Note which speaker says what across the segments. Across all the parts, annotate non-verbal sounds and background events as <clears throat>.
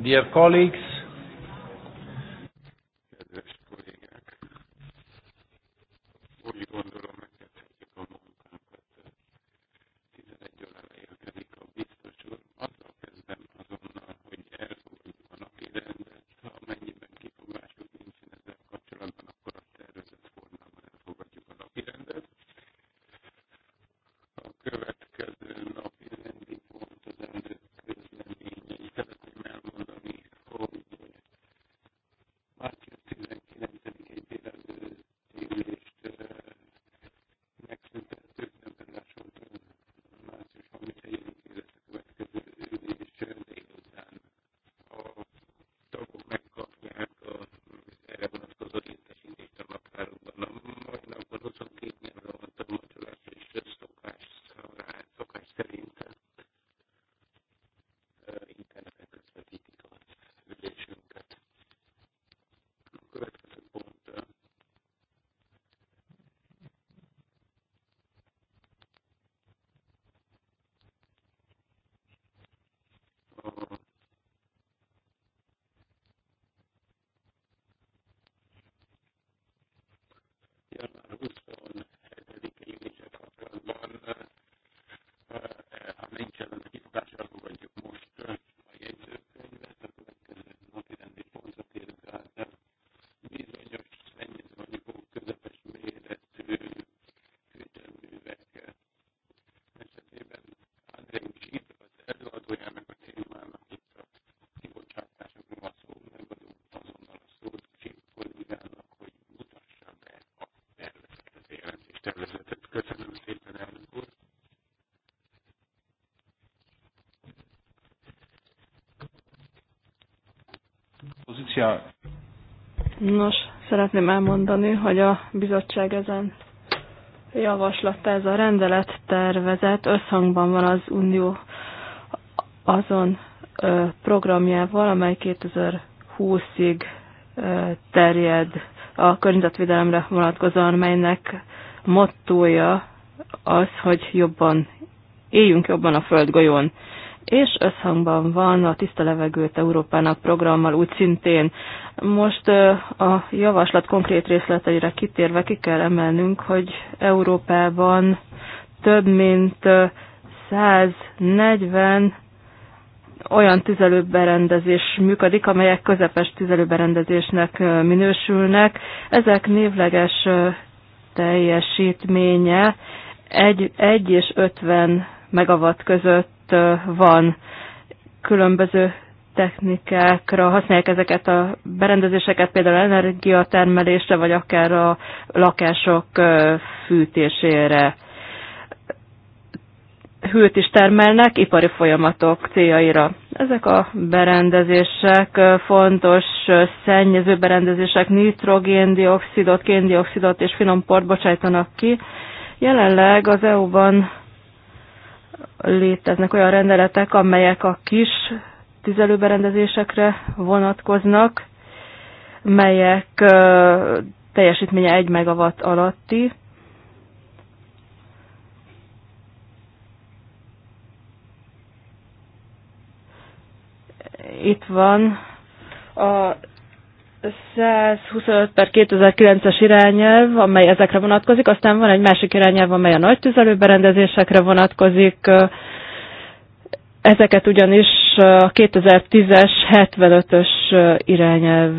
Speaker 1: Dear colleagues,
Speaker 2: Nos, szeretném elmondani, hogy a bizottság ezen javaslata, ez a rendelet tervezet összhangban van az Unió azon programjával, amely 2020-ig terjed a környezetvédelemre vonatkozóan, melynek mottója az, hogy jobban éljünk jobban a földgolyón. És összhangban van a Tiszta Levegőt Európának programmal úgy szintén. Most a javaslat konkrét részleteire kitérve ki kell emelnünk, hogy Európában több mint 140 olyan tüzelőberendezés működik, amelyek közepes tüzelőberendezésnek minősülnek. Ezek névleges teljesítménye 1, 1 és 50 megawatt között van különböző technikákra használják ezeket a berendezéseket, például energiatermelésre, vagy akár a lakások fűtésére. Hőt is termelnek ipari folyamatok céljaira. Ezek a berendezések fontos szennyező berendezések nitrogéndioxidot, kéndioxidot és finom port bocsájtanak ki. Jelenleg az EU-ban léteznek olyan rendeletek, amelyek a kis tüzelőberendezésekre vonatkoznak, melyek teljesítménye 1 megawatt alatti. Itt van a 125 per 2009-es irányelv, amely ezekre vonatkozik, aztán van egy másik irányelv, amely a nagy tüzelőberendezésekre vonatkozik. Ezeket ugyanis a 2010-es 75-ös irányelv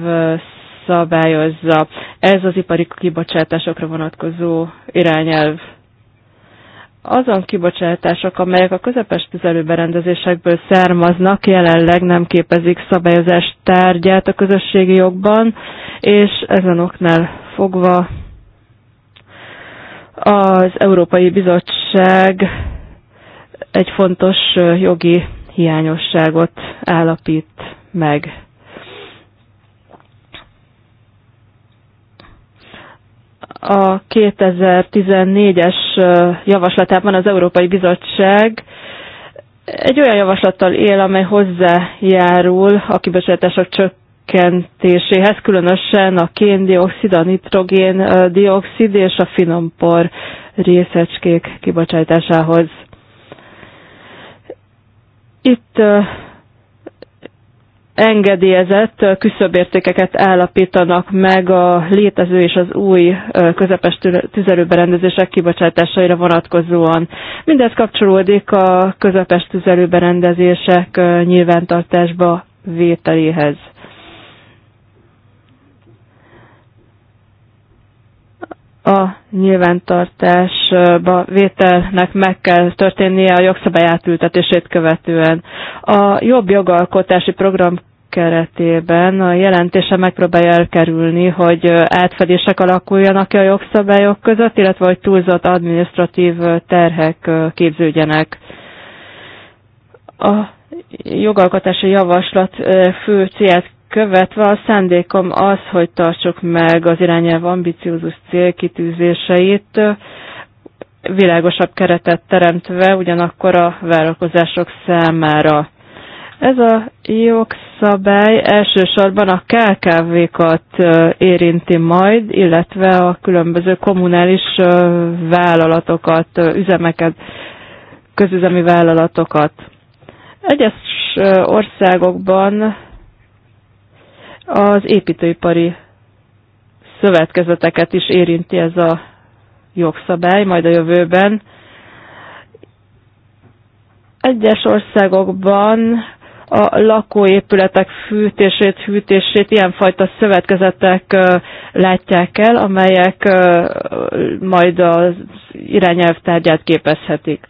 Speaker 2: szabályozza. Ez az ipari kibocsátásokra vonatkozó irányelv. Azon kibocsátások, amelyek a közepes tüzelőberendezésekből származnak, jelenleg nem képezik szabályozást tárgyát a közösségi jogban, és ezen oknál fogva az Európai Bizottság egy fontos jogi hiányosságot állapít meg. A 2014-es javaslatában az Európai Bizottság egy olyan javaslattal él, amely hozzájárul a kibocsátások csökkentéséhez, különösen a kén-dioxid, a nitrogén-dioxid és a finompor részecskék kibocsátásához. Itt engedélyezett küszöbértékeket állapítanak meg a létező és az új közepes tüzelőberendezések kibocsátásaira vonatkozóan. Mindez kapcsolódik a közepes tüzelőberendezések nyilvántartásba vételéhez. a nyilvántartásba vételnek meg kell történnie a jogszabály átültetését követően. A jobb jogalkotási program keretében a jelentése megpróbálja elkerülni, hogy átfedések alakuljanak ki a jogszabályok között, illetve hogy túlzott administratív terhek képződjenek. A jogalkotási javaslat fő célt követve a szándékom az, hogy tartsuk meg az irányelv ambiciózus célkitűzéseit, világosabb keretet teremtve ugyanakkor a vállalkozások számára. Ez a jogszabály elsősorban a KKV-kat érinti majd, illetve a különböző kommunális vállalatokat, üzemeket, közüzemi vállalatokat. Egyes országokban az építőipari szövetkezeteket is érinti ez a jogszabály majd a jövőben. Egyes országokban a lakóépületek fűtését, hűtését ilyenfajta szövetkezetek látják el, amelyek majd az irányelv tárgyát képezhetik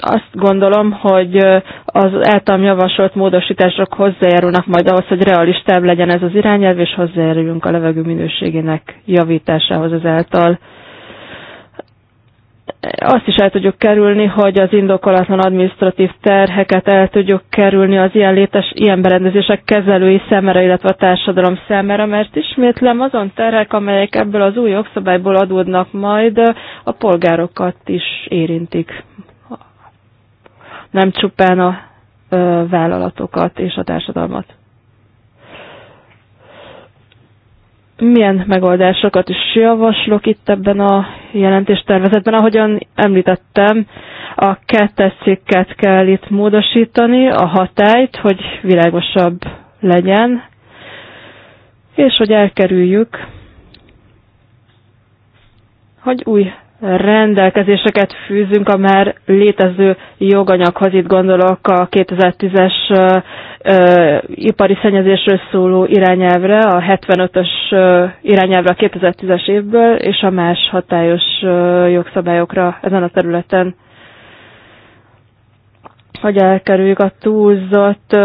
Speaker 2: azt gondolom, hogy az általam javasolt módosítások hozzájárulnak majd ahhoz, hogy realistább legyen ez az irányelv, és hozzájáruljunk a levegő minőségének javításához az által. Azt is el tudjuk kerülni, hogy az indokolatlan administratív terheket el tudjuk kerülni az ilyen létes, ilyen berendezések kezelői számára, illetve a társadalom számára, mert ismétlem azon terhek, amelyek ebből az új jogszabályból adódnak majd, a polgárokat is érintik nem csupán a vállalatokat és a társadalmat. Milyen megoldásokat is javaslok itt ebben a jelentéstervezetben? Ahogyan említettem, a kettes cikket kell itt módosítani, a hatályt, hogy világosabb legyen, és hogy elkerüljük, hogy új rendelkezéseket fűzünk a már létező joganyaghoz. Itt gondolok a 2010-es ipari szennyezésről szóló irányelvre, a 75-ös irányelvre a 2010-es évből, és a más hatályos jogszabályokra ezen a területen hogy elkerüljük a túlzott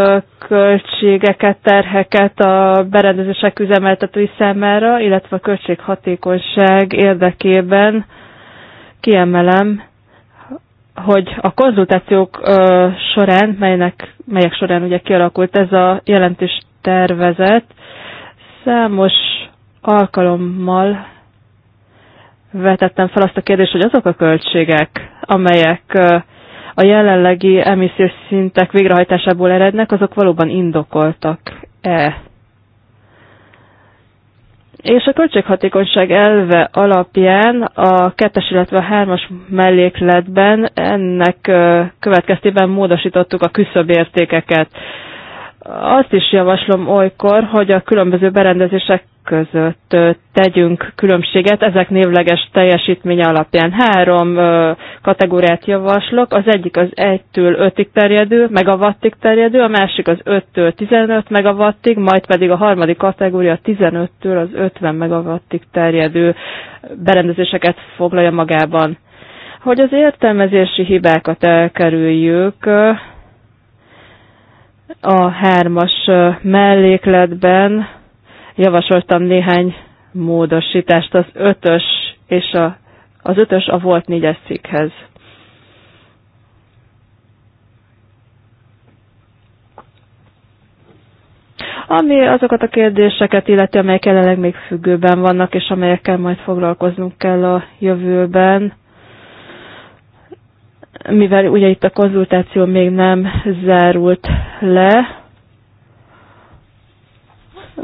Speaker 2: költségeket, terheket a berendezések üzemeltetői számára, illetve a költséghatékonyság érdekében kiemelem, hogy a konzultációk során, melynek, melyek során ugye kialakult ez a jelentés tervezet, számos alkalommal vetettem fel azt a kérdést, hogy azok a költségek, amelyek a jelenlegi emissziós szintek végrehajtásából erednek, azok valóban indokoltak-e? és a költséghatékonyság elve alapján a kettes, illetve a hármas mellékletben ennek következtében módosítottuk a küszöbértékeket. Azt is javaslom olykor, hogy a különböző berendezések között tegyünk különbséget, ezek névleges teljesítménye alapján. Három kategóriát javaslok, az egyik az 1-től 5-ig terjedő, megawattig terjedő, a másik az 5-től 15 megawattig, majd pedig a harmadik kategória 15-től az 50 megawattig terjedő berendezéseket foglalja magában. Hogy az értelmezési hibákat elkerüljük, a hármas mellékletben javasoltam néhány módosítást az ötös és a, az ötös a volt négyes cikkhez. ami azokat a kérdéseket illeti, amelyek jelenleg még függőben vannak, és amelyekkel majd foglalkoznunk kell a jövőben mivel ugye itt a konzultáció még nem zárult le.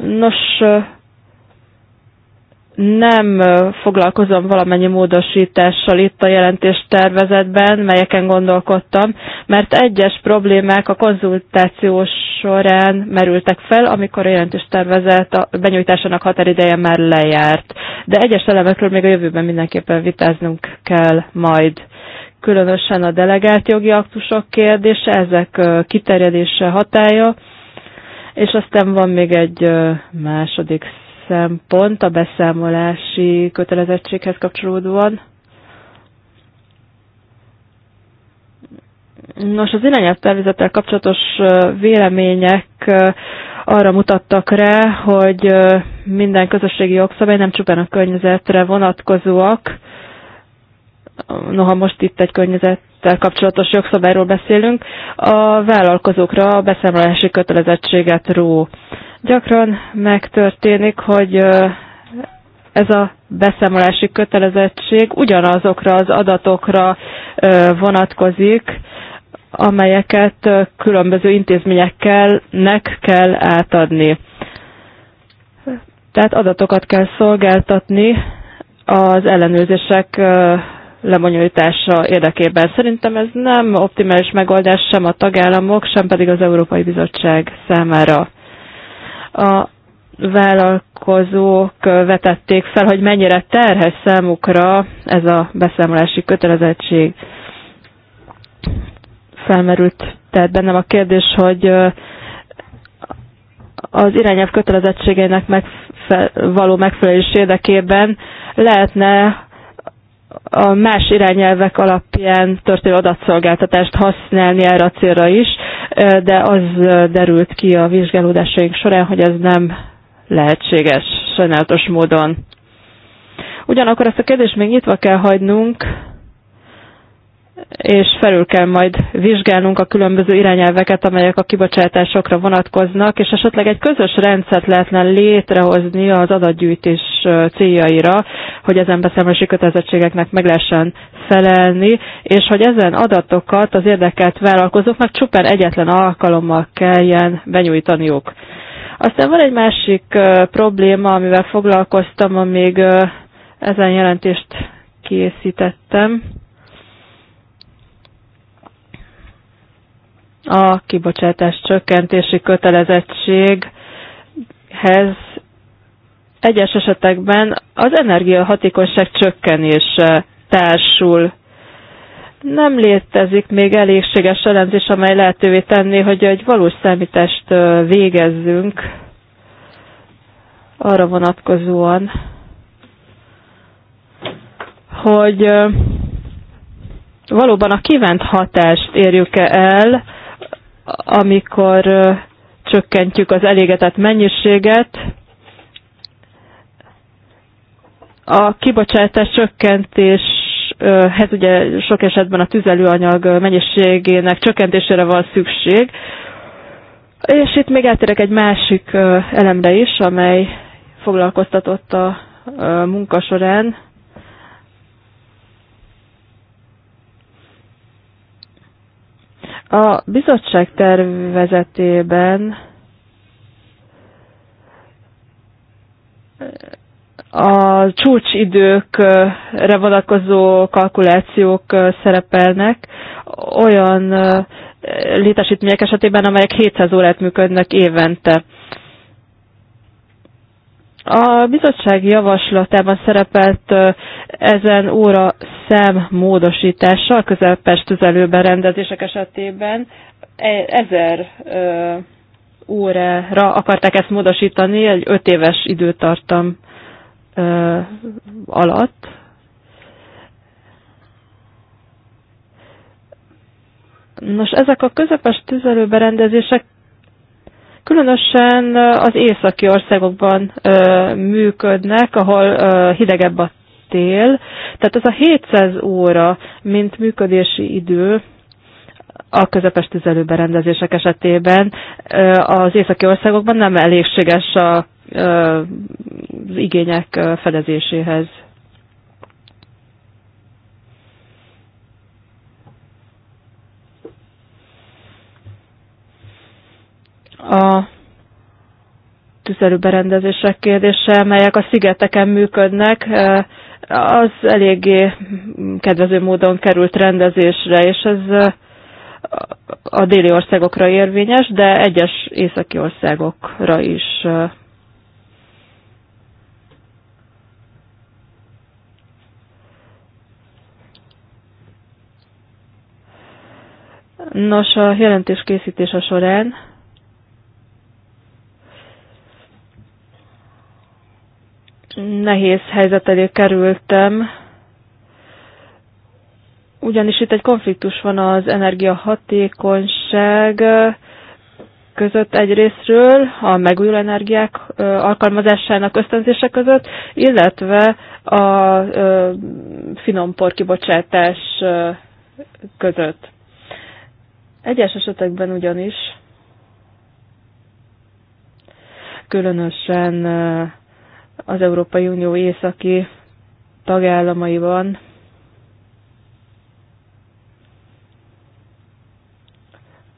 Speaker 2: Nos, nem foglalkozom valamennyi módosítással itt a jelentés tervezetben, melyeken gondolkodtam, mert egyes problémák a konzultáció során merültek fel, amikor a jelentés tervezet a benyújtásának határideje már lejárt. De egyes elemekről még a jövőben mindenképpen vitáznunk kell majd különösen a delegált jogi aktusok kérdése, ezek kiterjedése hatája, és aztán van még egy második szempont a beszámolási kötelezettséghez kapcsolódóan. Nos, az irányelvtervezettel kapcsolatos vélemények arra mutattak rá, hogy minden közösségi jogszabály nem csupán a környezetre vonatkozóak, noha most itt egy környezettel kapcsolatos jogszabályról beszélünk, a vállalkozókra a beszámolási kötelezettséget ró. Gyakran megtörténik, hogy ez a beszámolási kötelezettség ugyanazokra az adatokra vonatkozik, amelyeket különböző intézményekkel nek kell átadni. Tehát adatokat kell szolgáltatni az ellenőrzések lebonyolítása érdekében. Szerintem ez nem optimális megoldás sem a tagállamok, sem pedig az Európai Bizottság számára. A vállalkozók vetették fel, hogy mennyire terhes számukra ez a beszámolási kötelezettség. Felmerült tehát bennem a kérdés, hogy az irányelv kötelezettségeinek megfe való megfelelés érdekében lehetne a más irányelvek alapján történő adatszolgáltatást használni erre a célra is, de az derült ki a vizsgálódásaink során, hogy ez nem lehetséges sajnálatos módon. Ugyanakkor ezt a kérdést még nyitva kell hagynunk, és felül kell majd vizsgálnunk a különböző irányelveket, amelyek a kibocsátásokra vonatkoznak, és esetleg egy közös rendszert lehetne létrehozni az adatgyűjtés céljaira, hogy ezen beszámolási kötelezettségeknek meg lehessen felelni, és hogy ezen adatokat az érdekelt vállalkozóknak csupán egyetlen alkalommal kelljen benyújtaniuk. Aztán van egy másik probléma, amivel foglalkoztam, amíg ezen jelentést készítettem a kibocsátás csökkentési kötelezettséghez egyes esetekben az energiahatékonyság csökkenése társul. Nem létezik még elégséges elemzés, amely lehetővé tenné, hogy egy valós számítást végezzünk arra vonatkozóan, hogy valóban a kívánt hatást érjük-e el, amikor csökkentjük az elégetett mennyiséget, a kibocsátás csökkentéshez hát ugye sok esetben a tüzelőanyag mennyiségének csökkentésére van szükség, és itt még átérek egy másik elemre is, amely foglalkoztatott a munka során, A bizottság tervezetében a csúcsidőkre vonatkozó kalkulációk szerepelnek olyan létesítmények esetében, amelyek 700 órát működnek évente. A bizottsági javaslatában szerepelt ezen óra szám módosítása közepes tüzelőben rendezések esetében e, ezer órára akarták ezt módosítani egy öt éves időtartam alatt. Nos, ezek a közepes tüzelőberendezések Különösen az északi országokban működnek, ahol hidegebb a tél. Tehát ez a 700 óra, mint működési idő, a közepes tüzelőberendezések esetében az északi országokban nem elégséges a, az igények fedezéséhez. a tüzelőberendezések kérdése, melyek a szigeteken működnek, eh, az eléggé kedvező módon került rendezésre, és ez eh, a déli országokra érvényes, de egyes északi országokra is. Eh. Nos, a jelentés készítése során nehéz helyzet elé kerültem, ugyanis itt egy konfliktus van az energiahatékonyság között egyrésztről, a megújuló energiák alkalmazásának ösztönzése között, illetve a finom porkibocsátás között. Egyes esetekben ugyanis különösen az Európai Unió északi tagállamaiban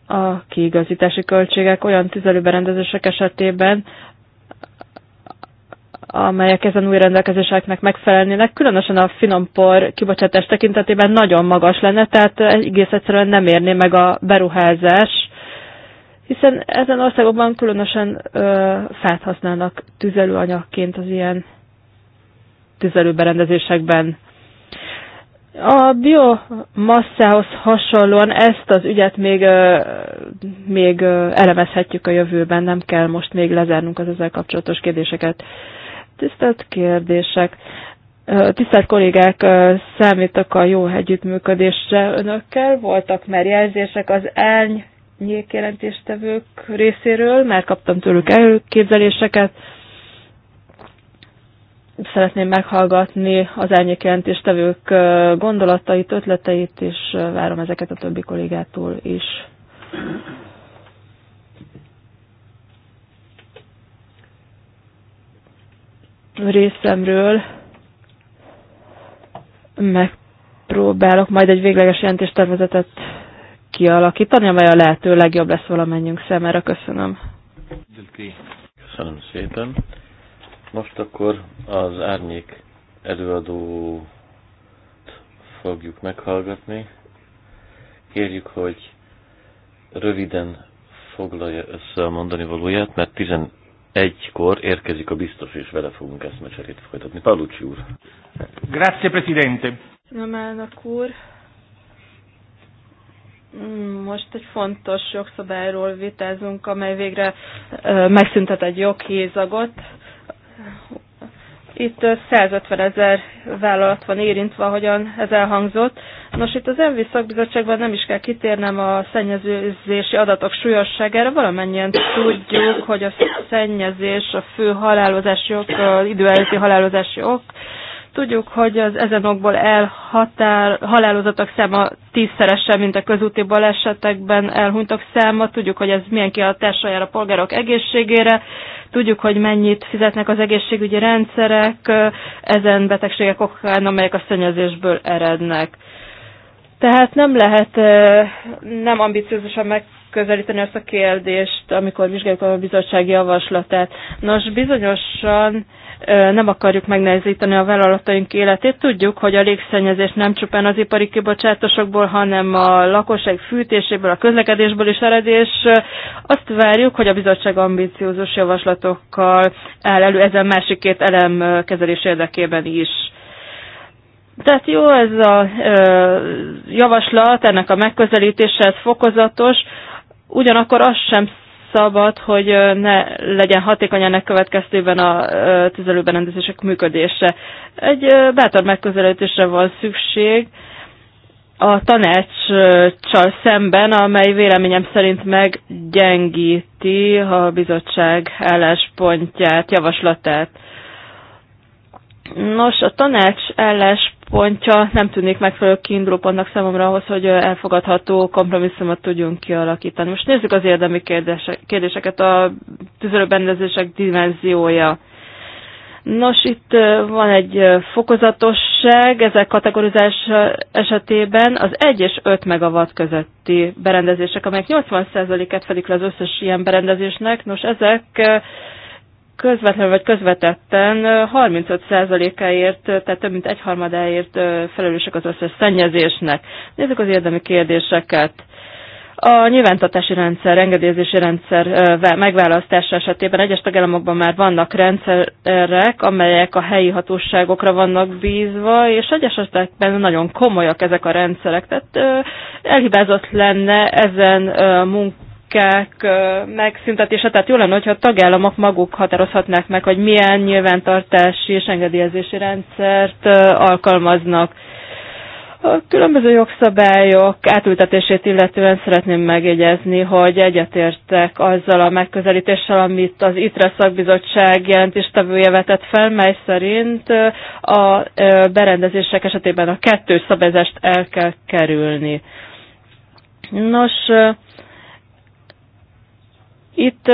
Speaker 2: a kiigazítási költségek olyan tüzelőberendezések esetében, amelyek ezen új rendelkezéseknek megfelelnének, különösen a finompor kibocsátás tekintetében nagyon magas lenne, tehát egész egyszerűen nem érné meg a beruházás, hiszen ezen országokban különösen ö, fát használnak tüzelőanyagként az ilyen tüzelőberendezésekben. A biomasszához hasonlóan ezt az ügyet még, ö, még ö, elemezhetjük a jövőben, nem kell most még lezárnunk az ezzel kapcsolatos kérdéseket. Tisztelt kérdések! Tisztelt kollégák, számítok a jó együttműködésre önökkel, voltak már jelzések az elny nyílkjelentéstevők részéről, mert kaptam tőlük előképzeléseket. Szeretném meghallgatni az elnyékjelentéstevők gondolatait, ötleteit, és várom ezeket a többi kollégától is. Részemről megpróbálok majd egy végleges jelentéstervezetet kialakítani, amely a lehető legjobb lesz valamennyünk szemére. Köszönöm.
Speaker 3: Köszönöm szépen. Most akkor az árnyék előadó fogjuk meghallgatni. Kérjük, hogy röviden foglalja össze a mondani valóját, mert 11-kor érkezik a biztos, és vele fogunk ezt eszmecserét folytatni. Palucsi úr.
Speaker 1: Grazie, Presidente.
Speaker 2: Köszönöm, elnök úr most egy fontos jogszabályról vitázunk, amely végre megszüntet egy joghézagot. Itt 150 ezer vállalat van érintve, ahogyan ez elhangzott. Nos, itt az ENVI szakbizottságban nem is kell kitérnem a szennyezőzési adatok súlyosságára. Valamennyien tudjuk, hogy a szennyezés a fő halálozási ok, az időelőtti halálozási ok, Tudjuk, hogy az ezen okból elhatár, halálozatok száma tízszerese, mint a közúti balesetekben elhunytak száma. Tudjuk, hogy ez milyen kihatással jár a polgárok egészségére. Tudjuk, hogy mennyit fizetnek az egészségügyi rendszerek ezen betegségek okán, amelyek a szennyezésből erednek. Tehát nem lehet nem ambiciózusan megközelíteni azt a kérdést, amikor vizsgáljuk a bizottsági javaslatát. Nos, bizonyosan nem akarjuk megnehezíteni a vállalataink életét. Tudjuk, hogy a légszennyezés nem csupán az ipari kibocsátásokból, hanem a lakosság fűtéséből, a közlekedésből is ered, és azt várjuk, hogy a bizottság ambíciózus javaslatokkal áll elő ezen másik két elem kezelés érdekében is. Tehát jó ez a javaslat, ennek a megközelítése, ez fokozatos, ugyanakkor azt sem szabad, hogy ne legyen hatékony ennek következtében a tüzelőberendezések működése. Egy bátor megközelítésre van szükség a tanácssal szemben, amely véleményem szerint meggyengíti a bizottság álláspontját, javaslatát. Nos, a tanács álláspontja nem tűnik megfelelő pontnak számomra ahhoz, hogy elfogadható kompromisszumot tudjunk kialakítani. Most nézzük az érdemi kérdéseket, a tüzelőbendezések dimenziója. Nos, itt van egy fokozatosság ezek kategorizás esetében az 1 és 5 megawatt közötti berendezések, amelyek 80%-et fedik le az összes ilyen berendezésnek. Nos, ezek közvetlenül vagy közvetetten 35%-áért, tehát több mint egyharmadáért felelősek az összes szennyezésnek. Nézzük az érdemi kérdéseket. A nyilvántartási rendszer, engedélyezési rendszer megválasztása esetében egyes tagállamokban már vannak rendszerek, amelyek a helyi hatóságokra vannak bízva, és egyes esetekben nagyon komolyak ezek a rendszerek. Tehát elhibázott lenne ezen munk értékek megszüntetése, tehát jó lenne, hogyha a tagállamok maguk határozhatnák meg, hogy milyen nyilvántartási és engedélyezési rendszert alkalmaznak. A különböző jogszabályok átültetését illetően szeretném megjegyezni, hogy egyetértek azzal a megközelítéssel, amit az ITRA szakbizottság jelentéstevője vetett fel, mely szerint a berendezések esetében a kettős szabályzást el kell kerülni. Nos, itt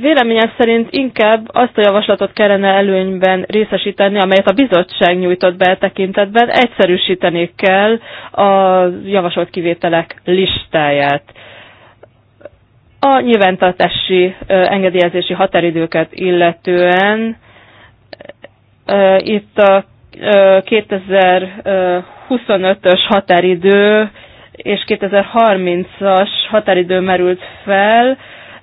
Speaker 2: véleményem szerint inkább azt a javaslatot kellene előnyben részesíteni, amelyet a bizottság nyújtott be e tekintetben, egyszerűsíteni kell a javasolt kivételek listáját. A nyilvántartási engedélyezési határidőket illetően itt a 2025-ös határidő és 2030-as határidő merült fel,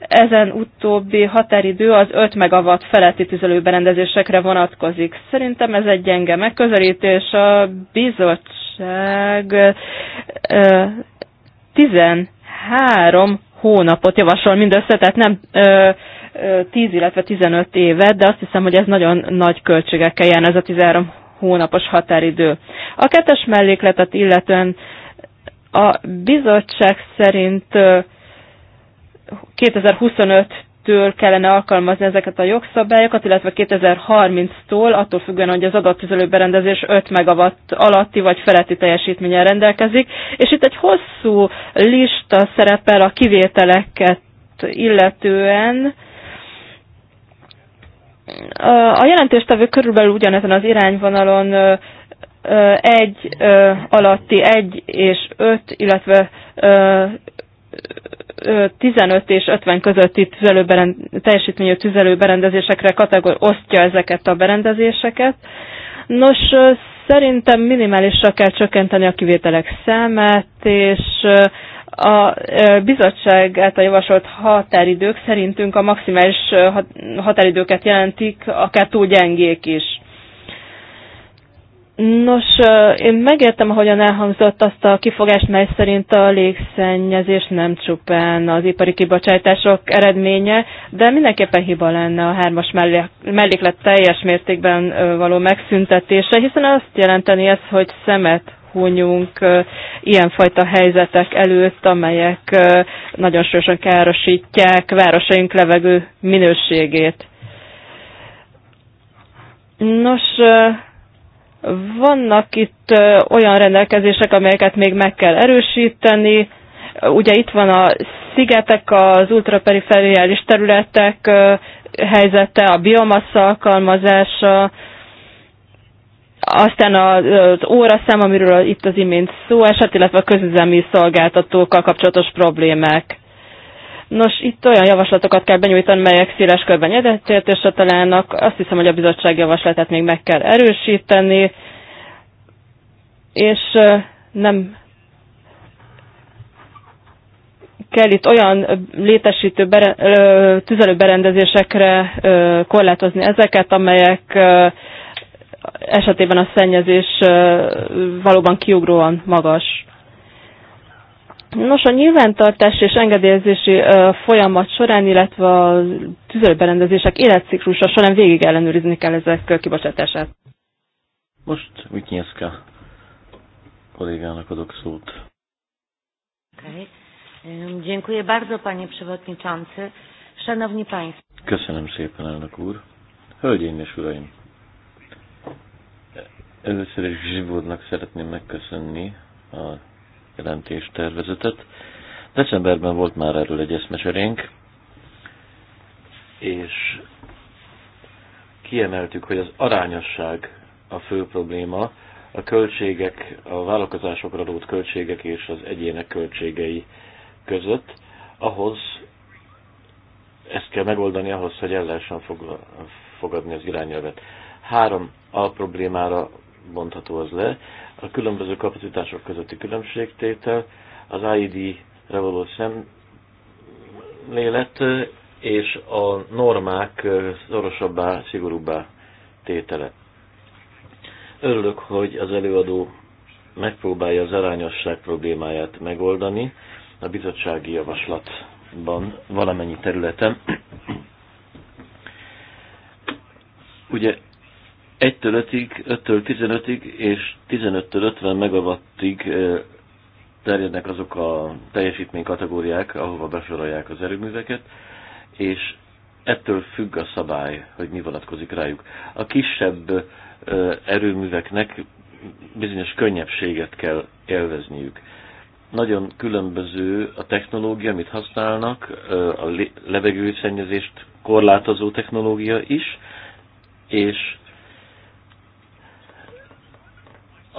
Speaker 2: ezen utóbbi határidő az 5 megawatt feletti tüzelőberendezésekre vonatkozik. Szerintem ez egy gyenge megközelítés. A bizottság 13 hónapot javasol mindössze, tehát nem 10, illetve 15 évet, de azt hiszem, hogy ez nagyon nagy költségekkel jár ez a 13 hónapos határidő. A kettes mellékletet illetően a bizottság szerint 2025-től kellene alkalmazni ezeket a jogszabályokat, illetve 2030-tól, attól függően, hogy az adatüzelő berendezés 5 megawatt alatti vagy feletti teljesítményen rendelkezik. És itt egy hosszú lista szerepel a kivételeket illetően, a jelentéstevő körülbelül ugyanezen az irányvonalon egy alatti egy és öt, illetve 15 és 50 közötti tüzelőberend, teljesítményű tüzelőberendezésekre kategor osztja ezeket a berendezéseket. Nos, szerintem minimálisra kell csökkenteni a kivételek számát, és a bizottság által javasolt határidők szerintünk a maximális határidőket jelentik, akár túl gyengék is. Nos, én megértem, ahogyan elhangzott azt a kifogást, mely szerint a légszennyezés nem csupán az ipari kibocsátások eredménye, de mindenképpen hiba lenne a hármas melléklet teljes mértékben való megszüntetése, hiszen azt jelenteni ez, hogy szemet hunyunk ilyenfajta helyzetek előtt, amelyek nagyon sősen károsítják városaink levegő minőségét. Nos, vannak itt olyan rendelkezések, amelyeket még meg kell erősíteni. Ugye itt van a szigetek, az ultraperiferiális területek helyzete, a biomassa alkalmazása, aztán az óraszám, amiről itt az imént szó esett, illetve a közüzemi szolgáltatókkal kapcsolatos problémák. Nos, itt olyan javaslatokat kell benyújtani, melyek széles körben egyetértésre találnak. Azt hiszem, hogy a bizottság javaslatát még meg kell erősíteni, és nem kell itt olyan létesítő bere, tüzelőberendezésekre korlátozni ezeket, amelyek esetében a szennyezés valóban kiugróan magas. Nos, a nyilvántartás és engedélyezési folyamat során, illetve a tüzelőberendezések életciklusa során végig ellenőrizni kell ezek kibocsátását.
Speaker 3: Most Vitnyeszka kollégának adok szót.
Speaker 2: Okay. Dziękuję bardzo, panie przewodniczący. Szanowni państwo.
Speaker 3: Köszönöm szépen, elnök úr. Hölgyeim és uraim! Először is Zsibódnak szeretném megköszönni a tervezetet. Decemberben volt már erről egy eszmeserénk, és kiemeltük, hogy az arányosság a fő probléma, a költségek, a vállalkozásokra adott költségek és az egyének költségei között, ahhoz ezt kell megoldani ahhoz, hogy el lehessen fogadni az irányelvet. Három alproblémára bontható az le a különböző kapacitások közötti különbségtétel, az ID-re való szemlélet és a normák szorosabbá, szigorúbbá tétele. Örülök, hogy az előadó megpróbálja az arányosság problémáját megoldani a bizottsági javaslatban valamennyi területen. Ugye 1-től 5-ig, 5-től 15-ig és 15-től 50 megawattig terjednek azok a teljesítmény kategóriák, ahova besorolják az erőműveket, és ettől függ a szabály, hogy mi vonatkozik rájuk. A kisebb erőműveknek bizonyos könnyebbséget kell élvezniük. Nagyon különböző a technológia, amit használnak, a levegőszennyezést korlátozó technológia is, és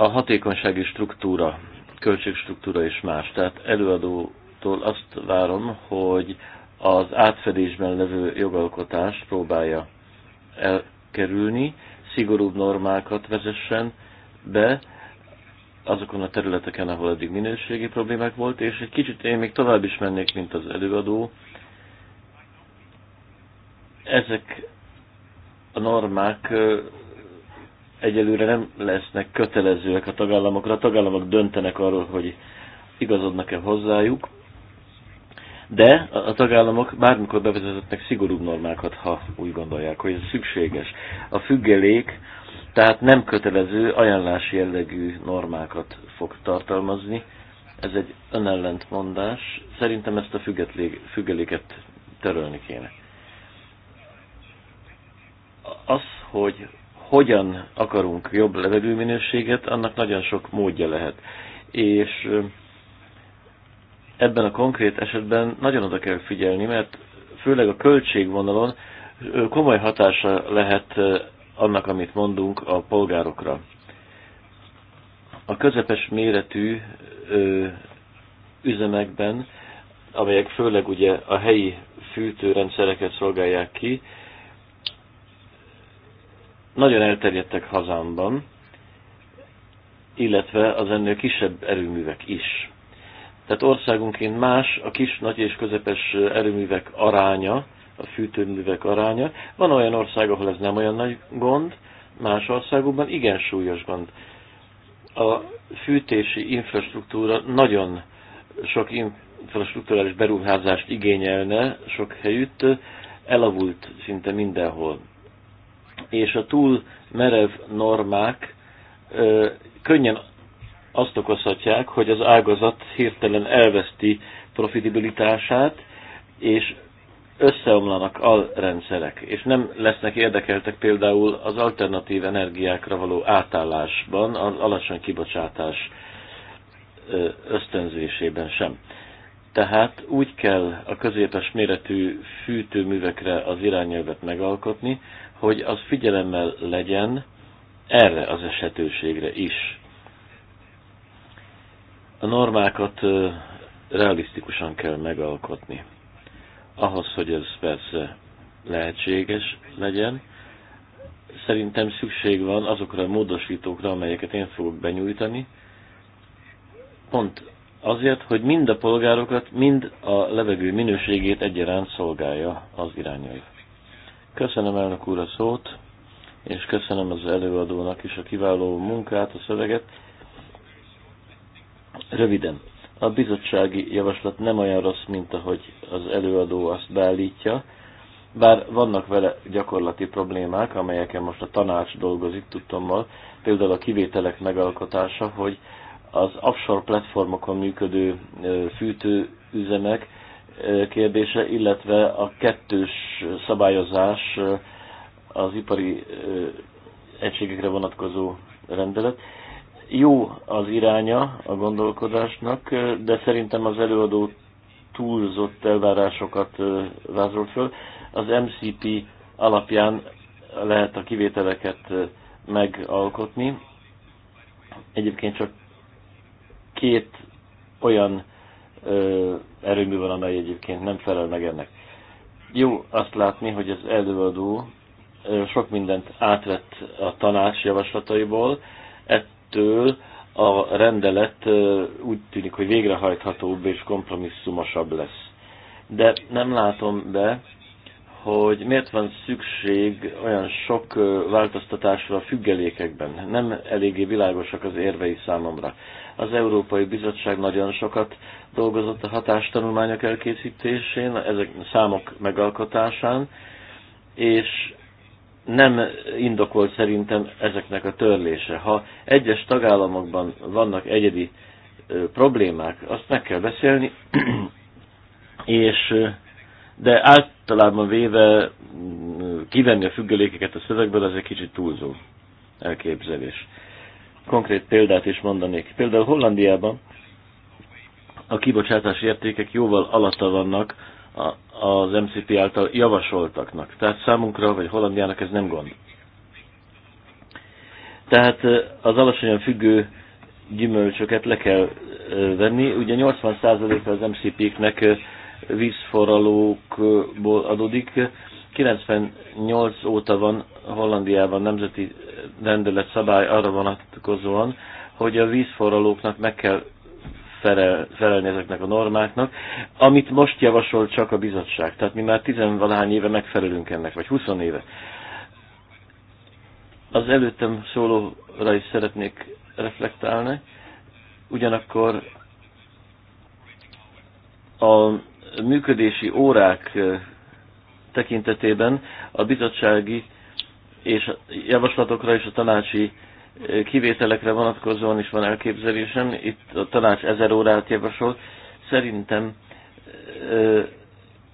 Speaker 3: a hatékonysági struktúra, költségstruktúra is más. Tehát előadótól azt várom, hogy az átfedésben levő jogalkotást próbálja elkerülni, szigorúbb normákat vezessen be azokon a területeken, ahol eddig minőségi problémák volt, és egy kicsit én még tovább is mennék, mint az előadó. Ezek a normák egyelőre nem lesznek kötelezőek a tagállamokra. A tagállamok döntenek arról, hogy igazodnak-e hozzájuk, de a tagállamok bármikor bevezetnek szigorúbb normákat, ha úgy gondolják, hogy ez szükséges. A függelék tehát nem kötelező ajánlási jellegű normákat fog tartalmazni. Ez egy önellentmondás. Szerintem ezt a függeléket törölni kéne. Az, hogy hogyan akarunk jobb levegőminőséget, annak nagyon sok módja lehet. És ebben a konkrét esetben nagyon oda kell figyelni, mert főleg a költségvonalon komoly hatása lehet annak, amit mondunk a polgárokra. A közepes méretű üzemekben, amelyek főleg ugye a helyi fűtőrendszereket szolgálják ki, nagyon elterjedtek hazámban, illetve az ennél kisebb erőművek is. Tehát országunként más a kis, nagy és közepes erőművek aránya, a fűtőművek aránya. Van olyan ország, ahol ez nem olyan nagy gond, más országokban igen súlyos gond. A fűtési infrastruktúra nagyon sok infrastruktúrális beruházást igényelne sok helyütt, elavult szinte mindenhol és a túl merev normák ö, könnyen azt okozhatják, hogy az ágazat hirtelen elveszti profitabilitását, és összeomlanak alrendszerek, és nem lesznek érdekeltek például az alternatív energiákra való átállásban, az alacsony kibocsátás ösztönzésében sem. Tehát úgy kell a középes méretű fűtőművekre az irányelvet megalkotni, hogy az figyelemmel legyen erre az esetőségre is. A normákat realisztikusan kell megalkotni. Ahhoz, hogy ez persze lehetséges legyen, szerintem szükség van azokra a módosítókra, amelyeket én fogok benyújtani, pont azért, hogy mind a polgárokat, mind a levegő minőségét egyaránt szolgálja az irányai. Köszönöm elnök úr a szót, és köszönöm az előadónak is a kiváló munkát, a szöveget. Röviden, a bizottsági javaslat nem olyan rossz, mint ahogy az előadó azt beállítja, bár vannak vele gyakorlati problémák, amelyeken most a tanács dolgozik tudtommal, például a kivételek megalkotása, hogy az offshore platformokon működő fűtőüzemek kérdése, illetve a kettős szabályozás az ipari egységekre vonatkozó rendelet. Jó az iránya a gondolkodásnak, de szerintem az előadó túlzott elvárásokat vázol föl. Az MCP alapján lehet a kivételeket megalkotni. Egyébként csak két olyan erőmű van, amely egyébként nem felel meg ennek. Jó azt látni, hogy az előadó sok mindent átvett a tanács javaslataiból, ettől a rendelet úgy tűnik, hogy végrehajthatóbb és kompromisszumosabb lesz. De nem látom be, hogy miért van szükség olyan sok változtatásra a függelékekben. Nem eléggé világosak az érvei számomra. Az Európai Bizottság nagyon sokat dolgozott a hatástanulmányok elkészítésén, ezek számok megalkotásán, és nem indokolt szerintem ezeknek a törlése. Ha egyes tagállamokban vannak egyedi problémák, azt meg kell beszélni, <clears throat> és de általában véve kivenni a függelékeket a szövegből, az egy kicsit túlzó elképzelés konkrét példát is mondanék. Például Hollandiában a kibocsátás értékek jóval alatta vannak az MCP által javasoltaknak. Tehát számunkra, vagy Hollandiának ez nem gond. Tehát az alacsonyan függő gyümölcsöket le kell venni. Ugye 80%-a az MCP-knek vízforralókból adódik. 98 óta van Hollandiában nemzeti rendelet szabály arra vonatkozóan, hogy a vízforralóknak meg kell felel, felelni ezeknek a normáknak, amit most javasol csak a bizottság. Tehát mi már tizenvalahány éve megfelelünk ennek, vagy 20 éve. Az előttem szólóra is szeretnék reflektálni, ugyanakkor a működési órák tekintetében a bizottsági és javaslatokra és a tanácsi kivételekre vonatkozóan is van elképzelésem. Itt a tanács ezer órát javasol. Szerintem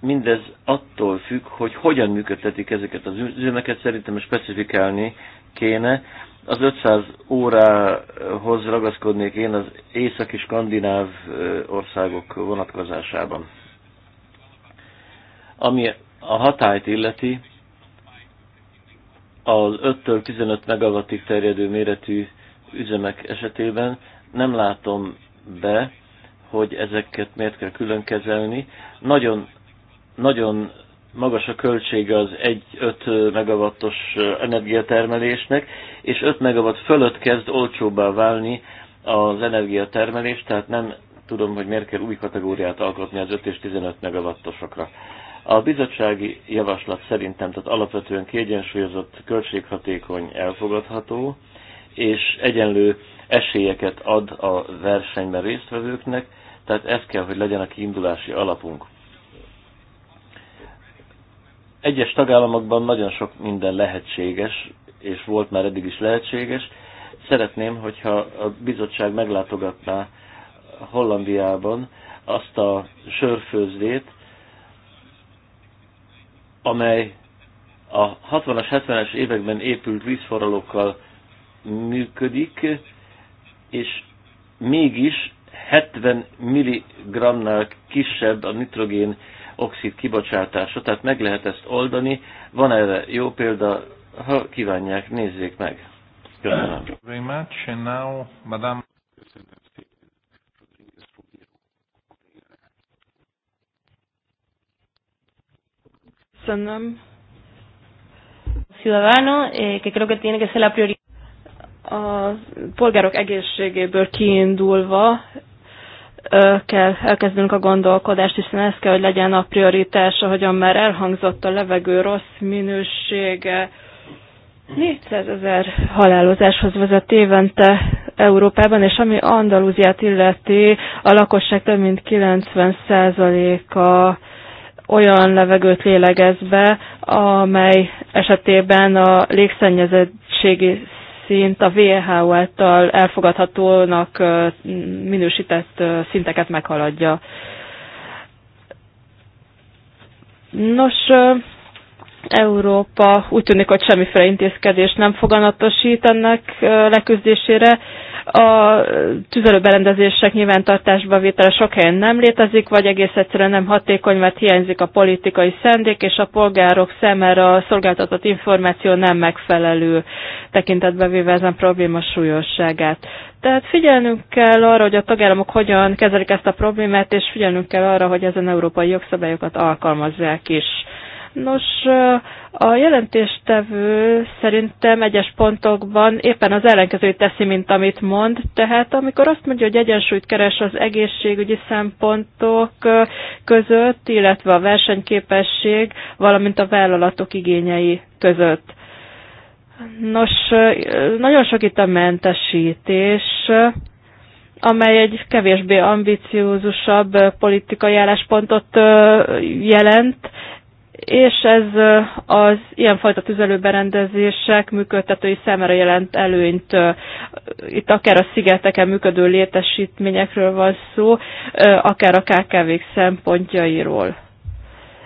Speaker 3: mindez attól függ, hogy hogyan működtetik ezeket az üzemeket, szerintem specifikálni kéne. Az 500 órához ragaszkodnék én az északi skandináv országok vonatkozásában. Ami a hatályt illeti, az 5-től 15 megawattig terjedő méretű üzemek esetében nem látom be, hogy ezeket miért kell külön kezelni. Nagyon, nagyon magas a költsége az 1-5 megawattos energiatermelésnek, és 5 megawatt fölött kezd olcsóbbá válni az energiatermelés, tehát nem tudom, hogy miért kell új kategóriát alkotni az 5 és 15 megawattosokra. A bizottsági javaslat szerintem tehát alapvetően kiegyensúlyozott, költséghatékony, elfogadható, és egyenlő esélyeket ad a versenyben résztvevőknek, tehát ez kell, hogy legyen a kiindulási alapunk. Egyes tagállamokban nagyon sok minden lehetséges, és volt már eddig is lehetséges. Szeretném, hogyha a bizottság meglátogatná Hollandiában azt a sörfőzdét, amely a 60-as, 70-es években épült vízforralókkal működik, és mégis 70 mg-nál kisebb a nitrogén oxid kibocsátása, tehát meg lehet ezt oldani. Van erre jó példa, ha kívánják, nézzék meg. Köszönöm. Very much, and now, Madame...
Speaker 2: Köszönöm. Ciudadano, eh, que creo que tiene que ser la prioridad. A polgárok egészségéből kiindulva kell elkezdenünk a gondolkodást, hiszen ez kell, hogy legyen a prioritás, ahogyan már elhangzott a levegő rossz minősége. 400 ezer halálozáshoz vezet évente Európában, és ami Andalúziát illeti, a lakosság több mint 90 a olyan levegőt lélegez be, amely esetében a légszennyezettségi szint a WHO által elfogadhatónak minősített szinteket meghaladja. Nos, Európa úgy tűnik, hogy semmiféle intézkedés nem foganatosít ennek leküzdésére, a tüzelőberendezések nyilvántartásba vétele sok helyen nem létezik, vagy egész egyszerűen nem hatékony, mert hiányzik a politikai szendék, és a polgárok szemére a szolgáltatott információ nem megfelelő tekintetbe véve ezen probléma súlyosságát. Tehát figyelnünk kell arra, hogy a tagállamok hogyan kezelik ezt a problémát, és figyelnünk kell arra, hogy ezen európai jogszabályokat alkalmazzák is. Nos, a jelentéstevő szerintem egyes pontokban éppen az ellenkezőt teszi, mint amit mond. Tehát amikor azt mondja, hogy egyensúlyt keres az egészségügyi szempontok között, illetve a versenyképesség, valamint a vállalatok igényei között. Nos, nagyon sok itt a mentesítés, amely egy kevésbé ambiciózusabb politikai álláspontot jelent, és ez az ilyenfajta tüzelőberendezések működtetői számára jelent előnyt. Itt akár a szigeteken működő létesítményekről van szó, akár a KKV-k szempontjairól.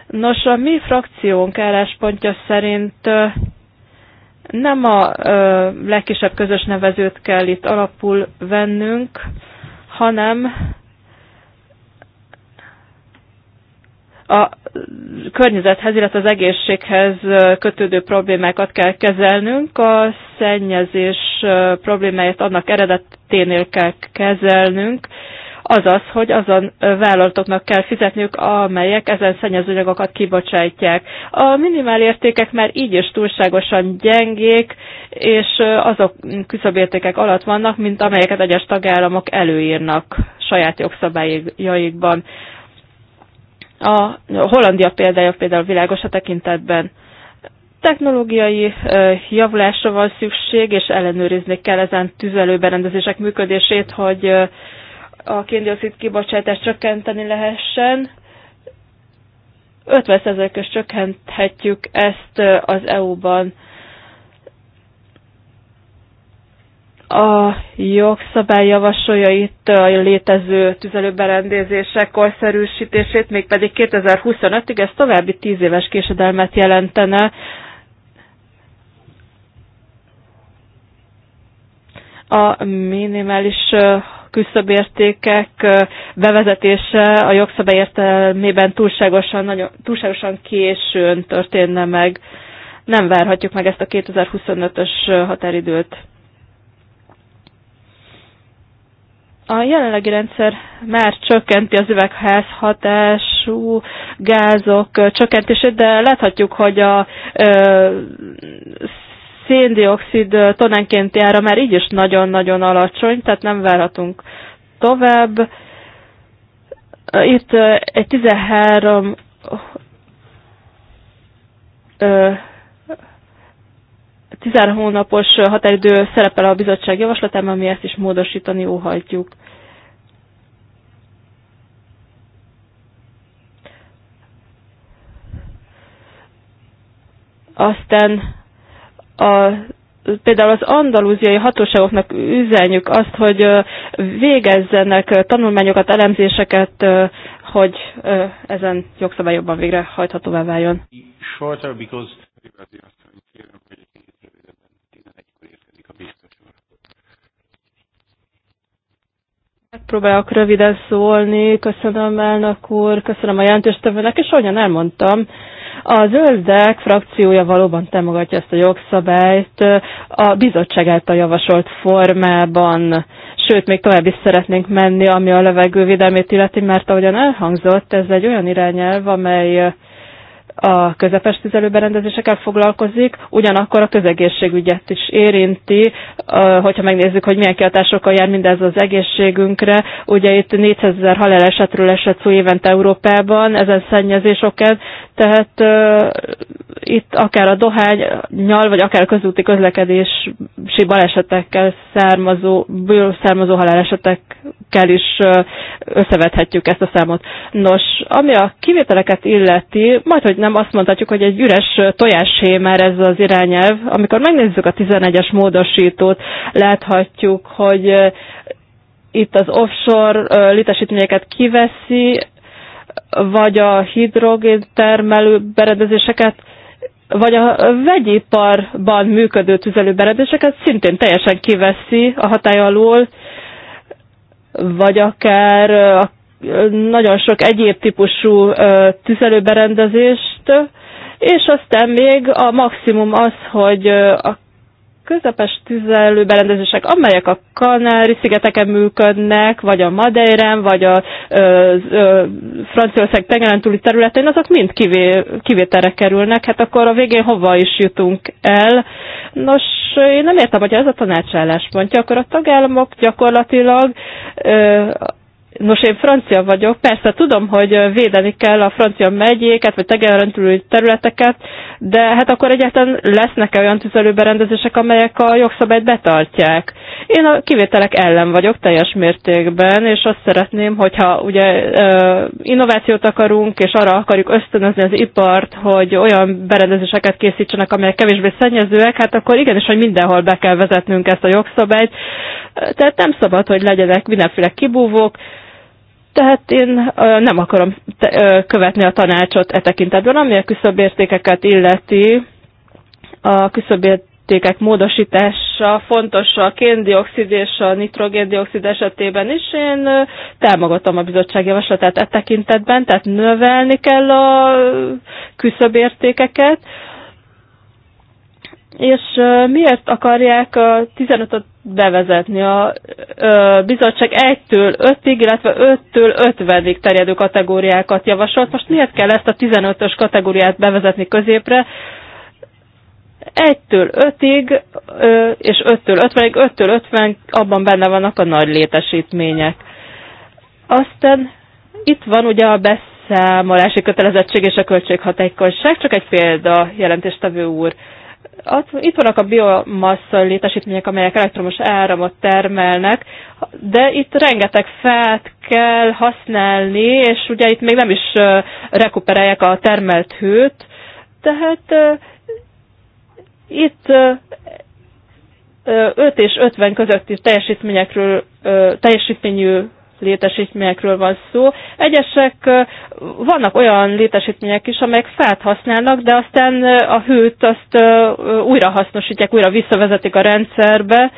Speaker 2: Nos, a mi frakciónk álláspontja szerint nem a legkisebb közös nevezőt kell itt alapul vennünk, hanem a környezethez, illetve az egészséghez kötődő problémákat kell kezelnünk. A szennyezés problémáját annak eredeténél kell kezelnünk, azaz, hogy azon vállalatoknak kell fizetniük, amelyek ezen szennyezőanyagokat kibocsátják. A minimál értékek már így is túlságosan gyengék, és azok küszöbértékek alatt vannak, mint amelyeket egyes tagállamok előírnak saját jogszabályaikban. A Hollandia példája például világos a tekintetben. Technológiai javulásra van szükség, és ellenőrizni kell ezen tüzelőberendezések működését, hogy a kéndioxid kibocsátást csökkenteni lehessen. 50%-os csökkenthetjük ezt az EU-ban a jogszabály javasolja itt a létező tüzelőberendezések korszerűsítését, mégpedig 2025-ig ez további 10 éves késedelmet jelentene. A minimális küszöbértékek bevezetése a jogszabály értelmében túlságosan, nagyon, túlságosan későn történne meg. Nem várhatjuk meg ezt a 2025-ös határidőt. A jelenlegi rendszer már csökkenti az üvegház hatású gázok csökkentését, de láthatjuk, hogy a ö, széndiokszid tonánkénti ára már így is nagyon-nagyon alacsony, tehát nem várhatunk tovább. Itt egy 13 ö, 13 hónapos határidő szerepel a bizottság javaslatában, mi ezt is módosítani óhajtjuk. Aztán a például az andalúziai hatóságoknak üzenjük azt, hogy végezzenek tanulmányokat, elemzéseket, hogy ezen jobban végrehajthatóvá váljon.
Speaker 4: Shorter because...
Speaker 2: Próbálok röviden szólni. Köszönöm elnök úr, köszönöm a jelentéstevőnek, és ahogyan elmondtam, a zöldek frakciója valóban támogatja ezt a jogszabályt a bizottság által javasolt formában, sőt, még tovább is szeretnénk menni, ami a levegővédelmét illeti, mert ahogyan elhangzott, ez egy olyan irányelv, amely a közepes tüzelőberendezésekkel foglalkozik, ugyanakkor a közegészségügyet is érinti, hogyha megnézzük, hogy milyen kihatásokkal jár mindez az egészségünkre. Ugye itt 400 ezer halálesetről esett szó évente Európában ezen szennyezésokkel, tehát uh, itt akár a Dohány nyal, vagy akár a közúti közlekedési balesetekkel származó, származó halálesetekkel is uh, összevethetjük ezt a számot. Nos, ami a kivételeket illeti, majd hogy nem nem azt mondhatjuk, hogy egy üres tojáshé már ez az irányelv. Amikor megnézzük a 11-es módosítót, láthatjuk, hogy itt az offshore litesítményeket kiveszi, vagy a hidrogén termelő beredezéseket, vagy a vegyiparban működő tüzelőberedéseket szintén teljesen kiveszi a hatály alól, vagy akár a nagyon sok egyéb típusú tüzelőberendezést, és aztán még a maximum az, hogy a közepes tüzelőberendezések, amelyek a Kanári-szigeteken működnek, vagy a Madeiren, vagy a Franciaország tengeren túli területén, azok mind kivé, kivételre kerülnek, hát akkor a végén hova is jutunk el. Nos, én nem értem, hogy ez a tanácsálláspontja, akkor a tagállamok gyakorlatilag ö, Nos, én francia vagyok, persze tudom, hogy védeni kell a francia megyéket, vagy tegelrendülő területeket, de hát akkor egyáltalán lesznek-e olyan tüzelőberendezések, amelyek a jogszabályt betartják? Én a kivételek ellen vagyok teljes mértékben, és azt szeretném, hogyha ugye innovációt akarunk, és arra akarjuk ösztönözni az ipart, hogy olyan berendezéseket készítsenek, amelyek kevésbé szennyezőek, hát akkor igenis, hogy mindenhol be kell vezetnünk ezt a jogszabályt. Tehát nem szabad, hogy legyenek mindenféle kibúvók, tehát én nem akarom követni a tanácsot e tekintetben, ami a küszöbértékeket illeti. A küszöbértékek módosítása fontos a kéndioxid és a nitrogéndioxid esetében is. Én támogatom a bizottság javaslatát e tekintetben, tehát növelni kell a küszöbértékeket. És miért akarják a 15-öt bevezetni a bizottság 1-től 5-ig, illetve 5-től 50-ig terjedő kategóriákat javasolt? Most miért kell ezt a 15-ös kategóriát bevezetni középre? 1-től 5-ig, és 5-től 50-ig, 5-től 50 abban benne vannak a nagy létesítmények. Aztán itt van ugye a beszámolási kötelezettség és a költséghatékonyság, csak egy példa, jelentéstevő úr. Itt vannak a biomassa létesítmények, amelyek elektromos áramot termelnek, de itt rengeteg fát kell használni, és ugye itt még nem is rekuperálják a termelt hőt, tehát itt 5 és 50 közötti teljesítményekről, teljesítményű létesítményekről van szó. Egyesek vannak olyan létesítmények is, amelyek fát használnak, de aztán a hőt azt újra hasznosítják, újra visszavezetik a rendszerbe.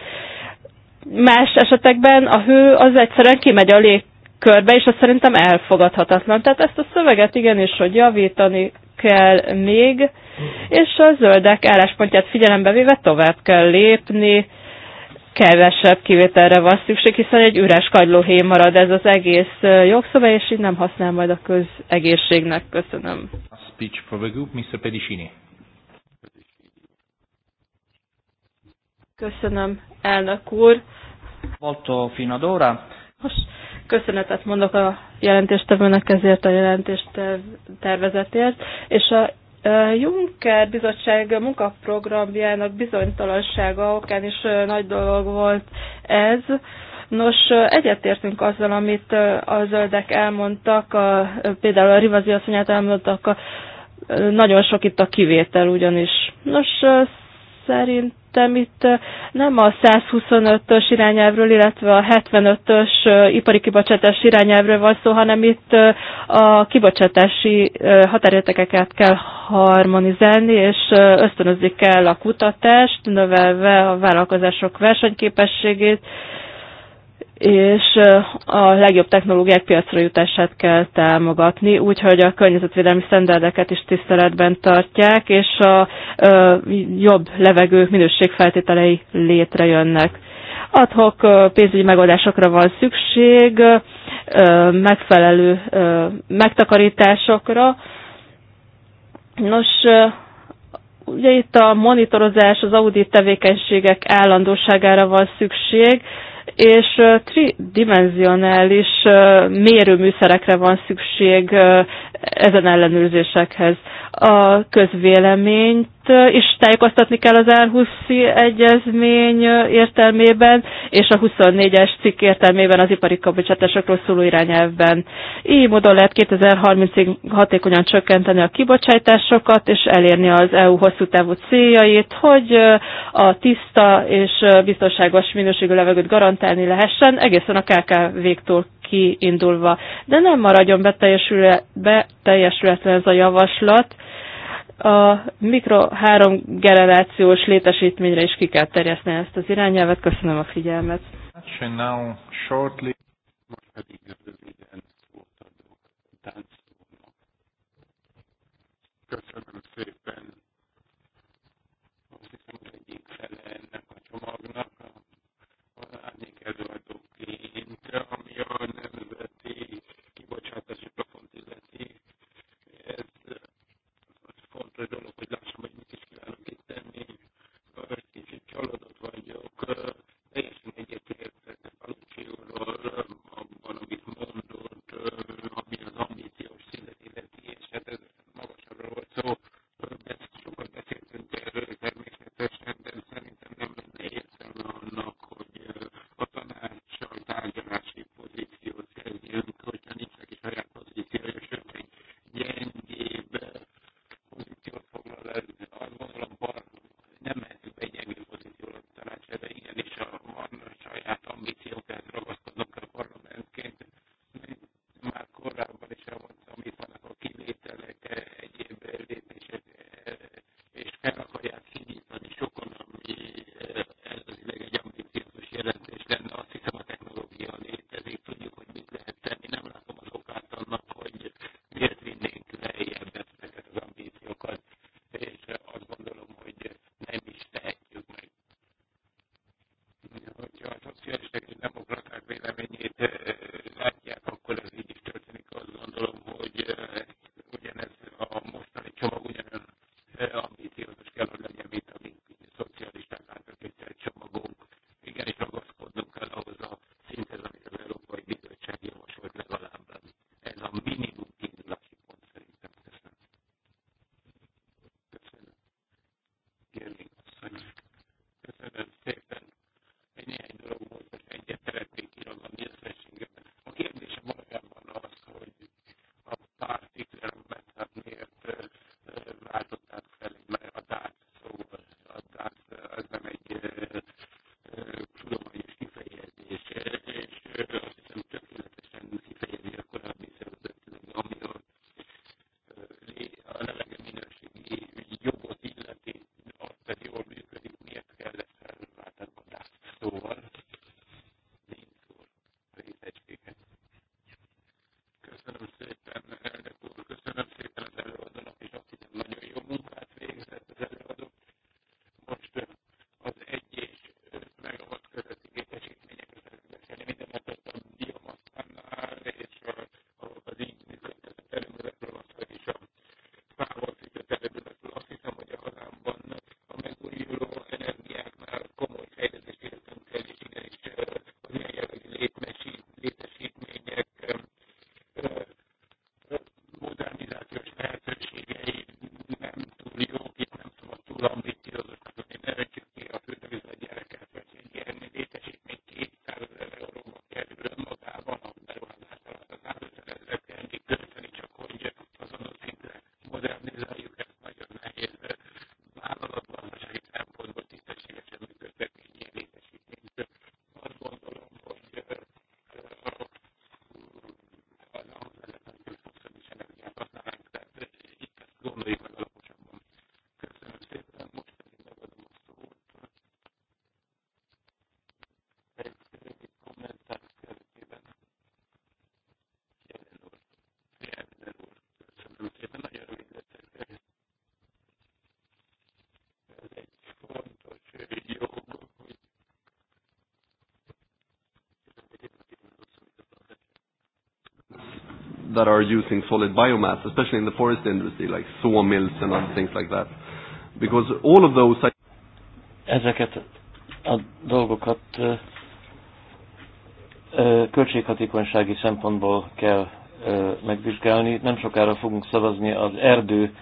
Speaker 2: Más esetekben a hő az egyszerűen kimegy a légkörbe, és az szerintem elfogadhatatlan. Tehát ezt a szöveget igenis, hogy javítani kell még, és a zöldek álláspontját figyelembe véve tovább kell lépni, kevesebb kivételre van szükség, hiszen egy üres kagylóhé marad ez az egész jogszabály, és így nem használ majd a közegészségnek. Köszönöm. A
Speaker 1: speech for the group, Mr. Pedicini.
Speaker 2: Köszönöm, elnök úr.
Speaker 3: Volto fino ad ora. Most
Speaker 2: köszönetet mondok a jelentéstevőnek ezért a jelentést tervezetért, és a Juncker bizottság munkaprogramjának bizonytalansága okán is nagy dolog volt ez. Nos, egyetértünk azzal, amit a zöldek elmondtak, a, például a Rivazi asszonyát elmondtak, a, nagyon sok itt a kivétel ugyanis. Nos, szerint Szerintem itt nem a 125-ös irányelvről, illetve a 75-ös ipari kibocsátási irányelvről van szó, hanem itt a kibocsátási határértekeket kell harmonizálni, és ösztönözni kell a kutatást, növelve a vállalkozások versenyképességét, és a legjobb technológiák piacra jutását kell támogatni, úgyhogy a környezetvédelmi sztenderdeket is tiszteletben tartják, és a jobb levegő minőségfeltételei létrejönnek. Adhok pénzügyi megoldásokra van szükség, megfelelő megtakarításokra. Nos, ugye itt a monitorozás, az audit tevékenységek állandóságára van szükség, és tridimensionális mérőműszerekre van szükség ezen ellenőrzésekhez a közvéleményt is tájékoztatni kell az Árhuszi Egyezmény értelmében, és a 24-es cikk értelmében az ipari kibocsátásokról szóló irányelvben. Így módon lehet 2030-ig hatékonyan csökkenteni a kibocsátásokat, és elérni az EU hosszú távú céljait, hogy a tiszta és biztonságos minőségű levegőt garantálni lehessen egészen a KKV-któl kiindulva. De nem maradjon beteljesületlen ez a javaslat, a mikro három generációs létesítményre is ki kell terjeszteni ezt az irányelvet. Köszönöm a figyelmet.
Speaker 4: Köszönöm szépen. Azt hiszem, az egyik fele ennek a csomagnak, az árnyék előadó ami a nemzeti kibocsátási plafont illeti. Ez fontos dolog, hogy lássam, hogy mit is kívánok itt tenni. Egy kicsit csalódott vagyok. Teljesen egyetértek a úrról abban, amit mond,
Speaker 1: that are using solid biomass, especially in the forest industry, like sawmills and other things like that. Because all of those... Ezeket a
Speaker 3: dolgokat ö, ö, költséghatékonysági szempontból kell ö, megvizsgálni. Nem sokára fogunk szavazni az erdő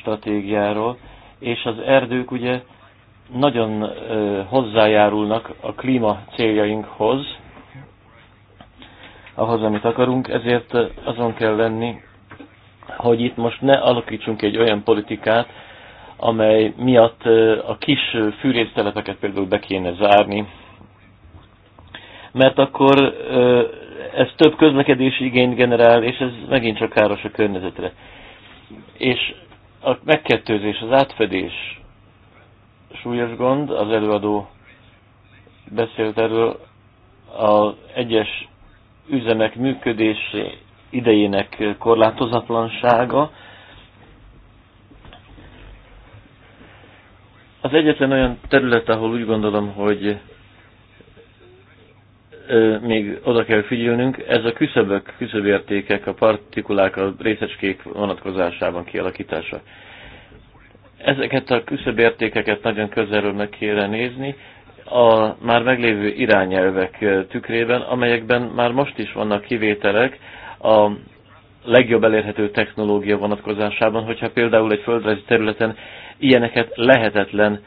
Speaker 3: stratégiáról, és az erdők ugye nagyon hozzájárulnak a klíma céljainkhoz, ahhoz, amit akarunk, ezért azon kell lenni, hogy itt most ne alakítsunk egy olyan politikát, amely miatt a kis fűrésztelepeket például be kéne zárni, mert akkor ez több közlekedési igényt generál, és ez megint csak káros a környezetre. És a megkettőzés, az átfedés súlyos gond, az előadó beszélt erről, az egyes üzemek működés idejének korlátozatlansága. Az egyetlen olyan terület, ahol úgy gondolom, hogy még oda kell figyelnünk, ez a küszöbök, küszöbértékek, a partikulák, a részecskék vonatkozásában kialakítása. Ezeket a küszöbértékeket nagyon közelről meg kéne nézni, a már meglévő irányelvek tükrében, amelyekben már most is vannak kivételek a legjobb elérhető technológia vonatkozásában, hogyha például egy földrajzi területen ilyeneket lehetetlen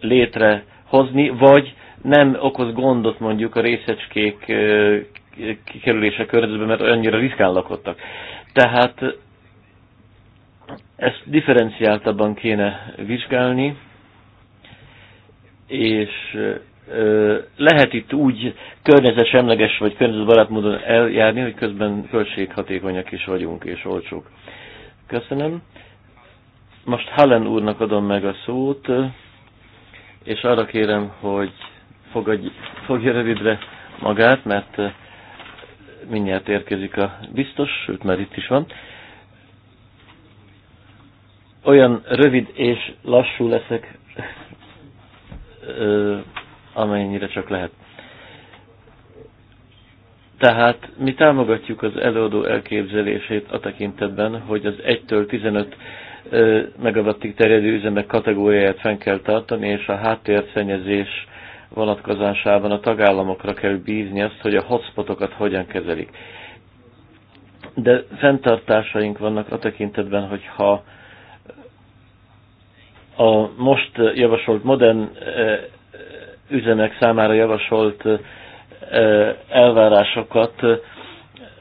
Speaker 3: létrehozni, vagy nem okoz gondot mondjuk a részecskék kikerülése környezetben, mert annyira riskán lakottak. Tehát ezt differenciáltabban kéne vizsgálni, és lehet itt úgy környezetsemleges vagy környezetbarát módon eljárni, hogy közben költséghatékonyak is vagyunk és olcsók. Köszönöm. Most Helen úrnak adom meg a szót, és arra kérem, hogy fogadj, fogja rövidre magát, mert mindjárt érkezik a biztos, sőt már itt is van. Olyan rövid és lassú leszek, amennyire csak lehet. Tehát mi támogatjuk az előadó elképzelését a tekintetben, hogy az 1-től 15 megawattig terjedő üzemek kategóriáját fenn kell tartani, és a háttérszennyezés vonatkozásában a tagállamokra kell bízni azt, hogy a hotspotokat hogyan kezelik. De fenntartásaink vannak a tekintetben, hogyha ha a most eh, javasolt modern eh, üzemek számára javasolt eh, elvárásokat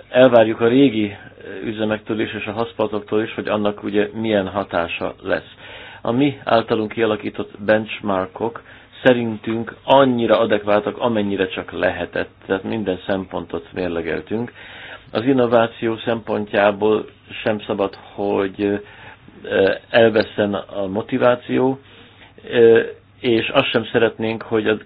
Speaker 3: elvárjuk a régi üzemektől is és a haszpatoktól is, hogy annak ugye milyen hatása lesz. A mi általunk kialakított benchmarkok szerintünk annyira adekváltak, amennyire csak lehetett. Tehát minden szempontot mérlegeltünk. Az innováció szempontjából sem szabad, hogy elveszen a motiváció, és azt sem szeretnénk, hogy a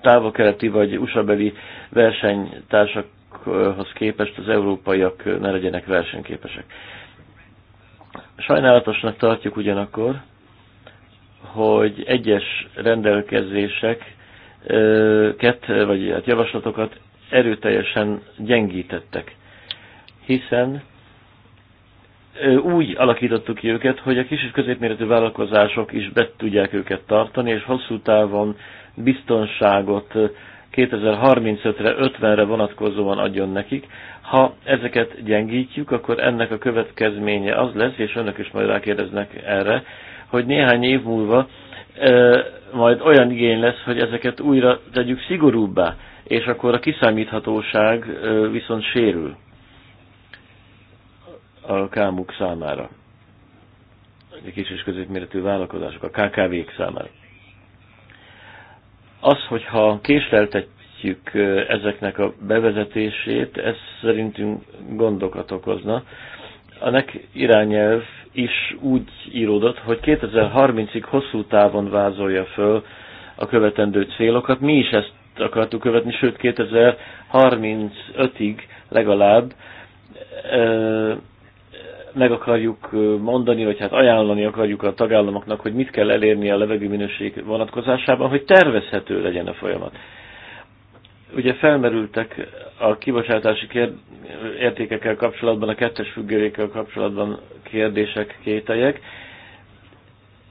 Speaker 3: távokeleti vagy USA-beli versenytársakhoz képest az európaiak ne legyenek versenyképesek. Sajnálatosnak tartjuk ugyanakkor, hogy egyes rendelkezéseket, vagy hát javaslatokat erőteljesen gyengítettek, hiszen úgy alakítottuk ki őket, hogy a kis és középméretű vállalkozások is be tudják őket tartani, és hosszú távon biztonságot 2035-re, 50-re vonatkozóan adjon nekik. Ha ezeket gyengítjük, akkor ennek a következménye az lesz, és önök is majd rákérdeznek erre, hogy néhány év múlva e, majd olyan igény lesz, hogy ezeket újra tegyük szigorúbbá, és akkor a kiszámíthatóság e, viszont sérül a kámuk számára, a kis és középméretű vállalkozások, a KKV-k számára. Az, hogyha késleltetjük ezeknek a bevezetését, ez szerintünk gondokat okozna. A nek irányelv is úgy íródott, hogy 2030-ig hosszú távon vázolja föl a követendő célokat. Mi is ezt akartuk követni, sőt 2035-ig legalább meg akarjuk mondani, vagy hát ajánlani akarjuk a tagállamoknak, hogy mit kell elérni a levegő minőség vonatkozásában, hogy tervezhető legyen a folyamat. Ugye felmerültek a kibocsátási értékekkel kapcsolatban, a kettes függőrékkel kapcsolatban kérdések, kételyek.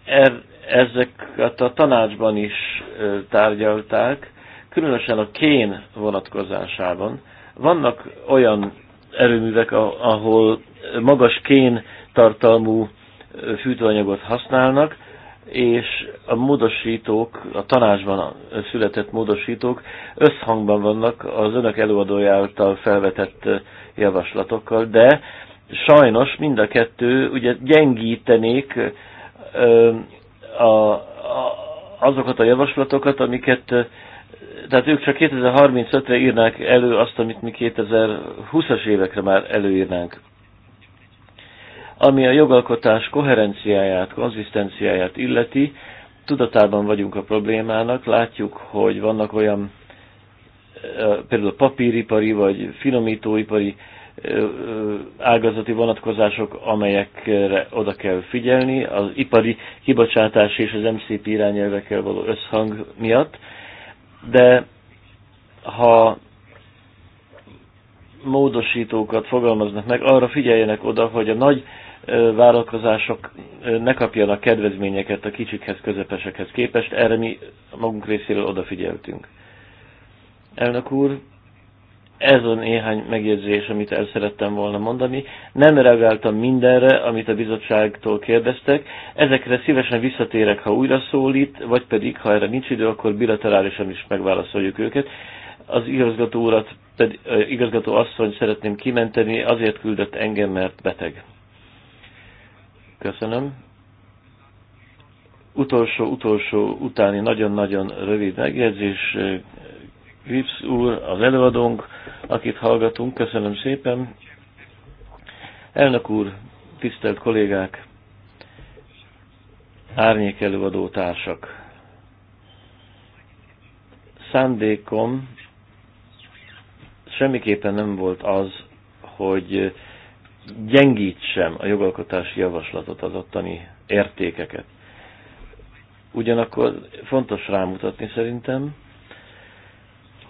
Speaker 3: Er, ezeket hát a tanácsban is tárgyalták, különösen a kén vonatkozásában. Vannak olyan erőművek, ahol magas kén tartalmú fűtőanyagot használnak, és a módosítók, a tanácsban született módosítók összhangban vannak az önök előadója által felvetett javaslatokkal, de sajnos mind a kettő ugye gyengítenék a, a, azokat a javaslatokat, amiket tehát ők csak 2035-re írnák elő azt, amit mi 2020-as évekre már előírnánk. Ami a jogalkotás koherenciáját, konzisztenciáját illeti, tudatában vagyunk a problémának, látjuk, hogy vannak olyan például papíripari vagy finomítóipari ágazati vonatkozások, amelyekre oda kell figyelni, az ipari kibocsátás és az MCP irányelvekkel való összhang miatt, de ha módosítókat fogalmaznak meg, arra figyeljenek oda, hogy a nagy vállalkozások ne kapjanak kedvezményeket a kicsikhez, közepesekhez képest, erre mi magunk részéről odafigyeltünk. Elnök úr, ez a néhány megjegyzés, amit el szerettem volna mondani. Nem reagáltam mindenre, amit a bizottságtól kérdeztek. Ezekre szívesen visszatérek, ha újra szólít, vagy pedig, ha erre nincs idő, akkor bilaterálisan is megválaszoljuk őket. Az igazgató urat, pedig, igazgató asszony szeretném kimenteni, azért küldött engem, mert beteg. Köszönöm. Utolsó, utolsó utáni nagyon-nagyon rövid megjegyzés. Grips úr, az előadónk, akit hallgatunk, köszönöm szépen. Elnök úr, tisztelt kollégák, árnyék előadó társak. Szándékom semmiképpen nem volt az, hogy gyengítsem a jogalkotási javaslatot, az ottani értékeket. Ugyanakkor fontos rámutatni szerintem,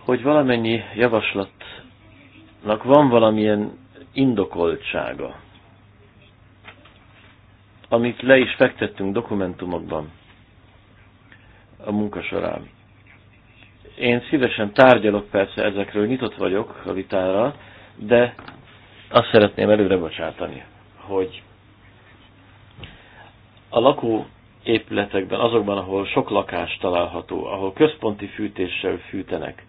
Speaker 3: hogy valamennyi javaslatnak van valamilyen indokoltsága, amit le is fektettünk dokumentumokban a munka során. Én szívesen tárgyalok persze ezekről, nyitott vagyok a vitára, de azt szeretném előre bocsátani, hogy a lakó épületekben, azokban, ahol sok lakás található, ahol központi fűtéssel fűtenek,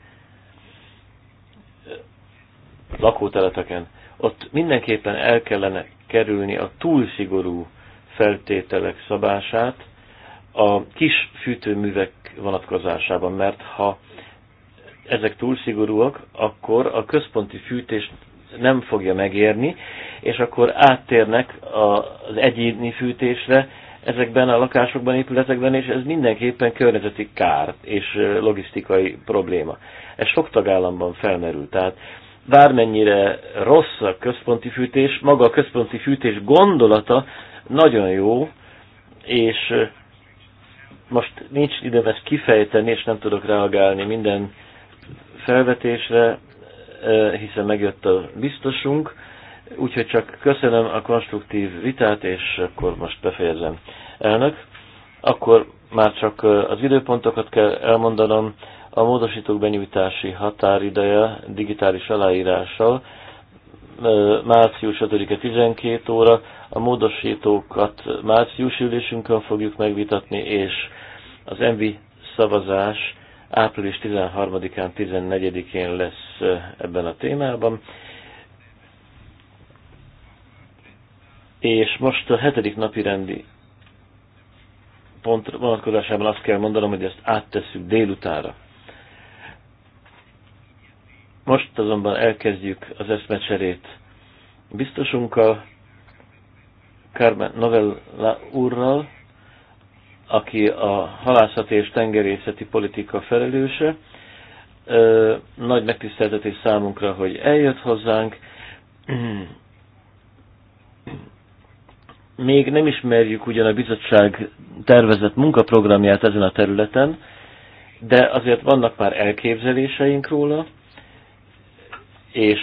Speaker 3: lakóteleteken, ott mindenképpen el kellene kerülni a túl szigorú feltételek szabását a kis fűtőművek vonatkozásában, mert ha ezek túl szigorúak, akkor a központi fűtést nem fogja megérni, és akkor áttérnek az egyéni fűtésre ezekben a lakásokban, épületekben, és ez mindenképpen környezeti kár és logisztikai probléma. Ez sok tagállamban felmerül. Tehát bármennyire rossz a központi fűtés, maga a központi fűtés gondolata nagyon jó, és most nincs időm ezt kifejteni, és nem tudok reagálni minden felvetésre, hiszen megjött a biztosunk, úgyhogy csak köszönöm a konstruktív vitát, és akkor most befejezem. Elnök, akkor már csak az időpontokat kell elmondanom, a módosítók benyújtási határideje digitális aláírással március 5-e 12 óra. A módosítókat március ülésünkön fogjuk megvitatni, és az envi szavazás április 13-án, 14-én lesz ebben a témában. És most a hetedik napi rendi pont vonatkozásában azt kell mondanom, hogy ezt áttesszük délutára. Most azonban elkezdjük az eszmecserét biztosunkkal, Carmen Novella úrral, aki a halászati és tengerészeti politika felelőse. Nagy megtiszteltetés számunkra, hogy eljött hozzánk. <clears throat> Még nem ismerjük ugyan a bizottság tervezett munkaprogramját ezen a területen, de azért vannak már elképzeléseink róla, és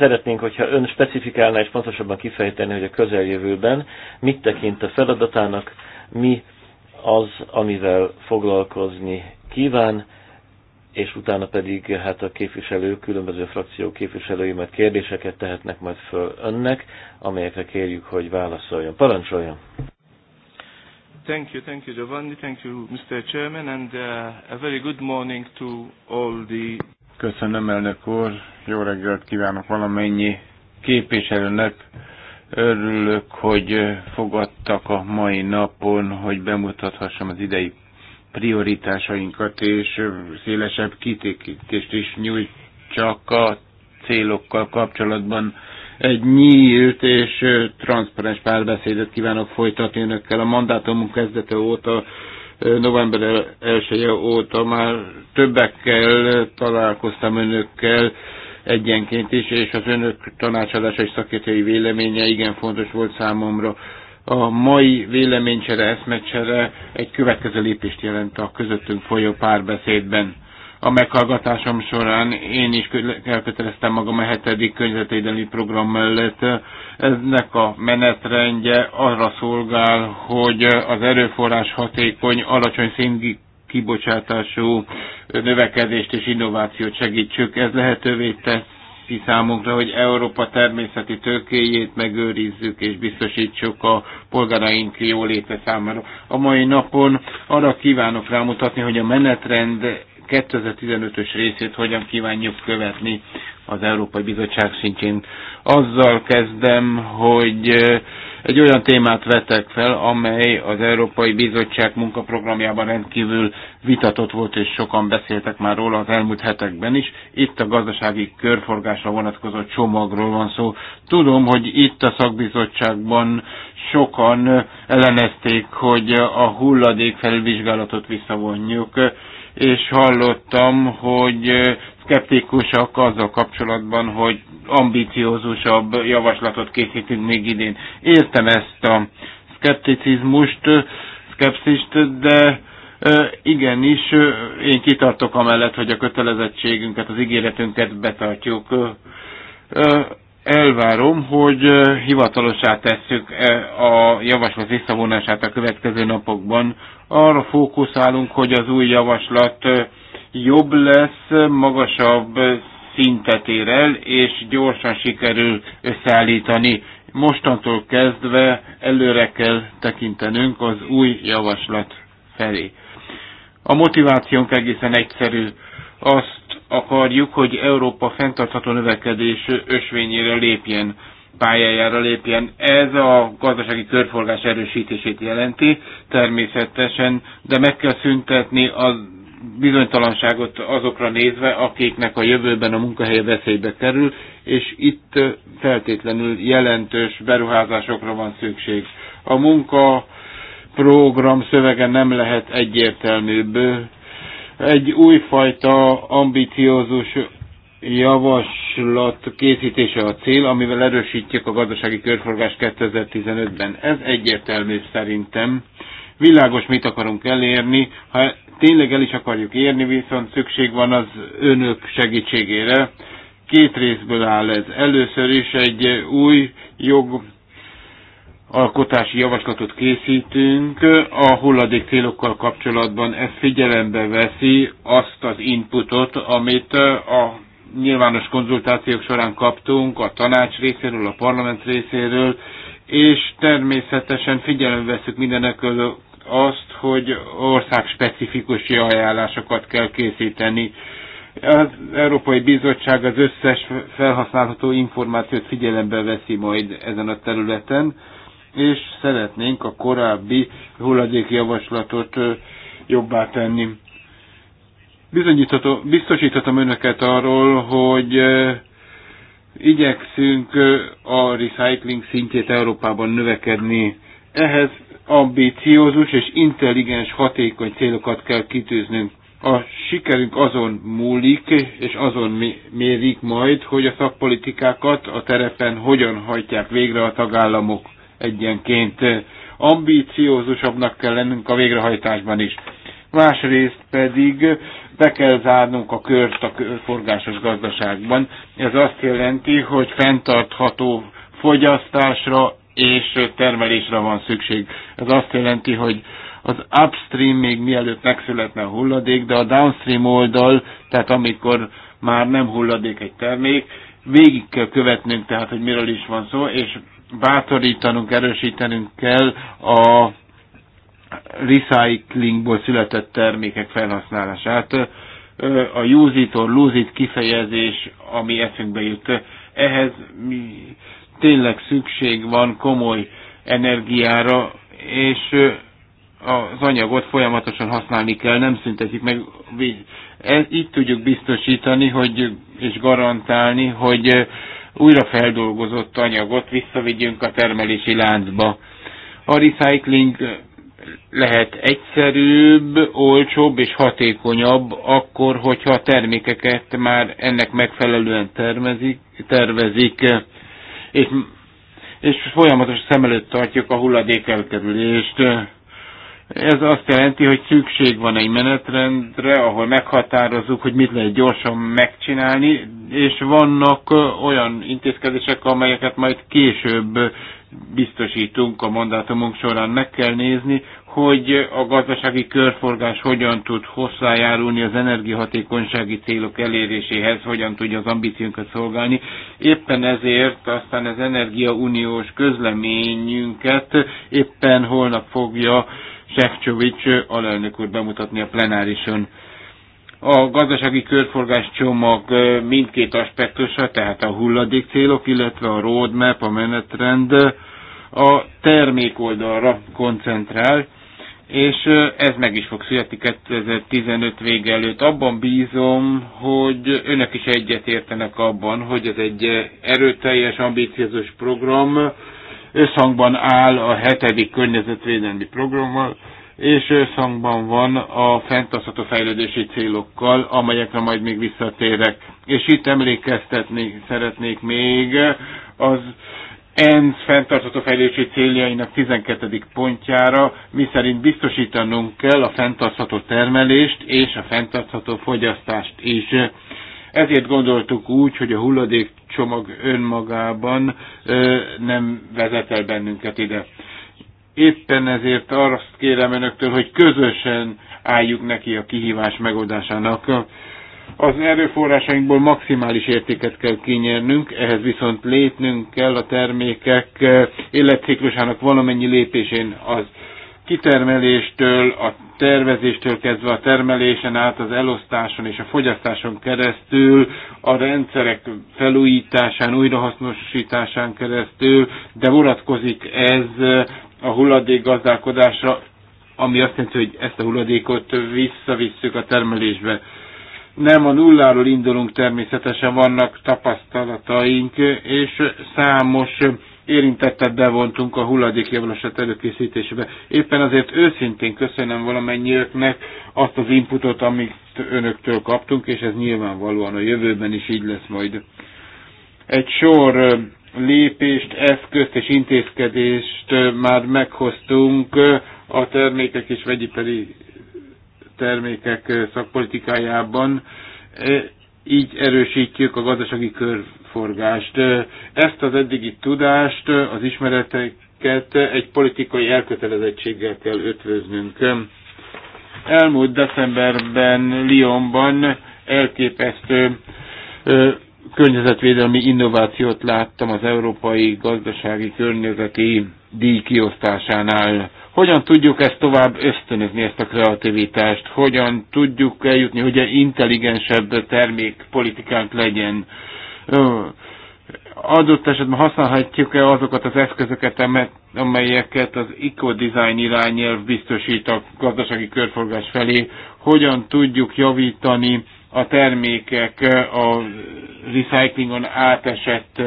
Speaker 3: szeretnénk, hogyha ön specifikálná és pontosabban kifejteni, hogy a közeljövőben mit tekint a feladatának, mi az, amivel foglalkozni kíván, és utána pedig hát a képviselő, különböző frakció képviselői majd kérdéseket tehetnek majd föl önnek, amelyekre kérjük, hogy válaszoljon. Parancsoljon!
Speaker 5: Thank you, thank you Giovanni, thank you Mr. Chairman, and uh, a very good morning to all the Köszönöm, elnök úr. Jó reggelt kívánok valamennyi képviselőnek. Örülök, hogy fogadtak a mai napon, hogy bemutathassam az idei prioritásainkat, és szélesebb kitékítést is nyújtsak a célokkal kapcsolatban. Egy nyílt és transzparens párbeszédet kívánok folytatni önökkel. A mandátumunk kezdete óta november 1 -e óta már többekkel találkoztam önökkel egyenként is, és az önök tanácsadása és szakértői véleménye igen fontos volt számomra. A mai véleménycsere, eszmecsere egy következő lépést jelent a közöttünk folyó párbeszédben a meghallgatásom során én is elköteleztem magam a hetedik környezetvédelmi program mellett. Eznek a menetrendje arra szolgál, hogy az erőforrás hatékony, alacsony szintű kibocsátású növekedést és innovációt segítsük. Ez lehetővé teszi számunkra, hogy Európa természeti tőkéjét megőrizzük és biztosítsuk a polgáraink jóléte számára. A mai napon arra kívánok rámutatni, hogy a menetrend 2015-ös részét hogyan kívánjuk követni az Európai Bizottság szintjén. Azzal kezdem, hogy egy olyan témát vetek fel, amely az Európai Bizottság munkaprogramjában rendkívül vitatott volt, és sokan beszéltek már róla az elmúlt hetekben is. Itt a gazdasági körforgásra vonatkozó csomagról van szó. Tudom, hogy itt a szakbizottságban sokan ellenezték, hogy a hulladék felvizsgálatot visszavonjuk és hallottam, hogy szkeptikusak azzal kapcsolatban, hogy ambiciózusabb javaslatot készítünk még idén. Értem ezt a szkepticizmust, szkepszist, de igenis, én kitartok amellett, hogy a kötelezettségünket, az ígéretünket betartjuk elvárom, hogy hivatalosá tesszük a javaslat visszavonását a következő napokban. Arra fókuszálunk, hogy az új javaslat jobb lesz, magasabb szintet ér el, és gyorsan sikerül összeállítani. Mostantól kezdve előre kell tekintenünk az új javaslat felé. A motivációnk egészen egyszerű. Az akarjuk, hogy Európa fenntartható növekedés ösvényére lépjen, pályájára lépjen. Ez a gazdasági körforgás erősítését jelenti természetesen, de meg kell szüntetni a bizonytalanságot azokra nézve, akiknek a jövőben a munkahelye veszélybe kerül, és itt feltétlenül jelentős beruházásokra van szükség. A munka program szövege nem lehet egyértelműbb, egy újfajta ambiciózus javaslat készítése a cél, amivel erősítjük a gazdasági körforgást 2015-ben. Ez egyértelmű szerintem. Világos, mit akarunk elérni. Ha tényleg el is akarjuk érni, viszont szükség van az önök segítségére. Két részből áll ez. Először is egy új jog alkotási javaslatot készítünk a hulladék célokkal kapcsolatban. Ez figyelembe veszi azt az inputot, amit eh, a nyilvános konzultációk során kaptunk a tanács részéről, a parlament részéről, és természetesen figyelembe veszük mindenek azt, hogy ország specifikus ajánlásokat kell készíteni. Az Európai Bizottság az összes felhasználható információt figyelembe veszi majd ezen a területen, és szeretnénk a korábbi hulladékjavaslatot jobbá tenni. biztosíthatom önöket arról, hogy igyekszünk a recycling szintjét Európában növekedni. Ehhez ambíciózus és intelligens, hatékony célokat kell kitűznünk. A sikerünk azon múlik, és azon mérik majd, hogy a szakpolitikákat a terepen hogyan hajtják végre a tagállamok egyenként. Ambíciózusabbnak kell lennünk a végrehajtásban is. Másrészt pedig be kell zárnunk a kört a forgásos gazdaságban. Ez azt jelenti, hogy fenntartható fogyasztásra és termelésre van szükség. Ez azt jelenti, hogy az upstream még mielőtt megszületne a hulladék, de a downstream oldal, tehát amikor már nem hulladék egy termék, végig kell követnünk tehát, hogy miről is van szó, és bátorítanunk, erősítenünk kell a recyclingból született termékek felhasználását. A use it or lose it kifejezés, ami eszünkbe jut, ehhez tényleg szükség van komoly energiára, és az anyagot folyamatosan használni kell, nem szüntetik meg. Így e- tudjuk biztosítani, hogy, és garantálni, hogy újra feldolgozott anyagot visszavigyünk a termelési láncba. A recycling lehet egyszerűbb, olcsóbb és hatékonyabb akkor, hogyha a termékeket már ennek megfelelően termezik, tervezik, és, és folyamatosan szem előtt tartjuk a hulladék elkerülést ez azt jelenti, hogy szükség van egy menetrendre, ahol meghatározzuk, hogy mit lehet gyorsan megcsinálni, és vannak olyan intézkedések, amelyeket majd később biztosítunk a mandátumunk során. Meg kell nézni, hogy a gazdasági körforgás hogyan tud hozzájárulni az energiahatékonysági célok eléréséhez, hogyan tudja az ambíciónkat szolgálni. Éppen ezért aztán az energiauniós közleményünket éppen holnap fogja Sefcsovics alelnök úr bemutatni a plenárison. A gazdasági körforgás csomag mindkét aspektusa, tehát a hulladék célok, illetve a roadmap, a menetrend a termék oldalra koncentrál, és ez meg is fog születni 2015 vége előtt. Abban bízom, hogy önök is egyetértenek abban, hogy ez egy erőteljes, ambíciózus program, összhangban áll a hetedik környezetvédelmi programmal, és összhangban van a fenntartható fejlődési célokkal, amelyekre majd még visszatérek. És itt emlékeztetni szeretnék még az ENSZ fenntartható fejlődési céljainak 12. pontjára, miszerint biztosítanunk kell a fenntartható termelést és a fenntartható fogyasztást is. Ezért gondoltuk úgy, hogy a hulladék csomag önmagában nem vezet el bennünket ide. Éppen ezért azt kérem önöktől, hogy közösen álljuk neki a kihívás megoldásának. Az erőforrásainkból maximális értéket kell kinyernünk, ehhez viszont lépnünk kell a termékek életciklusának valamennyi lépésén az kitermeléstől, a tervezéstől kezdve a termelésen át, az elosztáson és a fogyasztáson keresztül, a rendszerek felújításán, újrahasznosításán keresztül, de vonatkozik ez a hulladék gazdálkodásra, ami azt jelenti, hogy ezt a hulladékot visszavisszük a termelésbe. Nem a nulláról indulunk természetesen, vannak tapasztalataink, és számos érintettet bevontunk a hulladékjavaslat előkészítésébe. Éppen azért őszintén köszönöm valamennyieknek azt az inputot, amit önöktől kaptunk, és ez nyilvánvalóan a jövőben is így lesz majd. Egy sor lépést, eszközt és intézkedést már meghoztunk a termékek és vegyipari termékek szakpolitikájában. Így erősítjük a gazdasági kör forgást. Ezt az eddigi tudást, az ismereteket egy politikai elkötelezettséggel kell ötvöznünk. Elmúlt decemberben Lyonban elképesztő környezetvédelmi innovációt láttam az Európai Gazdasági Környezeti Díj kiosztásánál. Hogyan tudjuk ezt tovább ösztönözni, ezt a kreativitást? Hogyan tudjuk eljutni, hogy egy intelligensebb termékpolitikánk legyen? adott esetben használhatjuk-e azokat az eszközöket, amelyeket az eco-design irányelv biztosít a gazdasági körforgás felé, hogyan tudjuk javítani a termékek a recyclingon átesett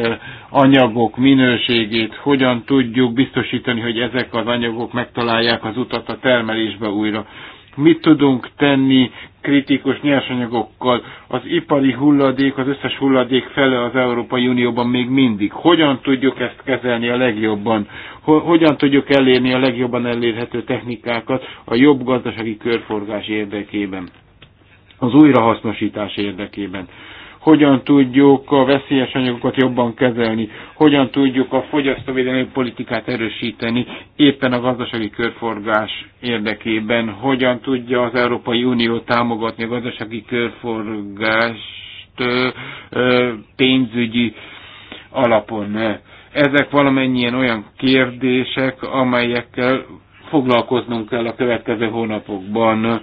Speaker 5: anyagok minőségét, hogyan tudjuk biztosítani, hogy ezek az anyagok megtalálják az utat a termelésbe újra mit tudunk tenni kritikus nyersanyagokkal. Az ipari hulladék, az összes hulladék fele az Európai Unióban még mindig. Hogyan tudjuk ezt kezelni a legjobban? Hogyan tudjuk elérni a legjobban elérhető technikákat a jobb gazdasági körforgás érdekében? Az újrahasznosítás érdekében hogyan tudjuk a veszélyes anyagokat jobban kezelni, hogyan tudjuk a fogyasztóvédelmi politikát erősíteni éppen a gazdasági körforgás érdekében, hogyan tudja az Európai Unió támogatni a gazdasági körforgást ö, ö, pénzügyi alapon. Ezek valamennyien olyan kérdések, amelyekkel foglalkoznunk kell a következő hónapokban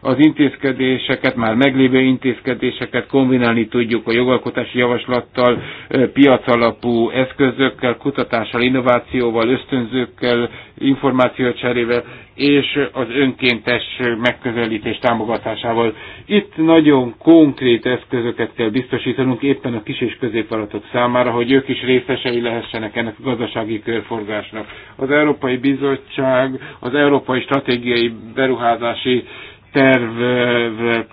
Speaker 5: az intézkedéseket, már meglévő intézkedéseket kombinálni tudjuk a jogalkotási javaslattal, piacalapú eszközökkel, kutatással, innovációval, ösztönzőkkel, információcserével és az önkéntes megközelítés támogatásával. Itt nagyon konkrét eszközöket kell biztosítanunk éppen a kis és középvállalatok számára, hogy ők is részesei lehessenek ennek a gazdasági körforgásnak. Az Európai Bizottság az Európai Stratégiai Beruházási tervet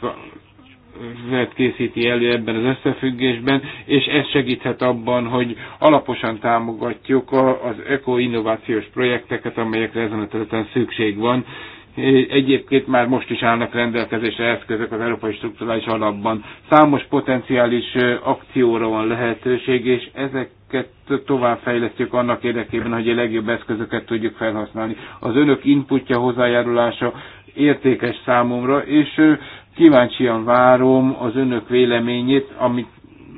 Speaker 5: készíti elő ebben az összefüggésben, és ez segíthet abban, hogy alaposan támogatjuk az eko-innovációs projekteket, amelyekre ezen a területen szükség van. Egyébként már most is állnak rendelkezésre eszközök az Európai Strukturális Alapban. Számos potenciális akcióra van lehetőség, és ezeket továbbfejlesztjük annak érdekében, hogy a legjobb eszközöket tudjuk felhasználni. Az önök inputja, hozzájárulása értékes számomra, és kíváncsian várom az önök véleményét, amit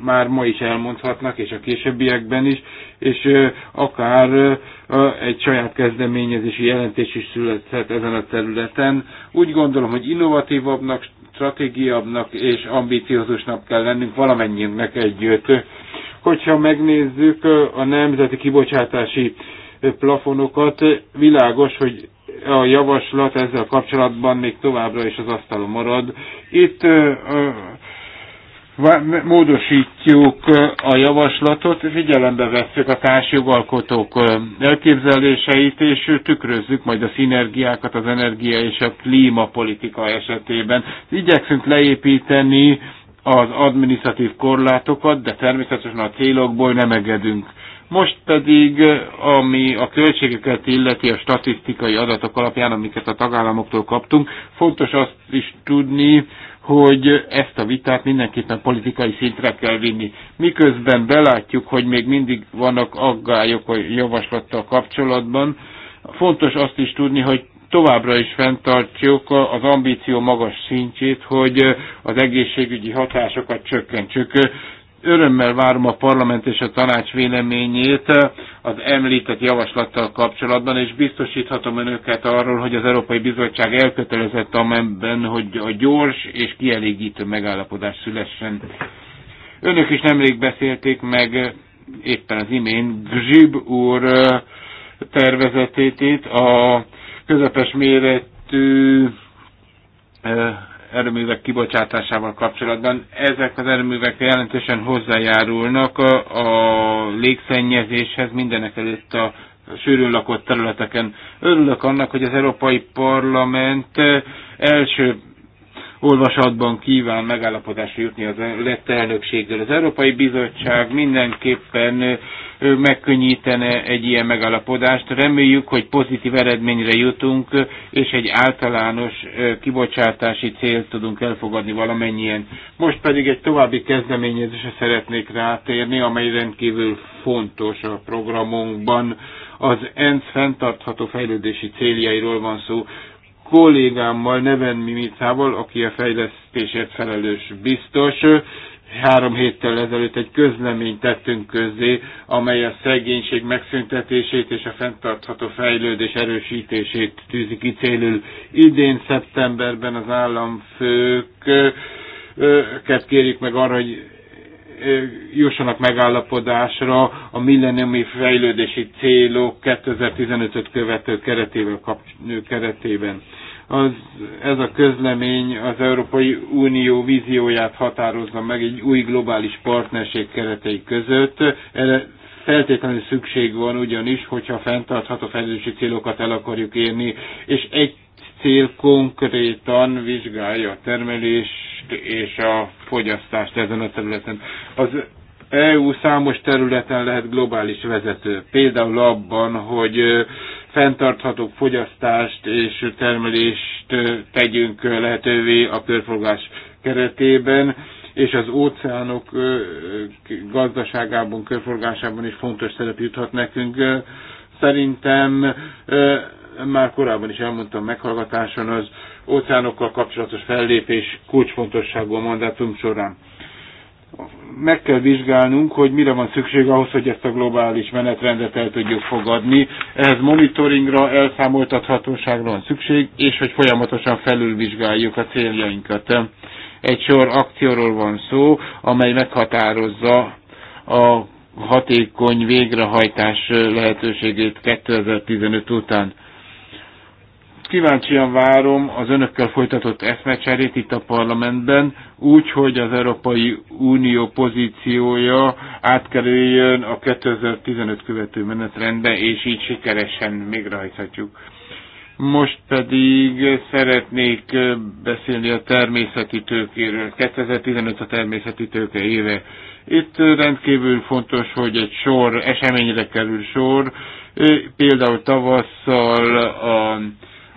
Speaker 5: már ma is elmondhatnak, és a későbbiekben is, és akár egy saját kezdeményezési jelentés is születhet ezen a területen. Úgy gondolom, hogy innovatívabbnak, stratégiabbnak és ambíciózusnak kell lennünk valamennyinek együtt. Hogyha megnézzük a nemzeti kibocsátási plafonokat. Világos, hogy a javaslat ezzel kapcsolatban még továbbra is az asztalon marad. Itt módosítjuk a javaslatot, figyelembe vesszük a társjogalkotók elképzeléseit, és tükrözzük majd a szinergiákat az energia és a klímapolitika esetében. Igyekszünk leépíteni az adminisztratív korlátokat, de természetesen a célokból nem engedünk most pedig, ami a költségeket illeti a statisztikai adatok alapján, amiket a tagállamoktól kaptunk, fontos azt is tudni, hogy ezt a vitát mindenképpen politikai szintre kell vinni. Miközben belátjuk, hogy még mindig vannak aggályok a javaslattal kapcsolatban, fontos azt is tudni, hogy továbbra is fenntartjuk az ambíció magas szintjét, hogy az egészségügyi hatásokat csökkentsük. Örömmel várom a parlament és a tanács véleményét az említett javaslattal kapcsolatban, és biztosíthatom önöket arról, hogy az Európai Bizottság elkötelezett amennyiben, hogy a gyors és kielégítő megállapodás szülessen. Önök is nemrég beszélték meg éppen az imént Gzsib úr tervezetét, a közepes méretű erőművek kibocsátásával kapcsolatban. Ezek az erőművek jelentősen hozzájárulnak a légszennyezéshez, mindenek előtt a sűrű lakott területeken. Örülök annak, hogy az Európai Parlament eh, első olvasatban kíván megállapodásra jutni az lett elnökséggel. Az Európai Bizottság mindenképpen megkönnyítene egy ilyen megállapodást. Reméljük, hogy pozitív eredményre jutunk, és egy általános kibocsátási célt tudunk elfogadni valamennyien. Most pedig egy további kezdeményezésre szeretnék rátérni, amely rendkívül fontos a programunkban. Az ENSZ fenntartható fejlődési céljairól van szó kollégámmal, Neven Mimicával, aki a fejlesztésért felelős biztos, három héttel ezelőtt egy közleményt tettünk közzé, amely a szegénység megszüntetését és a fenntartható fejlődés erősítését tűzi ki célül. Idén szeptemberben az államfők kérjük meg arra, hogy jussanak megállapodásra a millenniumi fejlődési célok 2015-öt követő keretével, keretében. Az, ez a közlemény az Európai Unió vízióját határozza meg egy új globális partnerség keretei között. Erre feltétlenül szükség van ugyanis, hogyha fenntartható fejlődési célokat el akarjuk érni, és egy cél konkrétan vizsgálja a termelést és a fogyasztást ezen a területen. Az EU számos területen lehet globális vezető, például abban, hogy fenntartható fogyasztást és termelést tegyünk lehetővé a körforgás keretében, és az óceánok gazdaságában, körforgásában is fontos szerep juthat nekünk. Szerintem már korábban is elmondtam meghallgatáson, az óceánokkal kapcsolatos fellépés kulcsfontosságú a mandátum során. Meg kell vizsgálnunk, hogy mire van szükség ahhoz, hogy ezt a globális menetrendet el tudjuk fogadni. Ehhez monitoringra, elszámoltathatóságra van szükség, és hogy folyamatosan felülvizsgáljuk a céljainkat. Egy sor akcióról van szó, amely meghatározza a hatékony végrehajtás lehetőségét 2015 után kíváncsian várom az önökkel folytatott eszmecserét itt a parlamentben, úgy, hogy az Európai Unió pozíciója átkerüljön a 2015 követő menetrendbe, és így sikeresen rajzhatjuk. Most pedig szeretnék beszélni a természeti tőkéről. 2015 a természeti tőke éve. Itt rendkívül fontos, hogy egy sor eseményre kerül sor. Például tavasszal a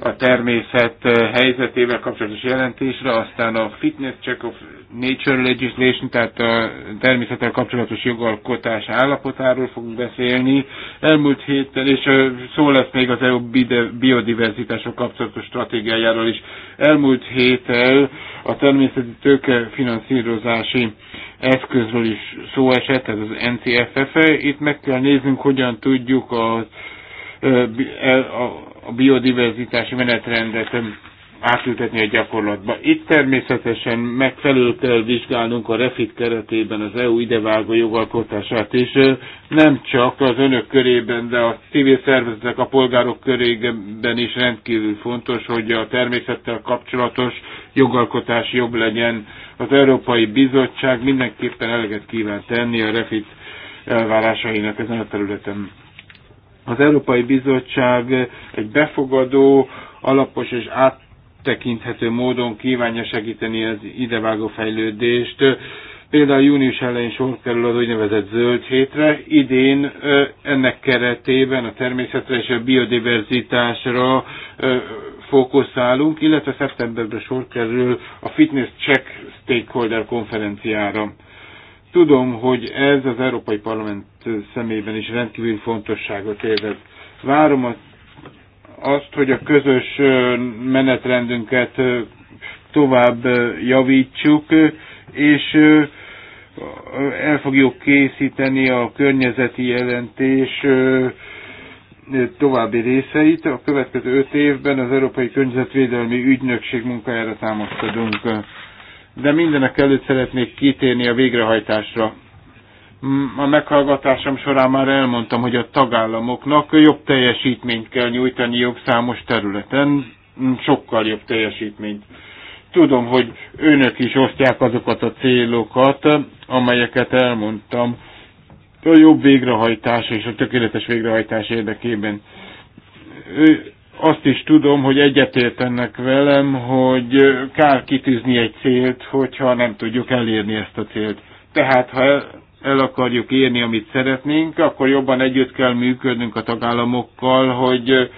Speaker 5: a természet eh, helyzetével kapcsolatos jelentésre, aztán a Fitness Check of Nature Legislation, tehát a természettel kapcsolatos jogalkotás állapotáról fogunk beszélni. Elmúlt héten, és eh, szó lesz még az EU biodiverzitások kapcsolatos stratégiájáról is. Elmúlt héten, a természeti tőke finanszírozási eszközről is szó esett, ez az NCFF. -e. Itt meg kell néznünk, hogyan tudjuk eh, a, a a biodiverzitási menetrendet átültetni a gyakorlatba. Itt természetesen megfelül kell vizsgálnunk a REFIT keretében az EU idevágó jogalkotását, és nem csak az önök körében, de a civil szervezetek, a polgárok körében is rendkívül fontos, hogy a természettel kapcsolatos jogalkotás jobb legyen. Az Európai Bizottság mindenképpen eleget kíván tenni a REFIT elvárásainak ezen a területen. Az Európai Bizottság egy befogadó, alapos és áttekinthető módon kívánja segíteni az idevágó fejlődést. Például június elején sor kerül az úgynevezett zöld hétre. Idén ennek keretében a természetre és a biodiverzitásra fókuszálunk, illetve szeptemberben sor kerül a Fitness Check Stakeholder konferenciára. Tudom, hogy ez az Európai Parlament szemében is rendkívül fontosságot élvez. Várom azt, hogy a közös menetrendünket tovább javítsuk, és el fogjuk készíteni a környezeti jelentés további részeit. A következő öt évben az Európai Környezetvédelmi Ügynökség munkájára támaszkodunk de mindenek előtt szeretnék kitérni a végrehajtásra. Mm, a meghallgatásom során már elmondtam, hogy a tagállamoknak jobb teljesítményt kell nyújtaniuk számos területen, mm, sokkal jobb teljesítményt. Tudom, hogy önök is osztják azokat a célokat, amelyeket elmondtam, a jobb végrehajtás és a tökéletes végrehajtás érdekében azt is tudom, hogy egyetértenek velem, hogy kár kitűzni egy célt, hogyha nem tudjuk elérni ezt a célt. Tehát, ha el akarjuk érni, amit szeretnénk, akkor jobban együtt kell működnünk a tagállamokkal, hogy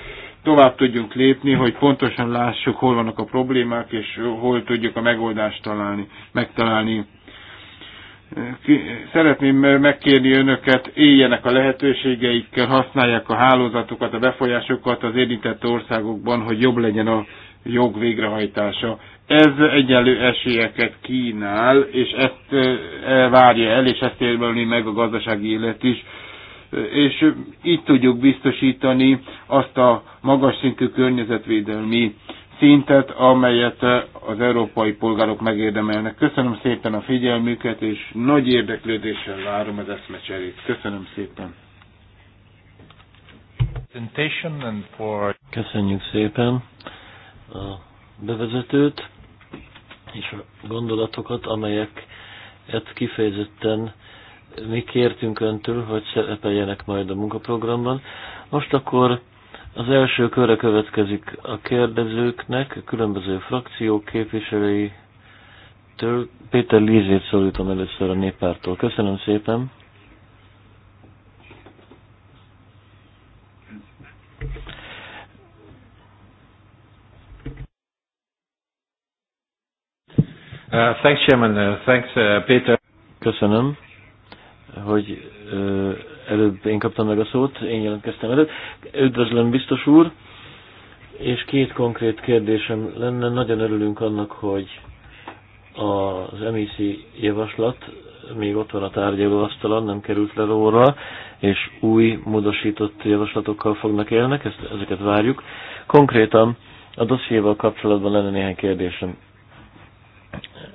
Speaker 5: tovább tudjunk lépni, hogy pontosan lássuk, hol vannak a problémák, és hol tudjuk a megoldást találni, megtalálni. Szeretném megkérni önöket, éljenek a lehetőségeikkel, használják a hálózatukat, a befolyásokat az érintett országokban, hogy jobb legyen a jog végrehajtása. Ez egyenlő esélyeket kínál, és ezt e, e, várja el, és ezt érvelni meg a gazdasági élet is és így tudjuk biztosítani azt a magas szintű környezetvédelmi szintet, amelyet eh, az európai polgárok megérdemelnek. Köszönöm szépen a figyelmüket, és nagy érdeklődéssel várom az eszmecserét. Köszönöm
Speaker 3: szépen. Köszönjük szépen a bevezetőt és a gondolatokat, amelyeket kifejezetten mi kértünk öntől, hogy szerepeljenek majd a munkaprogramban. Most akkor az első körre következik a kérdezőknek, a különböző frakciók képviselői. Péter Lízét szólítom először a néppártól. Köszönöm szépen. Uh, thanks, Chairman. Uh, thanks, uh, Peter. Köszönöm, hogy uh, előbb én kaptam meg a szót, én jelentkeztem előtt Üdvözlöm, biztos úr, és két konkrét kérdésem lenne. Nagyon örülünk annak, hogy az MEC javaslat még ott van a tárgyalóasztalon, nem került le róla, és új módosított javaslatokkal fognak élnek, ezt, ezeket várjuk. Konkrétan a dossziéval kapcsolatban lenne néhány kérdésem.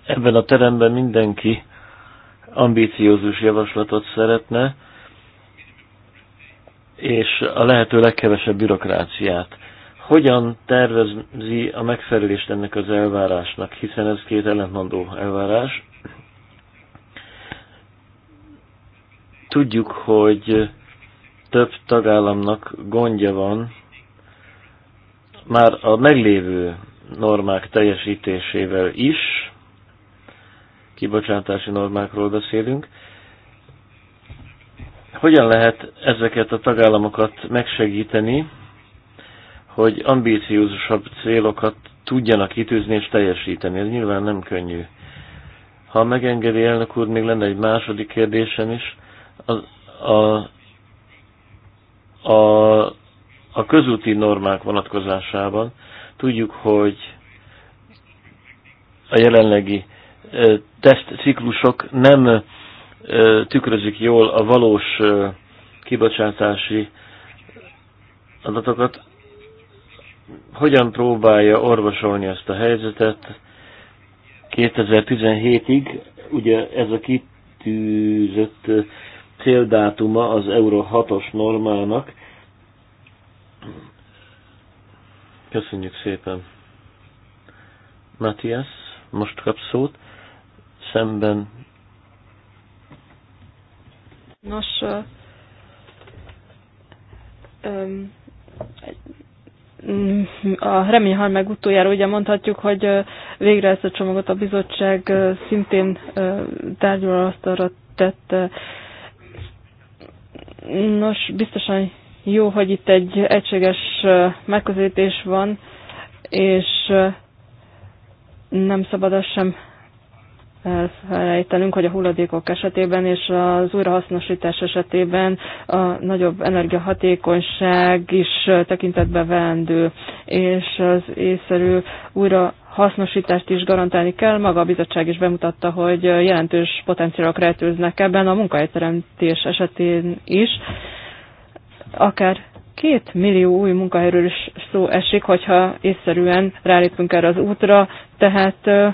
Speaker 3: Ebben a teremben mindenki ambíciózus javaslatot szeretne, és a lehető legkevesebb bürokráciát. Hogyan tervezi a megfelelést ennek az elvárásnak, hiszen ez két ellentmondó elvárás. Tudjuk, hogy több tagállamnak gondja van már a meglévő normák teljesítésével is, kibocsátási normákról beszélünk, hogyan lehet ezeket a tagállamokat megsegíteni, hogy ambíciózusabb célokat tudjanak kitűzni és teljesíteni? Ez nyilván nem könnyű. Ha megengedi elnök úr, még lenne egy második kérdésem is. A, a, a, a közúti normák vonatkozásában tudjuk, hogy a jelenlegi eh, tesztciklusok nem tükrözik jól a valós kibocsátási adatokat, hogyan próbálja orvosolni ezt a helyzetet 2017-ig, ugye ez a kitűzött céldátuma az Euró 6-os normának. Köszönjük szépen. Matthias, most kapsz szót. Szemben
Speaker 2: Nos, a Remi meg utoljára ugye mondhatjuk, hogy végre ezt a csomagot a bizottság szintén tárgyalasztalra tette. Nos, biztosan jó, hogy itt egy egységes megközelítés van, és nem szabad azt sem elfelejtenünk, hogy a hulladékok esetében és az újrahasznosítás esetében a nagyobb energiahatékonyság is tekintetbe vendő, és az észszerű újra hasznosítást is garantálni kell. Maga a bizottság is bemutatta, hogy jelentős potenciálok rejtőznek ebben a munkahelyteremtés esetén is. Akár két millió új munkahelyről is szó esik, hogyha észszerűen rálépünk erre az útra, tehát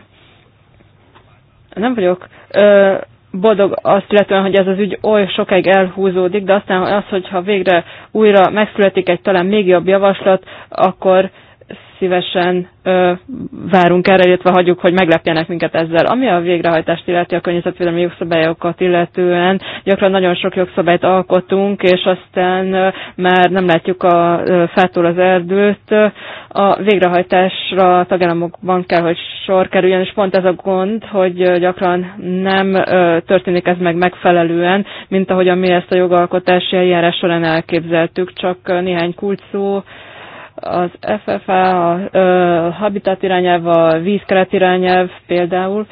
Speaker 2: nem vagyok ö, boldog azt illetően, hogy ez az ügy oly sokáig elhúzódik, de aztán az, hogyha végre újra megszületik egy talán még jobb javaslat, akkor szívesen ö, várunk erre, illetve hagyjuk, hogy meglepjenek minket ezzel. Ami a végrehajtást illeti a környezetvédelmi jogszabályokat illetően, gyakran nagyon sok jogszabályt alkotunk, és aztán ö, már nem látjuk a ö, fától az erdőt. A végrehajtásra a tagállamokban kell, hogy sor kerüljön, és pont ez a gond, hogy ö, gyakran nem ö, történik ez meg megfelelően, mint ahogy mi ezt a jogalkotási eljárás során elképzeltük, csak ö, néhány kulcsszó, az FFA, a, a habitat irányelv, a vízkeret irányelv például,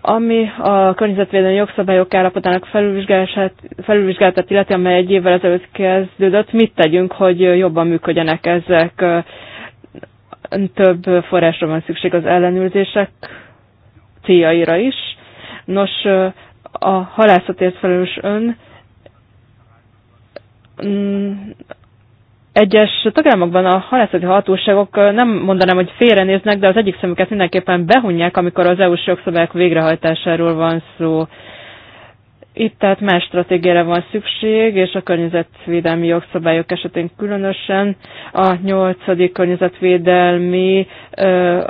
Speaker 2: ami a környezetvédelmi jogszabályok állapotának felülvizsgálatát, felülvizsgálatát illeti, amely egy évvel ezelőtt kezdődött, mit tegyünk, hogy jobban működjenek ezek? Több forrásra van szükség az ellenőrzések céljaira is. Nos, a halászatért felelős ön mm, egyes tagállamokban a halászati hatóságok nem mondanám, hogy félrenéznek, de az egyik szemüket mindenképpen behunják, amikor az EU-s jogszabályok végrehajtásáról van szó. Itt tehát más stratégiára van szükség, és a környezetvédelmi jogszabályok esetén különösen a nyolcadik környezetvédelmi ö,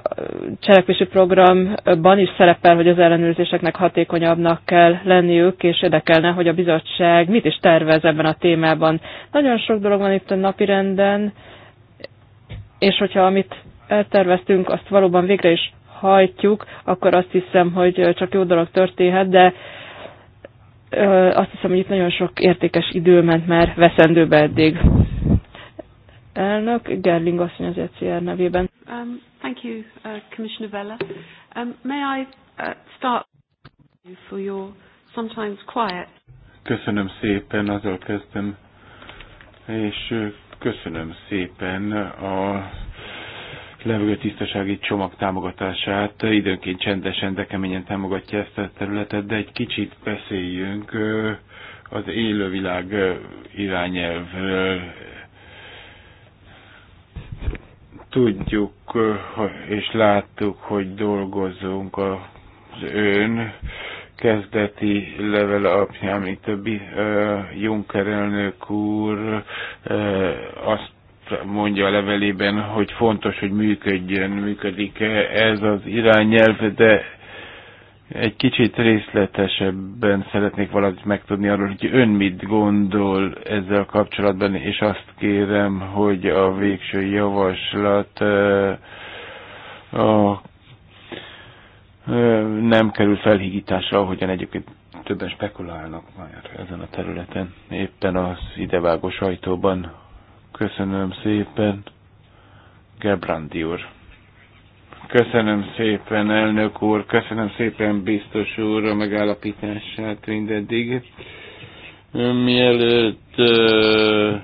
Speaker 2: cselekvési programban is szerepel, hogy az ellenőrzéseknek hatékonyabbnak kell lenniük, és érdekelne, hogy a bizottság mit is tervez ebben a témában. Nagyon sok dolog van itt a napirenden, és hogyha amit elterveztünk, azt valóban végre is hajtjuk, akkor azt hiszem, hogy csak jó dolog történhet, de azt hiszem, hogy itt nagyon sok értékes idő ment már veszendőbe eddig. Elnök Gerling asszony az ECR nevében. Um, thank you, uh, Commissioner Vella. Um, may I uh, start for your sometimes quiet.
Speaker 5: Köszönöm szépen, azzal kezdtem, és köszönöm szépen a levegő tisztasági csomag támogatását. Időnként csendesen, de keményen támogatja ezt a területet, de egy kicsit beszéljünk az élővilág irányelvről. Tudjuk és láttuk, hogy dolgozunk az ön kezdeti level apján, amit többi Juncker elnök úr azt mondja a levelében, hogy fontos, hogy működjön, működik -e ez az irányelv, de egy kicsit részletesebben szeretnék valamit megtudni arról, hogy ön mit gondol ezzel kapcsolatban, és azt kérem, hogy a végső javaslat a, nem kerül felhigításra, ahogyan egyébként többen spekulálnak már ezen a területen, éppen az idevágó sajtóban Köszönöm szépen, Gebrandi úr. Köszönöm szépen, elnök úr, köszönöm szépen, biztos úr, a megállapítását mindeddig. Mielőtt uh,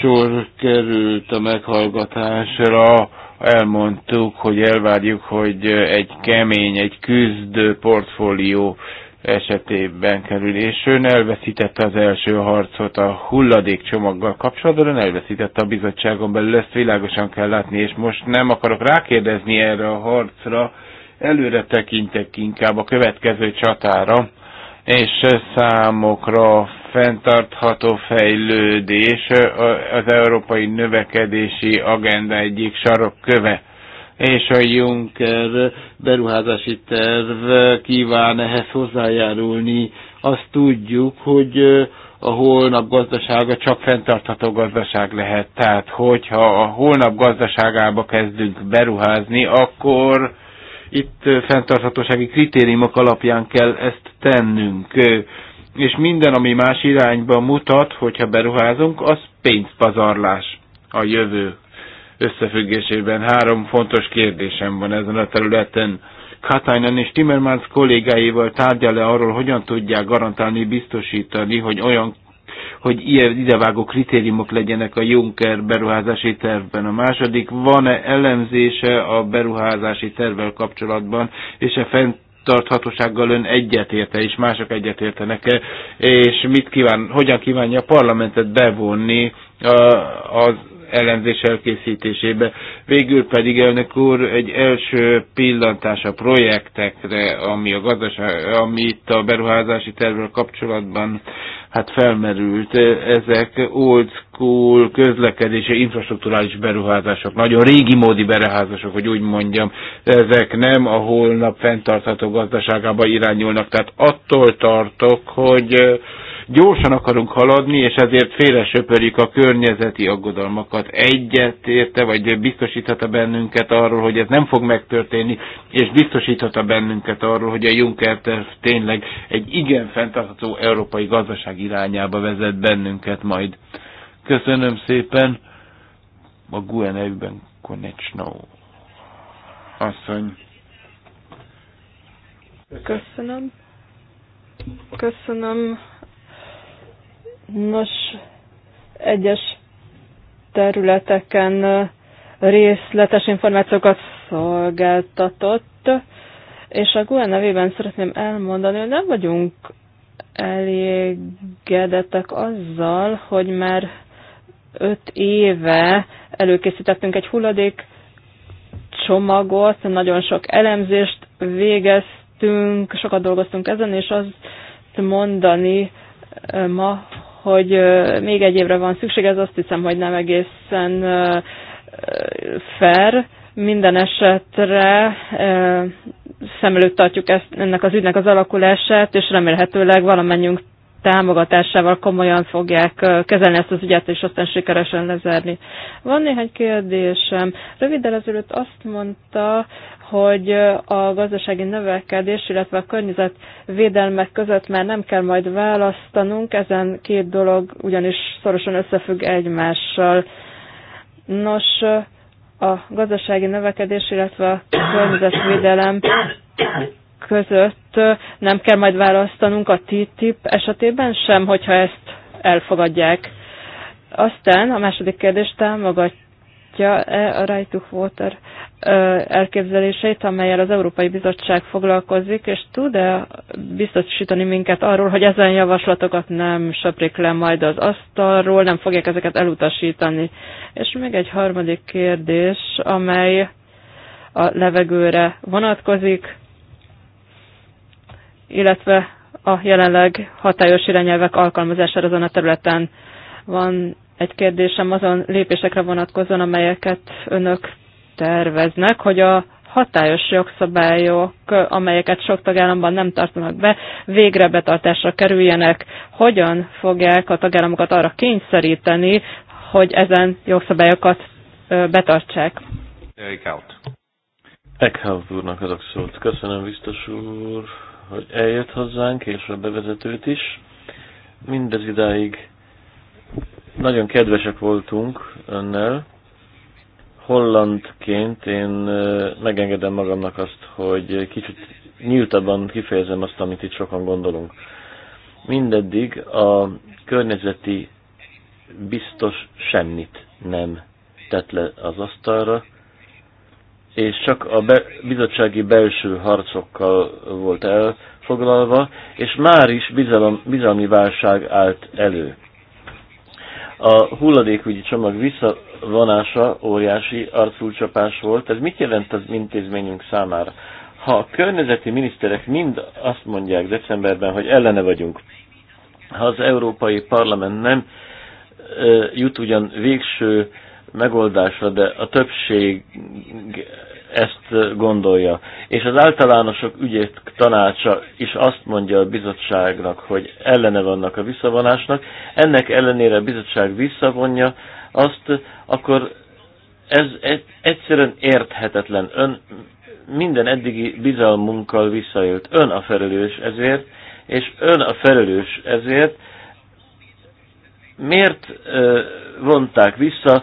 Speaker 5: sor került a meghallgatásra, elmondtuk, hogy elvárjuk, hogy egy kemény, egy küzdő portfólió esetében kerül, és ön elveszítette az első harcot a hulladékcsomaggal kapcsolatban, ön elveszítette a bizottságon belül, ezt világosan kell látni, és most nem akarok rákérdezni erre a harcra, előre tekintek inkább a következő csatára, és számokra fenntartható fejlődés az európai növekedési agenda egyik sarokköve. köve és a Juncker beruházási terv kíván ehhez hozzájárulni. Azt tudjuk, hogy a holnap gazdasága csak fenntartható gazdaság lehet. Tehát, hogyha a holnap gazdaságába kezdünk beruházni, akkor itt fenntarthatósági kritériumok alapján kell ezt tennünk. És minden, ami más irányba mutat, hogyha beruházunk, az pénzpazarlás a jövő összefüggésében. Három fontos kérdésem van ezen a területen. Katainen és Timmermans kollégáival tárgyal-e arról, hogyan tudják garantálni, biztosítani, hogy olyan hogy ilyen idevágó kritériumok legyenek a Juncker beruházási tervben. A második, van-e elemzése a beruházási tervvel kapcsolatban, és a fenntarthatósággal ön egyetérte, és mások egyetértenek-e, és mit kíván, hogyan kívánja a parlamentet bevonni az elemzés elkészítésébe. Végül pedig, elnök úr, egy első pillantás a projektekre, ami a gazdaság, ami itt a beruházási tervvel kapcsolatban hát felmerült. Ezek old school közlekedési infrastruktúrális beruházások, nagyon régi módi beruházások, hogy úgy mondjam, ezek nem a holnap fenntartható gazdaságába irányulnak. Tehát attól tartok, hogy Gyorsan akarunk haladni, és ezért félresöpörjük a környezeti aggodalmakat. Egyet érte, vagy biztosíthatta bennünket arról, hogy ez nem fog megtörténni, és biztosíthatta bennünket arról, hogy a Juncker terv tényleg egy igen fenntartható európai gazdaság irányába vezet bennünket majd. Köszönöm szépen a GUE Konecsnó asszony.
Speaker 2: Köszönöm. Köszönöm Nos, egyes területeken részletes információkat szolgáltatott, és a GUE nevében szeretném elmondani, hogy nem vagyunk elégedettek azzal, hogy már öt éve előkészítettünk egy hulladék csomagot, nagyon sok elemzést végeztünk, sokat dolgoztunk ezen, és azt mondani ma, hogy még egy évre van szükség, ez azt hiszem, hogy nem egészen fair. Minden esetre szem előtt tartjuk ezt, ennek az ügynek az alakulását, és remélhetőleg valamennyünk támogatásával komolyan fogják kezelni ezt az ügyet, és aztán sikeresen lezárni. Van néhány kérdésem. Röviddel ezelőtt azt mondta, hogy a gazdasági növekedés, illetve a környezetvédelmek között már nem kell majd választanunk, ezen két dolog ugyanis szorosan összefügg egymással. Nos, a gazdasági növekedés, illetve a környezetvédelem között nem kell majd választanunk a TTIP esetében sem, hogyha ezt elfogadják. Aztán a második kérdés támogat támogatja-e a Right to Water elképzeléseit, amelyel az Európai Bizottság foglalkozik, és tud-e biztosítani minket arról, hogy ezen javaslatokat nem söprik le majd az asztalról, nem fogják ezeket elutasítani. És még egy harmadik kérdés, amely a levegőre vonatkozik, illetve a jelenleg hatályos irányelvek alkalmazására azon a területen van egy kérdésem azon lépésekre vonatkozóan, amelyeket önök terveznek, hogy a hatályos jogszabályok, amelyeket sok tagállamban nem tartanak be, végre betartásra kerüljenek. Hogyan fogják a tagállamokat arra kényszeríteni, hogy ezen jogszabályokat betartsák?
Speaker 3: Eckhout. úrnak azok szót. Köszönöm, biztos úr, hogy eljött hozzánk, és a bevezetőt is. Mindez idáig nagyon kedvesek voltunk önnel. Hollandként én megengedem magamnak azt, hogy kicsit nyíltabban kifejezem azt, amit itt sokan gondolunk. Mindeddig a környezeti biztos semmit nem tett le az asztalra, és csak a be, bizottsági belső harcokkal volt elfoglalva, és már is bizalom, bizalmi válság állt elő. A hulladékügyi csomag visszavonása óriási arculcsapás volt. Ez mit jelent az intézményünk számára? Ha a környezeti miniszterek mind azt mondják decemberben, hogy ellene vagyunk, ha az Európai Parlament nem jut ugyan végső megoldásra, de a többség ezt gondolja. És az általánosok ügyét tanácsa is azt mondja a bizottságnak, hogy ellene vannak a visszavonásnak. Ennek ellenére a bizottság visszavonja azt, akkor ez egyszerűen érthetetlen. Ön minden eddigi bizalmunkkal visszajött. Ön a felelős ezért, és ön a felelős ezért, miért vonták vissza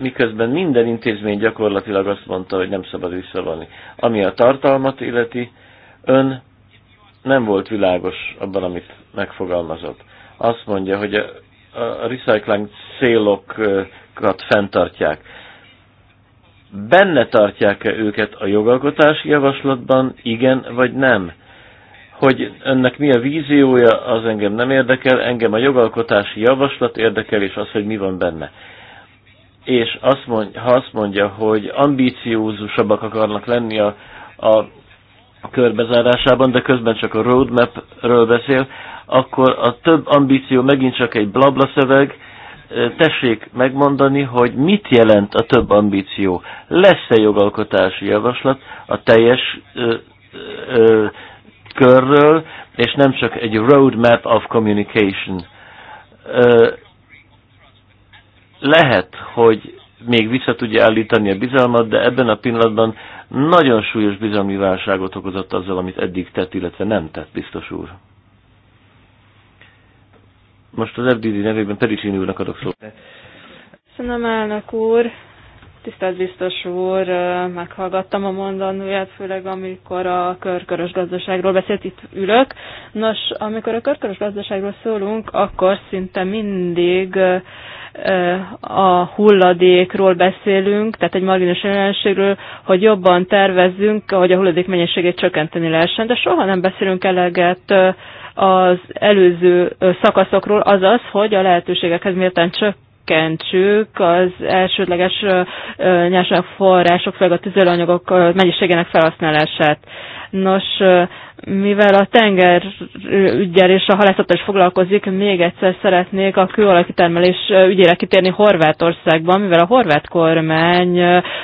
Speaker 3: miközben minden intézmény gyakorlatilag azt mondta, hogy nem szabad visszavonni. Ami a tartalmat illeti, ön nem volt világos abban, amit megfogalmazott. Azt mondja, hogy a, a recycling célokat fenntartják. Benne tartják-e őket a jogalkotási javaslatban, igen vagy nem? Hogy önnek mi a víziója, az engem nem érdekel, engem a jogalkotási javaslat érdekel, és az, hogy mi van benne és azt mondja, ha azt mondja, hogy ambíciózusabbak akarnak lenni a, a körbezárásában, de közben csak a roadmapről beszél, akkor a több ambíció megint csak egy blabla szöveg, tessék megmondani, hogy mit jelent a több ambíció. Lesz-e jogalkotási javaslat a teljes ö, ö, körről, és nem csak egy roadmap of communication. Ö, lehet, hogy még vissza tudja állítani a bizalmat, de ebben a pillanatban nagyon súlyos bizalmi válságot okozott azzal, amit eddig tett, illetve nem tett, biztos úr. Most az FDD nevében Pericsini úrnak adok szót.
Speaker 2: Köszönöm, elnök úr. Tisztelt biztos úr, meghallgattam a mondanóját, főleg amikor a körkörös gazdaságról beszélt, itt ülök. Nos, amikor a körkörös gazdaságról szólunk, akkor szinte mindig a hulladékról beszélünk, tehát egy marginális jelenségről, hogy jobban tervezzünk, hogy a hulladék mennyiségét csökkenteni lehessen, de soha nem beszélünk eleget az előző szakaszokról, azaz, hogy a lehetőségekhez mérten csökkenteni csökkentsük az elsődleges nyersanyagforrások, főleg a tüzelőanyagok mennyiségének felhasználását. Nos, mivel a tenger ügyel és a halászattal is foglalkozik, még egyszer szeretnék a kőolajkitermelés ügyére kitérni Horvátországban, mivel a horvát kormány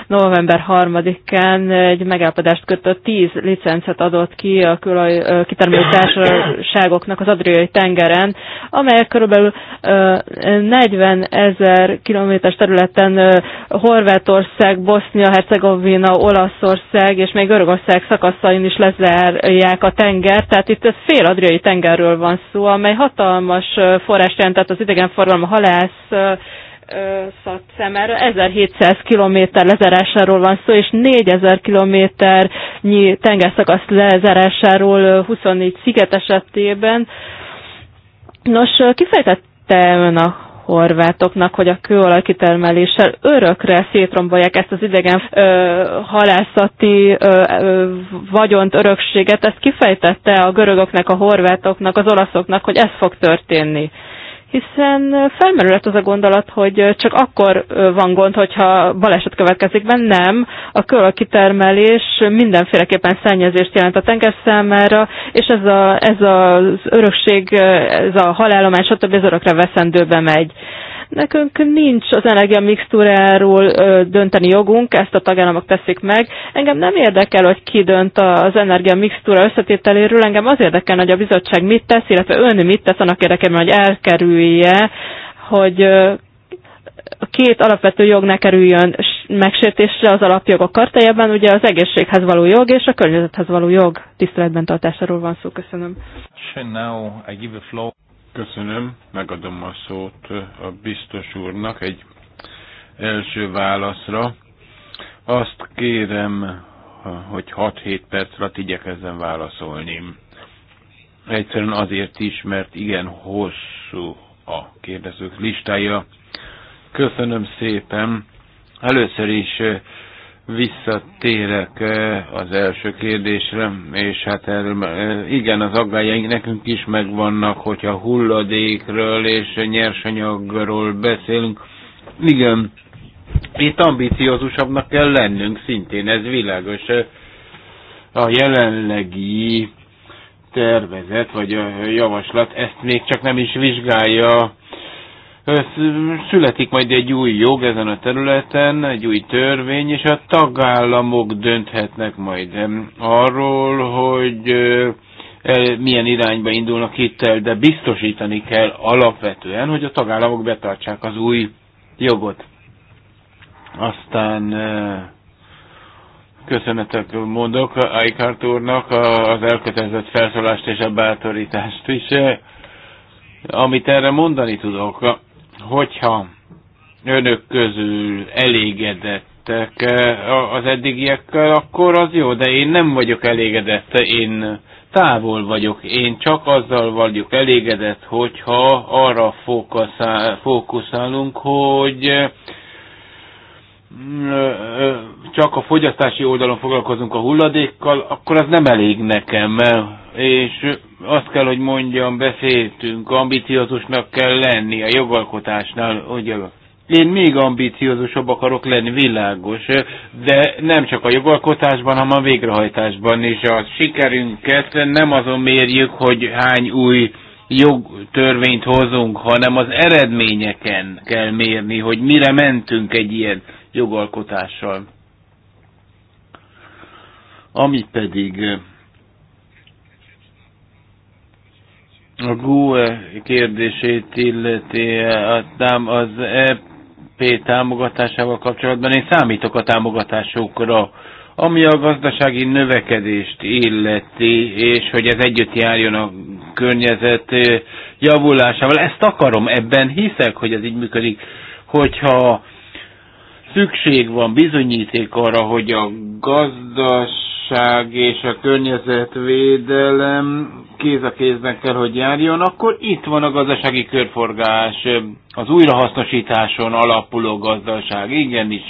Speaker 2: november 3-án egy megállapodást kötött, 10 licencet adott ki a kőolaj társaságoknak az Adriai tengeren, amelyek körülbelül 40 ezer kilométeres területen Horvátország, Bosznia, Hercegovina, Olaszország és még Görögország szakaszain is lezárják a tenger, tehát itt ez fél adriai tengerről van szó, amely hatalmas forrás jelentett az idegenforgalom halász szat szemére. 1700 kilométer lezárásáról van szó, és 4000 kilométernyi tengerszakasz lezárásáról 24 sziget esetében. Nos, kifejtette ön a horvátoknak, hogy a kőolajkitermeléssel örökre szétrombolják ezt az idegen ö, halászati ö, ö, vagyont, örökséget. Ezt kifejtette a görögöknek, a horvátoknak, az olaszoknak, hogy ez fog történni hiszen felmerülhet az a gondolat, hogy csak akkor van gond, hogyha baleset következik be. Nem, a kitermelés mindenféleképpen szennyezést jelent a tenger számára, és ez, a, ez az örökség, ez a halállomány, stb. az örökre veszendőbe megy. Nekünk nincs az energia mixtúráról dönteni jogunk, ezt a tagállamok teszik meg. Engem nem érdekel, hogy ki dönt az energia mixtúra összetételéről, engem az érdekel, hogy a bizottság mit tesz, illetve ön mit tesz annak érdekében, hogy elkerülje, hogy a két alapvető jog ne kerüljön megsértésre az alapjogok kartájában, ugye az egészséghez való jog és a környezethez való jog tiszteletben tartásáról van szó. Köszönöm.
Speaker 5: Köszönöm, megadom a szót a biztos úrnak egy első válaszra. Azt kérem, hogy 6-7 perc alatt igyekezzen válaszolni. Egyszerűen azért is, mert igen hosszú a kérdezők listája. Köszönöm szépen. Először is visszatérek eh, az első kérdésre, és hát erről, eh, igen, az aggájaink nekünk is megvannak, hogyha hulladékről és nyersanyagról beszélünk. Igen, itt ambiciózusabbnak kell lennünk, szintén ez világos. Eh, a jelenlegi tervezet vagy a javaslat ezt még csak nem is vizsgálja, Születik majd egy új jog ezen a területen, egy új törvény, és a tagállamok dönthetnek majd arról, hogy milyen irányba indulnak itt el, de biztosítani kell alapvetően, hogy a tagállamok betartsák az új jogot. Aztán köszönetek mondok Aikart úrnak az elkötelezett felszólást és a bátorítást is, amit erre mondani tudok. Hogyha önök közül elégedettek eh, az eddigiekkel, akkor az jó, de én nem vagyok elégedett, én távol vagyok. Én csak azzal vagyok elégedett, hogyha arra fókuszálunk, hogy eh, mm, eh, csak a fogyasztási oldalon foglalkozunk a hulladékkal, akkor az nem elég nekem és azt kell, hogy mondjam, beszéltünk, ambiciózusnak kell lenni a jogalkotásnál, hogy én még ambiciózusabb akarok lenni, világos, de nem csak a jogalkotásban, hanem a végrehajtásban is. A sikerünket nem azon mérjük, hogy hány új jogtörvényt hozunk, hanem az eredményeken kell mérni, hogy mire mentünk egy ilyen jogalkotással. Ami pedig A GUE kérdését illeti adnám az EP támogatásával kapcsolatban. Én számítok a támogatásokra, ami a gazdasági növekedést illeti, és hogy ez együtt járjon a környezet javulásával. Ezt akarom, ebben hiszek, hogy ez így működik. Hogyha szükség van bizonyíték arra, hogy a gazdas biztonság és a környezetvédelem kéz a kézben kell, hogy járjon, akkor itt van a gazdasági körforgás, az újrahasznosításon alapuló gazdaság, igenis.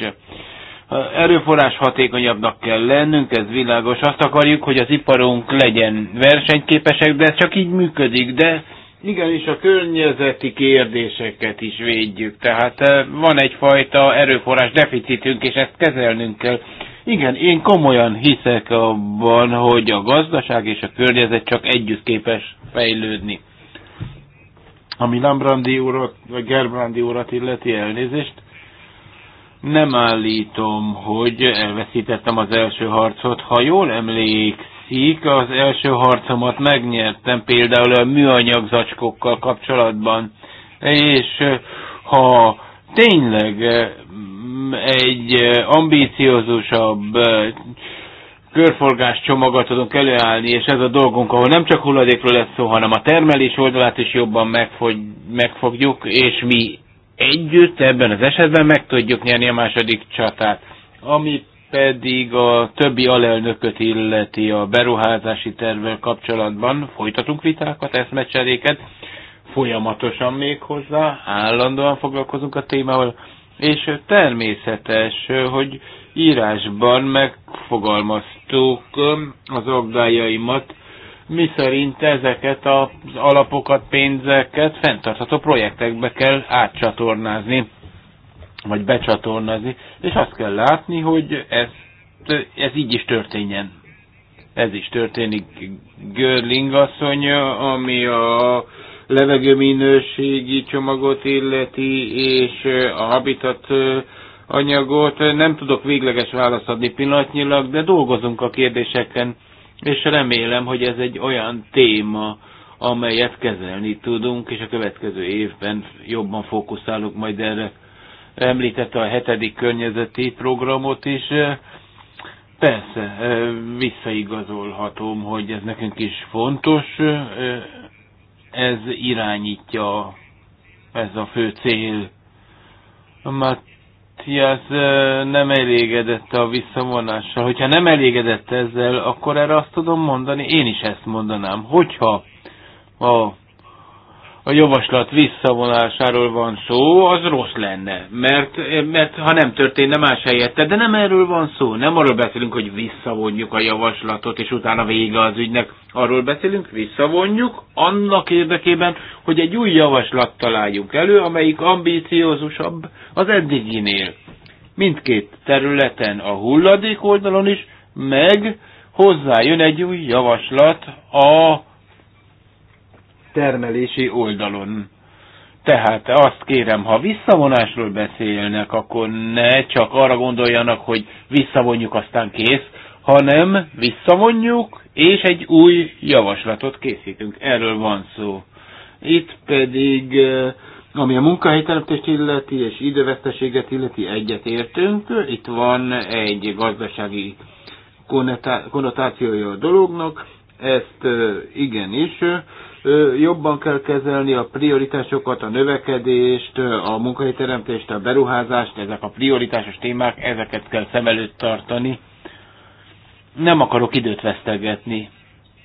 Speaker 5: Erőforrás hatékonyabbnak kell lennünk, ez világos. Azt akarjuk, hogy az iparunk legyen versenyképesek, de ez csak így működik, de igenis a környezeti kérdéseket is védjük. Tehát eh, van egyfajta erőforrás deficitünk, és ezt kezelnünk kell igen, én komolyan hiszek abban, hogy a gazdaság és a környezet csak együtt képes fejlődni. Ami Lambrandi urat, vagy Gerbrandi urat illeti elnézést, nem állítom, hogy elveszítettem az első harcot. Ha jól emlékszik, az első harcomat megnyertem például a műanyag zacskókkal kapcsolatban. És eh, ha tényleg eh, egy ambíciózusabb körforgás csomagot tudunk előállni, és ez a dolgunk, ahol nem csak hulladékról lesz szó, hanem a termelés oldalát is jobban megfog, megfogjuk, és mi együtt ebben az esetben meg tudjuk nyerni a második csatát. Ami pedig a többi alelnököt illeti a beruházási tervvel kapcsolatban, folytatunk vitákat, eszmecseréket, folyamatosan még hozzá, állandóan foglalkozunk a témával, és természetes, hogy írásban megfogalmaztuk um, az aggájaimat, mi szerint ezeket az alapokat, pénzeket fenntartható projektekbe kell átcsatornázni, vagy becsatornázni, és azt kell látni, hogy ezt, ez így is történjen. Ez is történik Görling asszony, ami a levegőminőségi csomagot illeti, és a habitat anyagot. Nem tudok végleges választ adni pillanatnyilag, de dolgozunk a kérdéseken, és remélem, hogy ez egy olyan téma, amelyet kezelni tudunk, és a következő évben jobban fókuszálok majd erre. Említette a hetedik környezeti programot is. Persze, visszaigazolhatom, hogy ez nekünk is fontos ez irányítja, ez a fő cél. Matthias nem elégedett a visszavonással. Hogyha nem elégedett ezzel, akkor erre azt tudom mondani, én is ezt mondanám. Hogyha a a javaslat visszavonásáról van szó, az rossz lenne, mert, mert ha nem történne más helyette, de nem erről van szó, nem arról beszélünk, hogy visszavonjuk a javaslatot, és utána vége az ügynek, arról beszélünk, visszavonjuk, annak érdekében, hogy egy új javaslat találjunk elő, amelyik ambíciózusabb az eddiginél. Mindkét területen, a hulladék oldalon is, meg hozzájön egy új javaslat a termelési oldalon. Tehát azt kérem, ha visszavonásról beszélnek, akkor ne csak arra gondoljanak, hogy visszavonjuk, aztán kész, hanem visszavonjuk, és egy új javaslatot készítünk. Erről van szó. Itt pedig, eh, ami a munkahelyteremtést illeti, és időveszteséget illeti, egyetértünk. Itt van egy gazdasági konnotációja a dolognak. Ezt eh, igenis jobban kell kezelni a prioritásokat, a növekedést, a munkahelyteremtést, a beruházást, ezek a prioritásos témák, ezeket kell szem előtt tartani. Nem akarok időt vesztegetni.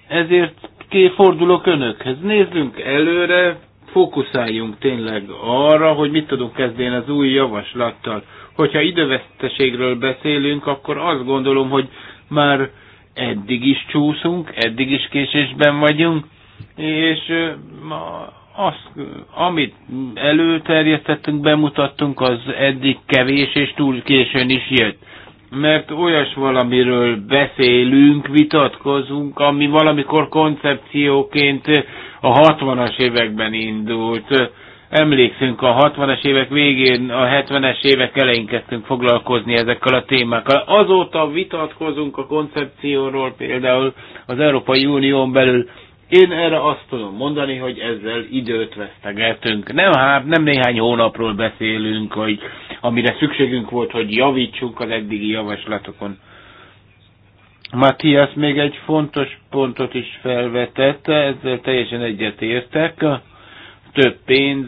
Speaker 5: Ezért fordulok önökhez. Nézzünk előre, fókuszáljunk tényleg arra, hogy mit tudunk kezdeni az új javaslattal. Hogyha időveszteségről beszélünk, akkor azt gondolom, hogy már eddig is csúszunk, eddig is késésben vagyunk, és azt, amit előterjesztettünk, bemutattunk, az eddig kevés és túl későn is jött. Mert olyas valamiről beszélünk, vitatkozunk, ami valamikor koncepcióként a 60-as években indult. Emlékszünk, a 60-as évek végén, a 70-es évek elején kezdtünk foglalkozni ezekkel a témákkal. Azóta vitatkozunk a koncepcióról például az Európai Unión belül, én erre azt tudom
Speaker 6: mondani, hogy ezzel időt
Speaker 5: vesztegetünk. Nem, hát nem néhány hónapról beszélünk, hogy amire szükségünk volt, hogy javítsunk az eddigi javaslatokon. Matthias még egy fontos pontot is felvetett, ezzel teljesen egyetértek. Több pénz,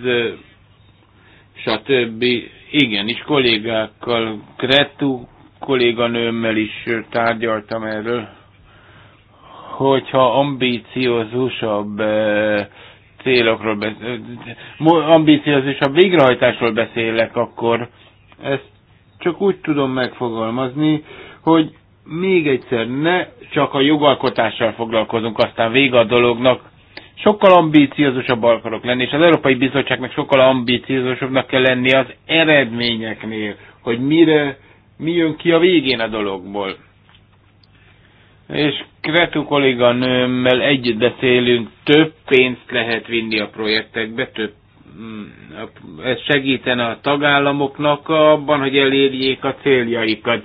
Speaker 5: stb. Igenis, kollégákkal, Kretu kolléganőmmel is tárgyaltam erről hogyha ambíciózusabb eh, célokról, eh, ambíciózusabb végrehajtásról beszélek, akkor ezt csak úgy tudom megfogalmazni, hogy még egyszer ne csak a jogalkotással foglalkozunk, aztán vége a dolognak, sokkal ambíciózusabb akarok lenni, és az Európai Bizottságnak sokkal ambíciózusabbnak kell lenni az eredményeknél, hogy mire, mi jön ki a végén a dologból. És Kvetu kolléganőmmel együtt beszélünk, több pénzt lehet vinni a projektekbe, több mm, ez segítene a tagállamoknak abban, hogy elérjék a céljaikat.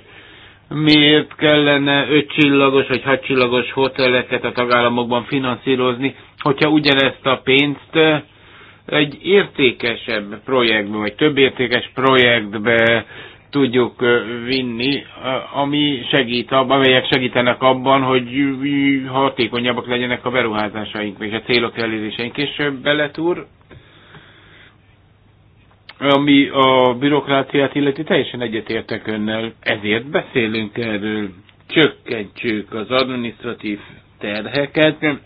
Speaker 5: Miért kellene ötcsillagos vagy hatcsillagos hoteleket a tagállamokban finanszírozni, hogyha ugyanezt a pénzt eh, egy értékesebb projektbe, vagy több értékes projektbe tudjuk vinni, ami segít, amelyek segítenek abban, hogy hatékonyabbak legyenek a beruházásaink és a célok eléréseink. És beletúr, ami a bürokráciát illeti, teljesen egyetértek önnel, ezért beszélünk erről. Csökkentsük az administratív terheket,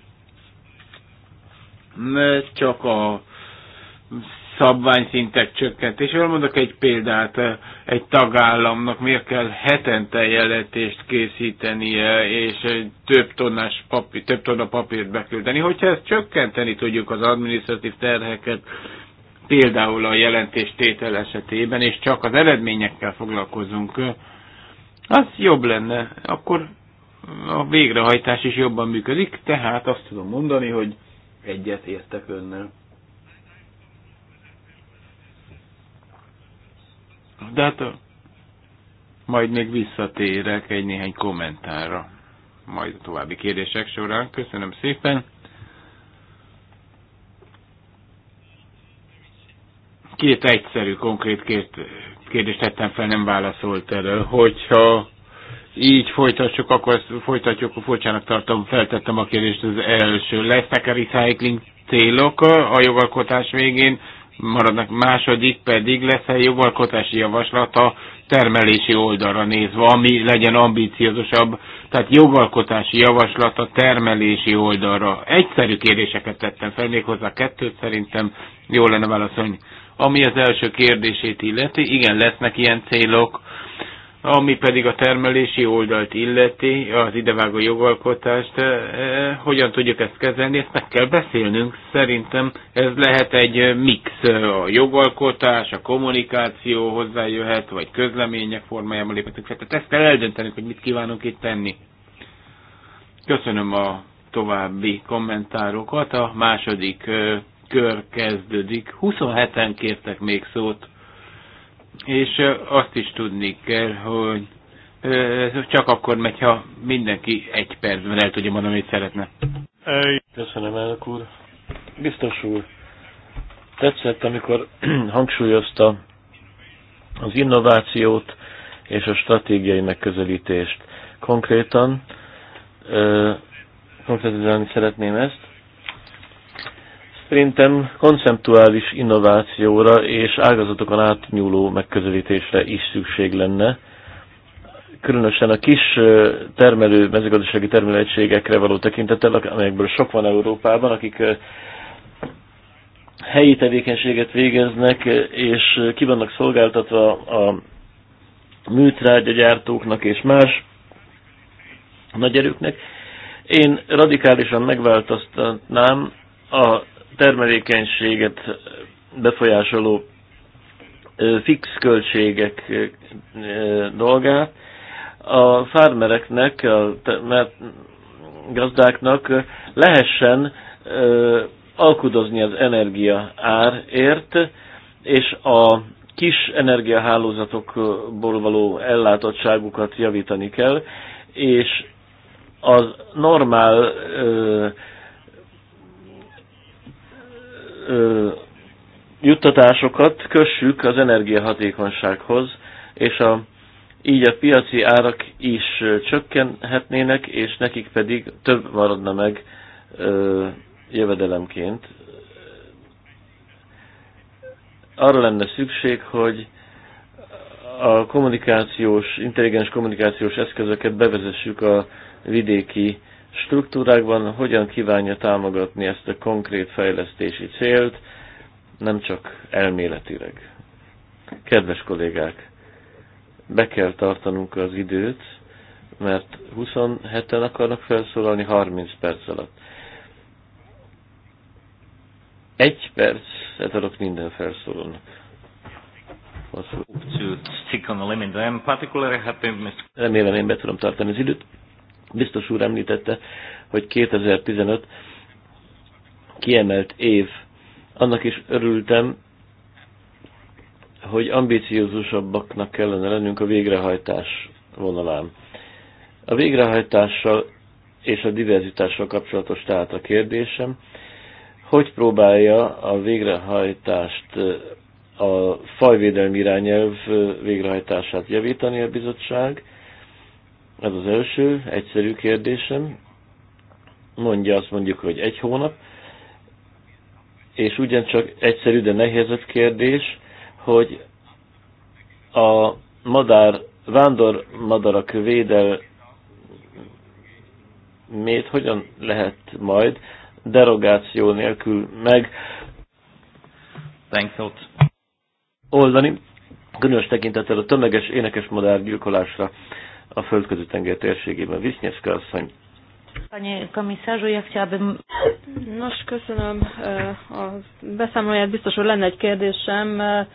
Speaker 5: mert csak a szabványszintek csökkentésével. Mondok egy példát, egy tagállamnak miért kell hetente jelentést készítenie, és több, tonnás papír, több tonna papírt beküldeni. Hogyha ezt csökkenteni tudjuk az administratív terheket, például a jelentéstétel esetében, és csak az eredményekkel foglalkozunk, az jobb lenne. Akkor a végrehajtás is jobban működik, tehát azt tudom mondani, hogy egyet értek önnel. De hát majd még visszatérek egy néhány kommentára, majd a további kérdések során. Köszönöm szépen! Két egyszerű, konkrét két kérdést tettem fel, nem válaszolt erre. Hogyha így folytatjuk, akkor ezt folytatjuk, furcsának tartom, feltettem a kérdést az első. lesznek a recycling célok a jogalkotás végén? maradnak. Második pedig lesz egy jogalkotási javaslat a termelési oldalra nézve, ami legyen ambíciózusabb, tehát jogalkotási javaslat a termelési oldalra. Egyszerű kérdéseket tettem fel, hozzá kettőt szerintem jó lenne válaszolni. Ami az első kérdését illeti, igen, lesznek ilyen célok, ami pedig a termelési oldalt illeti, az idevágó jogalkotást, eh, eh, hogyan tudjuk ezt kezelni, ezt meg kell beszélnünk. Szerintem ez lehet egy mix, a jogalkotás, a kommunikáció hozzájöhet, vagy közlemények formájában léphetünk fel. Tehát ezt kell eldöntenünk, hogy mit kívánunk itt tenni. Köszönöm a további kommentárokat. A második eh, kör kezdődik. 27-en kértek még szót. És azt is tudni kell, hogy csak akkor megy, ha mindenki egy percben el tudja
Speaker 3: mondani, amit szeretne. Köszönöm, elnök úr. Biztos úr, tetszett, amikor <clears throat> hangsúlyozta az innovációt és a stratégiai megközelítést. Konkrétan, konkrétan szeretném ezt, Szerintem konceptuális innovációra és ágazatokon átnyúló megközelítésre is szükség lenne. Különösen a kis termelő, mezőgazdasági termelőegységekre való tekintettel, amelyekből sok van Európában, akik helyi tevékenységet végeznek, és ki vannak szolgáltatva a műtrágyagyártóknak és más nagy erőknek. Én radikálisan megváltoztatnám a termelékenységet befolyásoló fix költségek dolgát. A farmereknek, a gazdáknak lehessen alkudozni az energia árért, és a kis energiahálózatokból való ellátottságukat javítani kell, és az normál ö, ö, juttatásokat kössük az energiahatékonysághoz, és a, így a piaci árak is csökkenhetnének, és nekik pedig több maradna meg ö, jövedelemként. Arra lenne szükség, hogy a kommunikációs, intelligens kommunikációs eszközöket bevezessük a vidéki struktúrákban hogyan kívánja támogatni ezt a konkrét fejlesztési célt, nem csak elméletileg. Kedves kollégák, be kell tartanunk az időt, mert 27-en akarnak felszólalni 30 perc alatt. Egy ez adok minden felszólónak. Remélem én be tudom tartani az időt. Biztos úr említette, hogy 2015 kiemelt év. Annak is örültem, hogy ambíciózusabbaknak kellene lennünk a végrehajtás vonalán. A végrehajtással és a diverzitással kapcsolatos tehát a kérdésem, hogy próbálja a végrehajtást, a fajvédelmi irányelv végrehajtását javítani a bizottság, ez az első, egyszerű kérdésem. Mondja azt mondjuk, hogy egy hónap, és ugyancsak egyszerű, de nehézett kérdés, hogy a madár, vándor madarak védel mét hogyan lehet majd derogáció nélkül meg Thanks oldani, különös tekintettel a tömeges énekes madár gyilkolásra a földközi tenger térségében. Visznyevszka asszony.
Speaker 4: Panie
Speaker 2: komisarzu, ja chciałabym... Nos, köszönöm eh, a beszámolját. Biztos, hogy lenne egy kérdésem eh,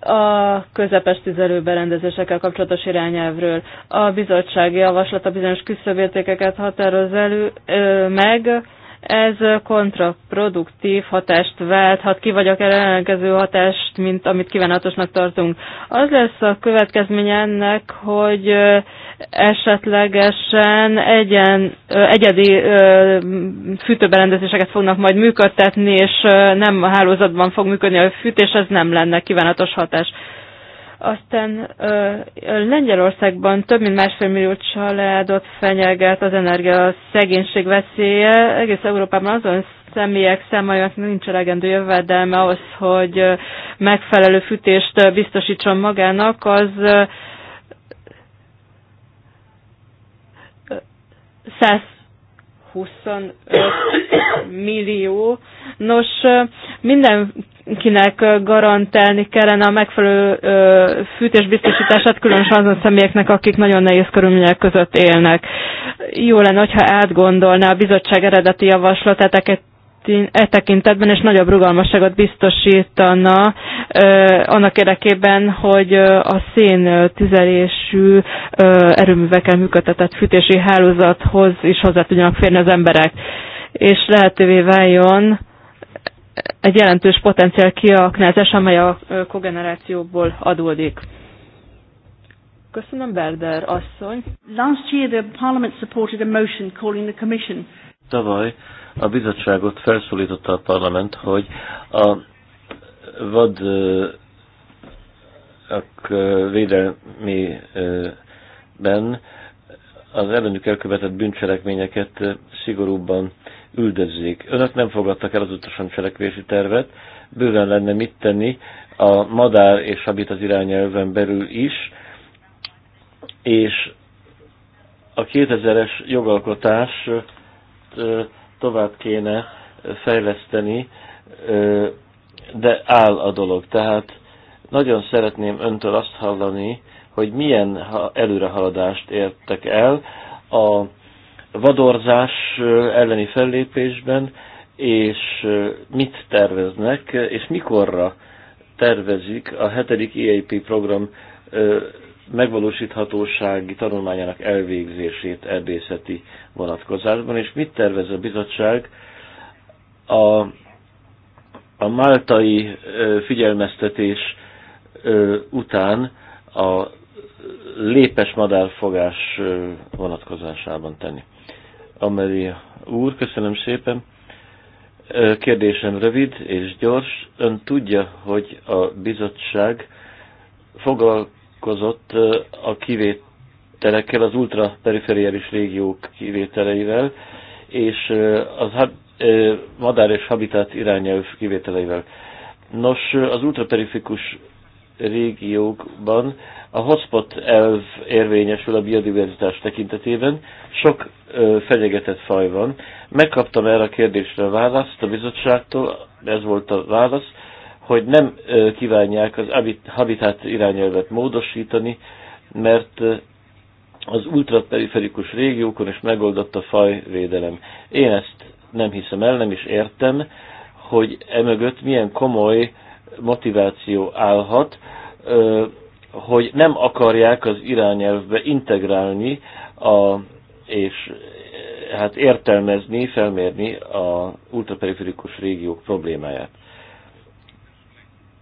Speaker 2: a közepes tüzelőberendezésekkel kapcsolatos irányelvről. A bizottság javaslata bizonyos küszöbértékeket határoz elő, ö, eh, meg, ez kontraproduktív hatást válthat ki, vagy akár ellenkező hatást, mint amit kívánatosnak tartunk. Az lesz a következmény ennek, hogy esetlegesen egyen, egyedi fűtőberendezéseket fognak majd működtetni, és nem a hálózatban fog működni a fűtés, ez nem lenne kívánatos hatás. Aztán ö, Lengyelországban több mint másfél millió családot fenyeget az energia szegénység veszélye. Egész Európában azon személyek számának nincs elegendő jövedelme ahhoz, hogy megfelelő fűtést biztosítson magának, az 125 millió. Nos, minden mindenkinek garantálni kellene a megfelelő fűtésbiztosítását, különösen azon személyeknek, akik nagyon nehéz körülmények között élnek. Jó lenne, hogyha átgondolná a bizottság eredeti javaslatát, e, e tekintetben, és nagyobb rugalmasságot biztosítana ö, annak érdekében, hogy a szén tüzelésű ö, erőművekkel működtetett fűtési hálózathoz is hozzá tudjanak férni az emberek, és lehetővé váljon egy jelentős potenciál kiaknázás, amely a kogenerációból adódik. Köszönöm, Berder asszony. Last year the Parliament supported a motion calling the Commission.
Speaker 3: Tavaly a bizottságot felszólította a parlament, hogy a vad védelmében az ellenük elkövetett bűncselekményeket szigorúbban üldözzék. Önök nem fogadtak el az utasan cselekvési tervet, bőven lenne mit tenni a madár és az irányelven belül is, és a 2000-es jogalkotás tovább kéne fejleszteni, de áll a dolog. Tehát nagyon szeretném öntől azt hallani, hogy milyen előrehaladást értek el a vadorzás elleni fellépésben, és mit terveznek, és mikorra tervezik a hetedik EIP program megvalósíthatósági tanulmányának elvégzését erdészeti vonatkozásban, és mit tervez a bizottság a, a máltai figyelmeztetés után a lépes madárfogás vonatkozásában tenni. Ameli úr, köszönöm szépen. Kérdésem rövid és gyors. Ön tudja, hogy a bizottság foglalkozott a kivételekkel, az ultraperiferiális régiók kivételeivel, és az madár és habitat irányelv kivételeivel. Nos, az ultraperifikus régiókban a hotspot elv érvényesül a biodiverzitás tekintetében. Sok ö, fenyegetett faj van. Megkaptam erre a kérdésre a választ a bizottságtól, ez volt a válasz, hogy nem ö, kívánják az habitat irányelvet módosítani, mert ö, az ultraperiferikus régiókon is megoldott a fajvédelem. Én ezt nem hiszem el, nem is értem, hogy emögött milyen komoly ö, motiváció állhat, hogy nem akarják az irányelvbe integrálni a, és hát értelmezni, felmérni a ultraperiferikus régiók problémáját.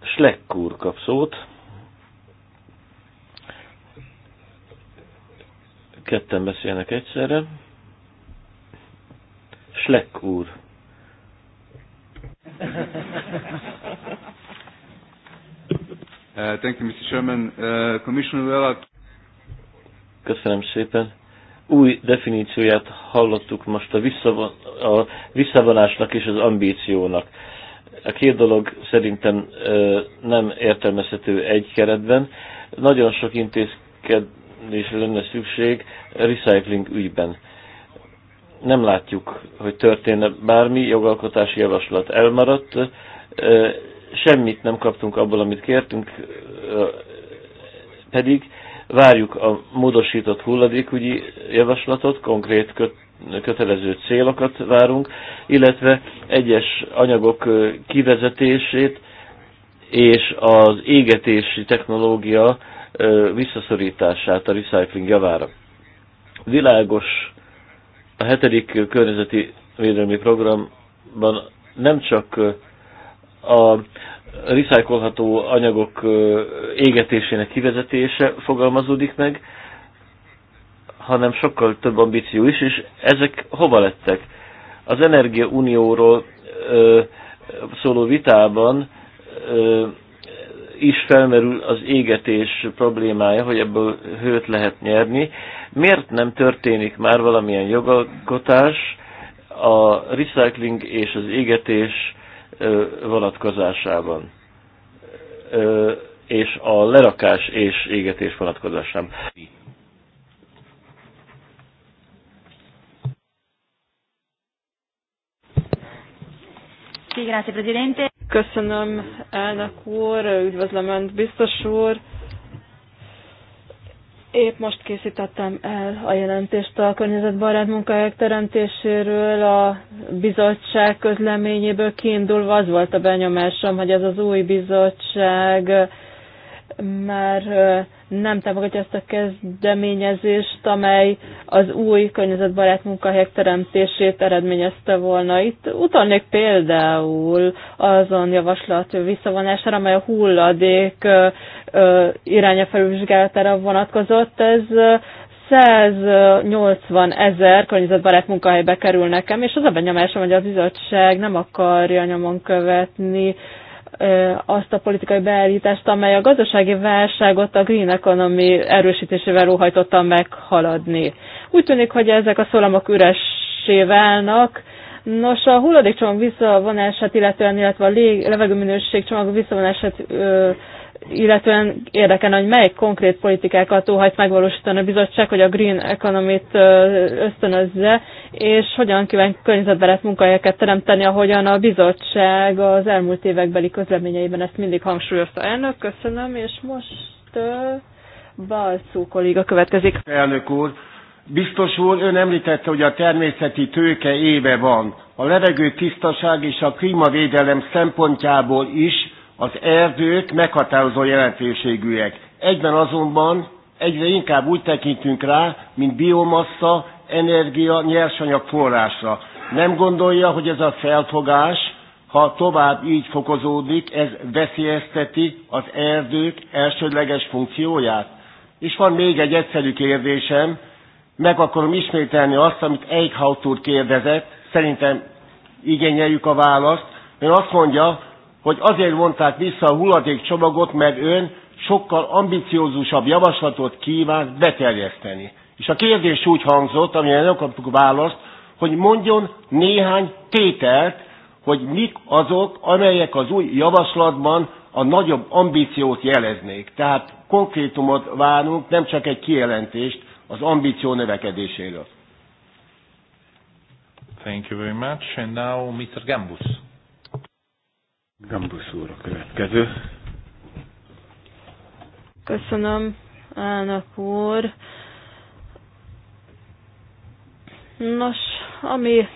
Speaker 3: Schleck úr kap szót. Ketten beszélnek egyszerre.
Speaker 1: Schleck úr.
Speaker 4: <laughs>
Speaker 1: Uh, thank you, Mr. Chairman. Uh, Commissioner
Speaker 3: Köszönöm szépen. Új definícióját hallottuk most a, visszavon, a visszavonásnak és az ambíciónak. A két dolog szerintem nem értelmezhető egy keretben. Nagyon sok intézkedés lenne szükség recycling ügyben. Nem látjuk, hogy történne bármi, jogalkotási javaslat elmaradt semmit nem kaptunk abból, amit kértünk, pedig várjuk a módosított hulladékügyi javaslatot, konkrét köt, kötelező célokat várunk, illetve egyes anyagok kivezetését és az égetési technológia visszaszorítását a recycling javára. Világos a hetedik környezeti védelmi programban nem csak a recyclható anyagok égetésének kivezetése fogalmazódik meg, hanem sokkal több ambíció is, és ezek hova lettek? Az Energia Unióról ö, szóló vitában ö, is felmerül az égetés problémája, hogy ebből hőt lehet nyerni. Miért nem történik már valamilyen jogalkotás a recycling és az égetés vonatkozásában, és a lerakás és égetés vonatkozásában.
Speaker 2: Köszönöm, elnök úr, üdvözlöm önt, biztos úr. Épp most készítettem el a jelentést a környezetbarát munkahelyek teremtéséről, a bizottság közleményéből kiindulva az volt a benyomásom, hogy ez az új bizottság már nem támogatja ezt a kezdeményezést, amely az új környezetbarát munkahelyek teremtését eredményezte volna. Itt utalnék például azon javaslat visszavonására, amely a hulladék iránya felülvizsgálatára vonatkozott. Ez 180 ezer környezetbarát munkahelybe kerül nekem, és az a benyomásom, hogy a bizottság nem akarja nyomon követni azt a politikai beállítást, amely a gazdasági válságot a green economy erősítésével óhajtotta meghaladni. Úgy tűnik, hogy ezek a szólamok üressé válnak, Nos, a hulladékcsomag visszavonását, illetően, illetve a lég, levegőminőség csomag visszavonását ö, illetően érdekelne, hogy melyik konkrét politikákat óhajt megvalósítani a bizottság, hogy a green economy-t ösztönözze, és hogyan kíván környezetbarát munkahelyeket teremteni, ahogyan a bizottság az elmúlt évekbeli közleményeiben ezt mindig hangsúlyozta. Elnök, köszönöm, és most Balcó
Speaker 6: kolléga következik. Elnök úr, biztos úr, ön említette, hogy a természeti tőke éve van. A levegő tisztaság és a klímavédelem szempontjából is az erdők meghatározó jelentőségűek. Egyben azonban egyre inkább úgy tekintünk rá, mint biomassa, energia, nyersanyag forrásra. Nem gondolja, hogy ez a felfogás, ha tovább így fokozódik, ez veszélyezteti az erdők elsődleges funkcióját? És van még egy egyszerű kérdésem, meg akarom ismételni azt, amit Eichhaut úr kérdezett, szerintem igényeljük a választ. mert azt mondja, hogy azért vonták vissza a hulladékcsomagot, mert ön sokkal ambiciózusabb javaslatot kívánt beterjeszteni. És a kérdés úgy hangzott, amire nem kaptuk választ, hogy mondjon néhány tételt, hogy mik azok, amelyek az új javaslatban a nagyobb ambíciót jeleznék. Tehát konkrétumot várunk, nem csak egy kijelentést az ambíció növekedéséről.
Speaker 1: Thank you very much. And now Mr. Gambus. Gambusz úr a
Speaker 5: következő.
Speaker 2: Köszönöm, elnök úr. Nos, ami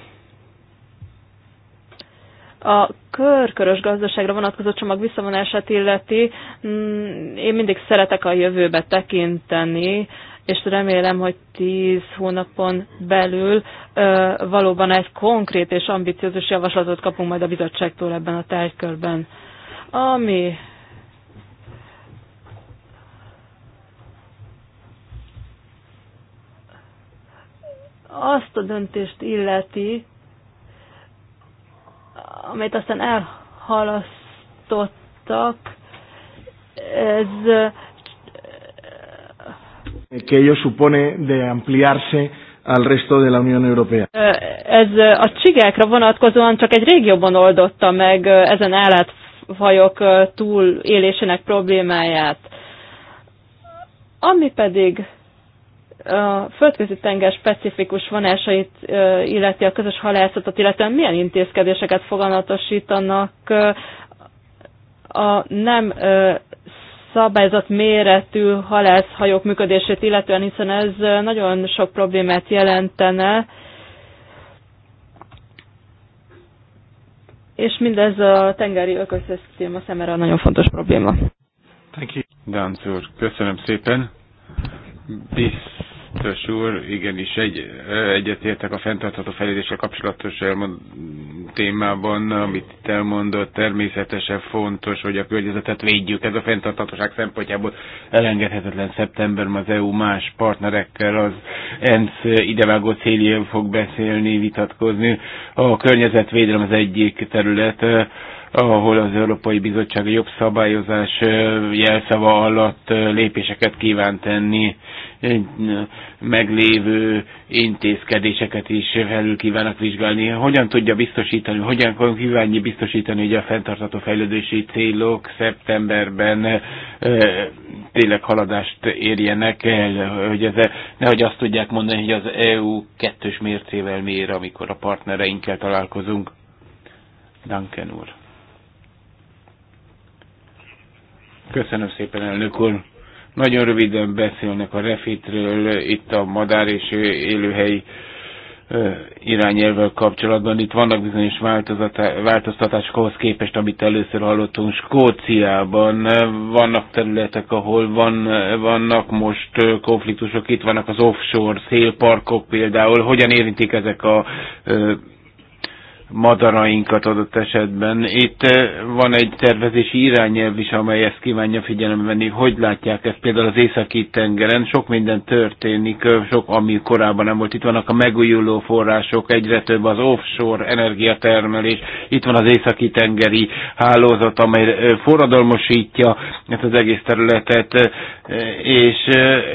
Speaker 2: a körkörös gazdaságra vonatkozó csomag visszavonását illeti, mm, én mindig szeretek a jövőbe tekinteni, és remélem, hogy tíz hónapon belül ö, valóban egy konkrét és ambiciózus javaslatot kapunk majd a bizottságtól ebben a tárgykörben. Ami azt a döntést illeti, amit aztán elhalasztottak, ez
Speaker 6: que ello supone de ampliarse al resto de la Unión Europea.
Speaker 2: Ez a csigákra vonatkozóan csak egy régióban oldotta meg ezen állatfajok túlélésének problémáját. Ami pedig a földközi tenger specifikus vonásait illeti a közös halászatot, illetően milyen intézkedéseket foganatosítanak a nem szabályzat méretű halászhajók működését illetően, hiszen ez nagyon sok problémát jelentene, és mindez a tengeri ökoszisztéma szemére nagyon fontos probléma. Thank
Speaker 5: you. köszönöm szépen. Bis biztos úr, igenis egy, egyetértek a fenntartható fejlődéssel kapcsolatos elmond, témában, amit itt elmondott, természetesen fontos, hogy a környezetet védjük. Ez a fenntarthatóság szempontjából elengedhetetlen szeptemberben az EU más partnerekkel az ENSZ idevágó céljén fog beszélni, vitatkozni. A környezetvédelem az egyik terület, ahol az Európai Bizottság jobb szabályozás jelszava alatt lépéseket kíván tenni meglévő intézkedéseket is felül kívánnak vizsgálni. Hogyan tudja biztosítani, hogyan kívánja biztosítani, hogy a fenntartató fejlődési célok szeptemberben tényleg haladást érjenek el, hogy ez, nehogy azt tudják mondani, hogy az EU kettős mércével mér, amikor a partnereinkkel találkozunk. Duncan úr. Köszönöm szépen, elnök úr. Nagyon röviden beszélnek a refitről, itt a madár és élőhelyi irányelvvel kapcsolatban. Itt vannak bizonyos változtatások ahhoz képest, amit először hallottunk. Skóciában vannak területek, ahol van, vannak most konfliktusok, itt vannak az offshore szélparkok például. Hogyan érintik ezek a madarainkat adott esetben. Itt eh, van egy tervezési irányelv is, amely ezt kívánja figyelembe venni. Hogy látják ezt például az északi tengeren? Sok minden történik, eh, sok ami korábban nem volt. Itt vannak a megújuló források, egyre több az offshore energiatermelés. Itt van az északi tengeri hálózat, amely eh, forradalmosítja ezt az egész területet, és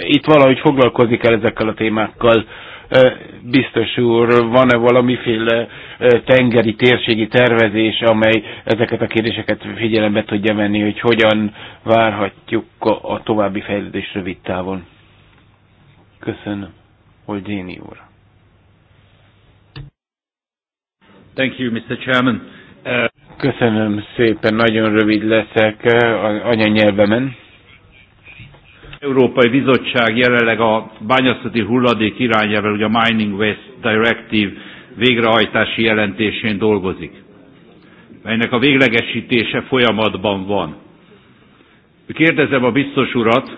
Speaker 5: itt valahogy foglalkozni kell ezekkel a témákkal Biztos úr, van-e valamiféle tengeri térségi tervezés, amely ezeket a kérdéseket figyelembe tudja venni, hogy hogyan várhatjuk a további fejlődés rövid távon? Köszönöm, Oldéni úr.
Speaker 1: Thank you, Mr. Chairman. Uh...
Speaker 5: Köszönöm szépen, nagyon
Speaker 1: rövid leszek az anyanyelvemen Európai Bizottság jelenleg a bányászati hulladék irányával ugye a Mining Waste Directive végrehajtási jelentésén dolgozik, melynek a véglegesítése folyamatban van. Kérdezem a biztos urat,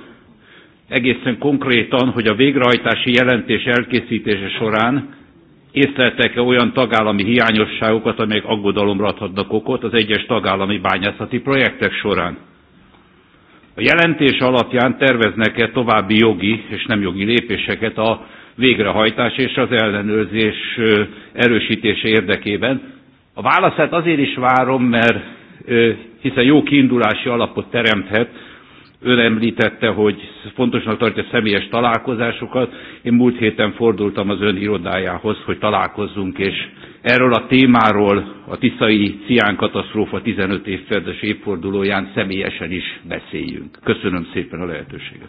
Speaker 1: egészen konkrétan, hogy a végrehajtási jelentés elkészítése során észleltek-e olyan tagállami hiányosságokat, amelyek aggodalomra adhatnak okot az egyes tagállami bányászati projektek során? A jelentés alapján terveznek-e további jogi és nem jogi lépéseket a végrehajtás és az ellenőrzés erősítése érdekében? A válaszát azért is várom, mert hiszen jó kiindulási alapot teremthet, ön említette, hogy fontosnak tartja személyes találkozásokat. Én múlt héten fordultam az ön irodájához, hogy találkozzunk és Erről a témáról a Tiszai Cián katasztrófa 15 évszerdes évfordulóján személyesen is beszéljünk. Köszönöm szépen a lehetőséget.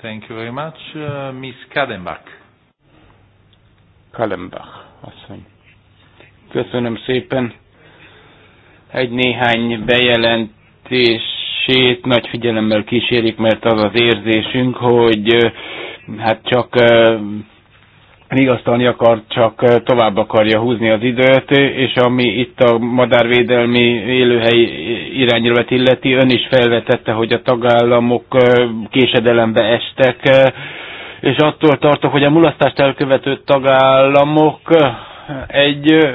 Speaker 1: Thank you very much. Uh, Miss Kadenbach.
Speaker 5: Kadenbach, asszony. Köszönöm szépen. Egy néhány bejelentését nagy figyelemmel kísérik, mert az az érzésünk, hogy uh, hát csak uh, vigasztalni akar, csak tovább akarja húzni az időt, és ami itt a madárvédelmi élőhely irányelvet illeti, ön is felvetette, hogy a tagállamok késedelembe estek, és attól tartok, hogy a mulasztást elkövető tagállamok egy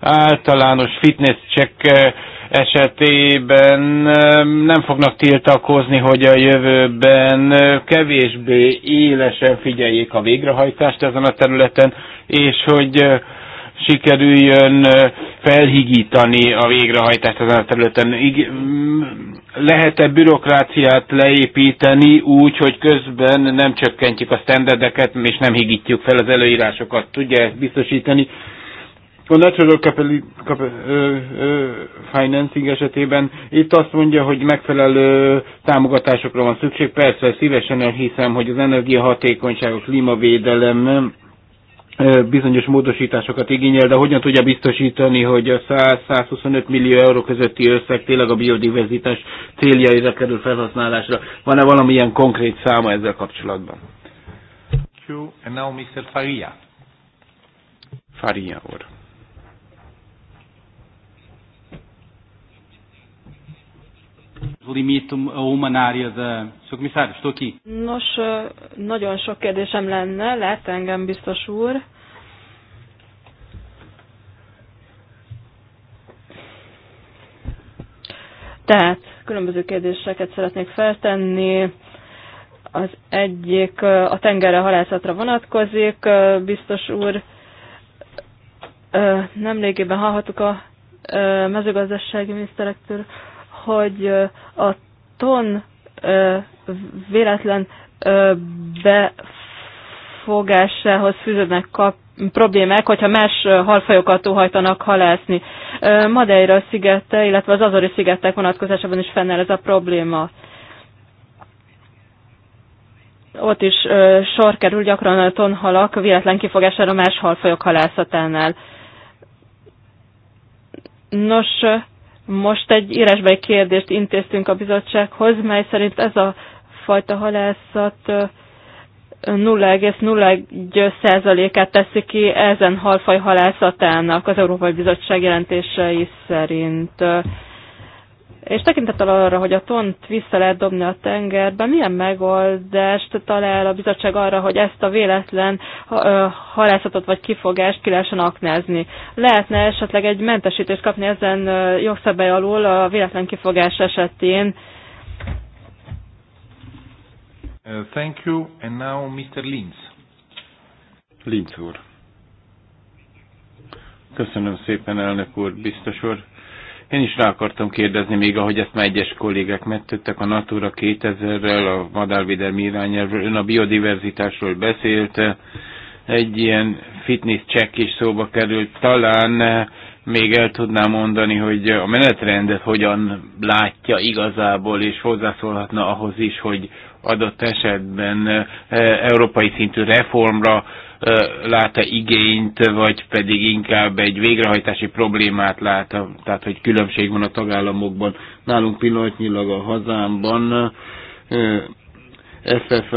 Speaker 5: általános fitness check esetében nem fognak tiltakozni, hogy a jövőben kevésbé élesen figyeljék a végrehajtást ezen a területen, és hogy sikerüljön felhigítani a végrehajtást ezen a területen. Lehet-e bürokráciát leépíteni úgy, hogy közben nem csökkentjük a standardeket, és nem higítjuk fel az előírásokat? Tudja ezt biztosítani? a natural capital, cap, ö, ö, financing esetében itt azt mondja, hogy megfelelő támogatásokra van szükség. Persze szívesen elhiszem, hogy az energiahatékonyság, a klímavédelem ö, bizonyos módosításokat igényel, de hogyan tudja biztosítani, hogy a 100-125 millió euró közötti összeg tényleg a biodiverzitás céljaira kerül felhasználásra? Van-e valamilyen konkrét száma ezzel kapcsolatban?
Speaker 1: Thank you. And now Mr. Faria.
Speaker 5: Faria úr.
Speaker 1: Limitum a humanária de... Sr. Komisszár, estou aqui.
Speaker 2: Nos, nagyon sok kérdésem lenne, lehet engem biztos úr. Tehát különböző kérdéseket szeretnék feltenni. Az egyik a tengerre halászatra vonatkozik, biztos úr. Nemrégében hallhattuk a mezőgazdasági miniszterektől, hogy a ton véletlen befogásához fűződnek kap problémák, hogyha más halfajokat óhajtanak halászni. Madeira szigete, illetve az Azori szigetek vonatkozásában is fennáll ez a probléma. Ott is sor kerül gyakran a tonhalak véletlen kifogására más halfajok halászatánál. Nos, most egy írásbeli kérdést intéztünk a bizottsághoz, mely szerint ez a fajta halászat 0,01%-át teszi ki ezen halfaj halászatának az Európai Bizottság jelentései szerint. És tekintettel arra, hogy a tont vissza lehet dobni a tengerbe, milyen megoldást talál a bizottság arra, hogy ezt a véletlen halászatot vagy kifogást ki lehessen aknázni? Lehetne esetleg egy mentesítést kapni ezen jogszabály alul a véletlen kifogás esetén?
Speaker 4: Uh, thank you, and now Mr. Linz.
Speaker 5: Linz úr. Köszönöm szépen, elnök úr, biztos úr én is rá akartam kérdezni, még ahogy ezt már egyes kollégák megtettek a Natura 2000-rel, a madárvédelmi irányelvről, ön a biodiverzitásról beszélt, egy ilyen fitness check is szóba került. Talán eh, még el tudná mondani, hogy a menetrendet hogyan látja igazából, és hozzászólhatna ahhoz is, hogy adott esetben eh, európai szintű reformra lát-e igényt, vagy pedig inkább egy végrehajtási problémát lát, tehát hogy különbség van a tagállamokban. Nálunk pillanatnyilag a hazámban FF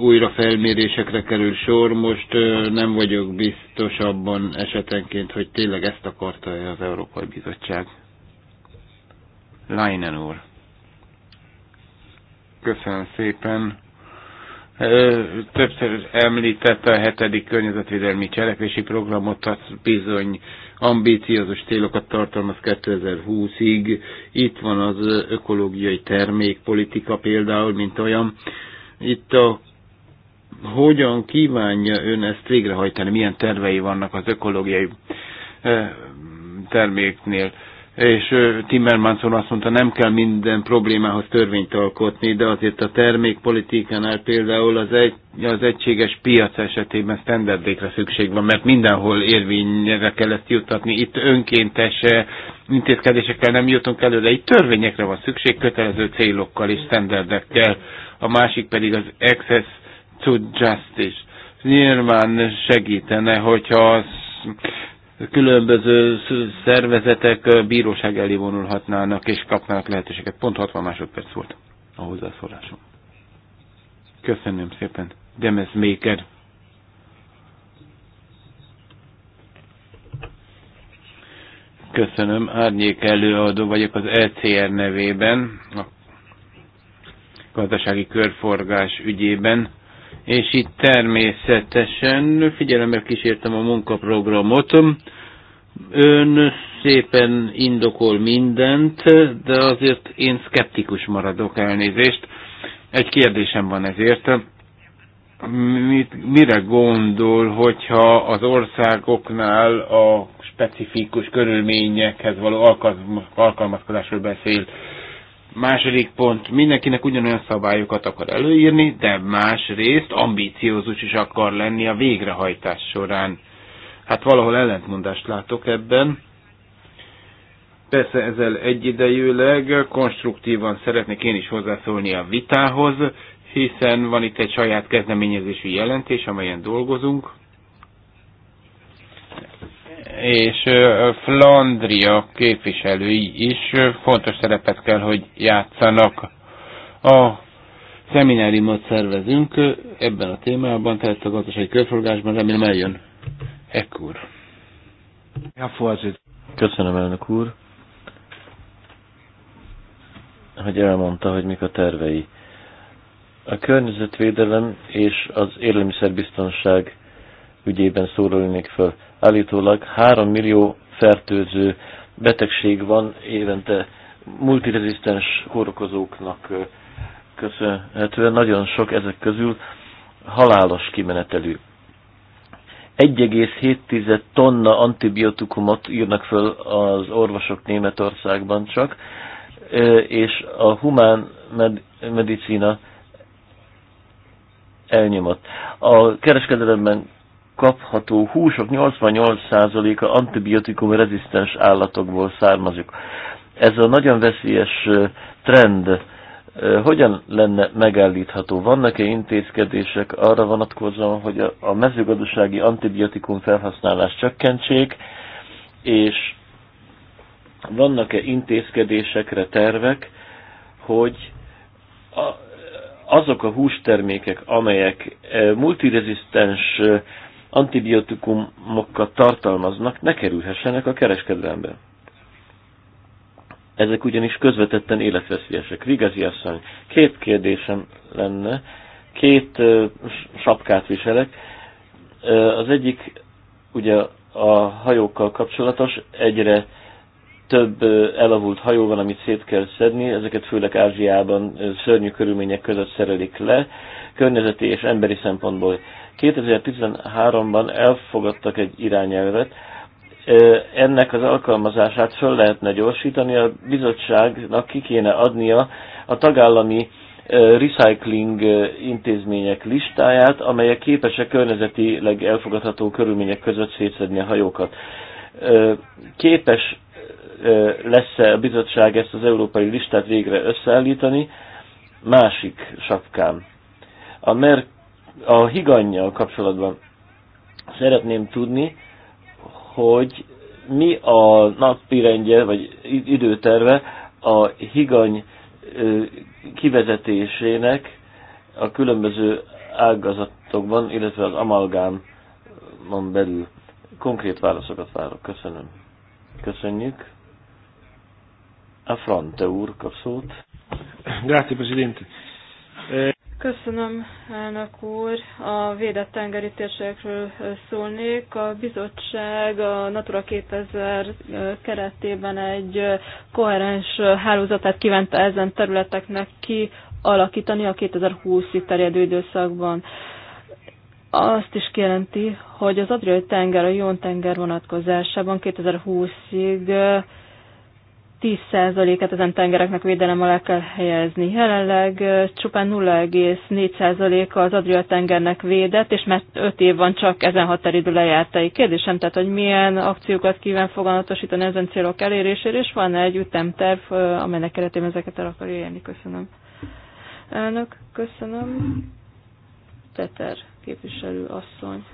Speaker 5: újra felmérésekre kerül sor, most nem vagyok biztos abban esetenként, hogy tényleg ezt akarta -e az Európai Bizottság. Leinen úr. Köszönöm szépen. Többször említette a hetedik környezetvédelmi cselekvési programot, az bizony ambíciózus célokat tartalmaz 2020-ig. Itt van az ökológiai termékpolitika például, mint olyan. Itt a hogyan kívánja ön ezt végrehajtani, milyen tervei vannak az ökológiai terméknél és Timmermans azt mondta, nem kell minden problémához törvényt alkotni, de azért a termékpolitikánál például az, egy, az egységes piac esetében standardékre szükség van, mert mindenhol érvényre kell ezt juttatni. Itt önkéntes intézkedésekkel nem jutunk elő, de itt törvényekre van szükség, kötelező célokkal és standardekkel. A másik pedig az access to justice. Nyilván segítene, hogyha az különböző szervezetek bíróság elé vonulhatnának és kapnának lehetőséget. Pont 60 másodperc volt a hozzászólásom. Köszönöm szépen. Demes Maker. Köszönöm. Árnyék előadó vagyok az ECR nevében, a gazdasági körforgás ügyében és itt természetesen figyelemmel kísértem a munkaprogramot. Ön szépen indokol mindent, de azért én szkeptikus maradok elnézést. Egy kérdésem van ezért. Mit, mire gondol, hogyha az országoknál a specifikus körülményekhez való alkalmazkodásról beszél? Második pont, mindenkinek ugyanolyan szabályokat akar előírni, de másrészt ambíciózus is akar lenni a végrehajtás során. Hát valahol ellentmondást látok ebben. Persze ezzel egyidejűleg konstruktívan szeretnék én is hozzászólni a vitához, hiszen van itt egy saját kezdeményezésű jelentés, amelyen dolgozunk, és Flandria képviselői is fontos szerepet kell, hogy játszanak. A szemináriumot szervezünk ebben a témában, tehát a gazdasági körforgásban, remélem eljön. Ekkor.
Speaker 3: Köszönöm, elnök úr, hogy elmondta, hogy mik a tervei. A környezetvédelem és az élelmiszerbiztonság ügyében szólalnék föl. Állítólag 3 millió fertőző betegség van évente multirezisztens kórokozóknak köszönhetően, nagyon sok ezek közül halálos kimenetelű. 1,7 tonna antibiotikumot írnak föl az orvosok Németországban csak, és a humán med- medicina elnyomott. A kereskedelemben kapható húsok 88%-a antibiotikum rezisztens állatokból származik. Ez a nagyon veszélyes trend hogyan lenne megállítható? Vannak-e intézkedések arra vonatkozóan, hogy a mezőgazdasági antibiotikum felhasználás csökkentsék, és vannak-e intézkedésekre tervek, hogy azok a hústermékek, amelyek multirezisztens antibiotikumokat tartalmaznak, ne kerülhessenek a kereskedelembe. Ezek ugyanis közvetetten életveszélyesek. Vigazi asszony, két kérdésem lenne, két sapkát viselek. az egyik ugye a hajókkal kapcsolatos, egyre több elavult hajó van, amit szét kell szedni, ezeket főleg Ázsiában szörnyű körülmények között szerelik le, környezeti és emberi szempontból 2013-ban elfogadtak egy irányelvet, ennek az alkalmazását föl lehetne gyorsítani, a bizottságnak ki kéne adnia a tagállami recycling intézmények listáját, amelyek képesek környezetileg elfogadható körülmények között szétszedni a hajókat. Képes lesz-e a bizottság ezt az európai listát végre összeállítani? Másik sapkám. A Merk a higannyal kapcsolatban szeretném tudni, hogy mi a rendje, vagy időterve a higany kivezetésének a különböző ágazatokban, illetve az amalgámon belül. Konkrét válaszokat várok. Köszönöm. Köszönjük. A Frante úr kap szót. Grazie, Presidente. Eh,
Speaker 2: Köszönöm, elnök úr. A védett tengeri térségekről szólnék. A bizottság a Natura 2000 keretében egy koherens hálózatát kívánta ezen területeknek kialakítani a 2020-ig terjedő időszakban. Azt is jelenti, hogy az Adriai tenger, a Jón tenger vonatkozásában 2020-ig 10%-et ezen tengereknek védelem alá kell helyezni. Jelenleg csupán 0,4% az Adria tengernek védett, és mert 5 év van csak ezen határidő lejártai. Kérdésem tehát, hogy milyen akciókat kíván foganatosítani ezen célok elérésére, és van -e egy ütemterv, amelynek keretében ezeket el akar élni. Köszönöm. Elnök, köszönöm. Peter képviselő asszony.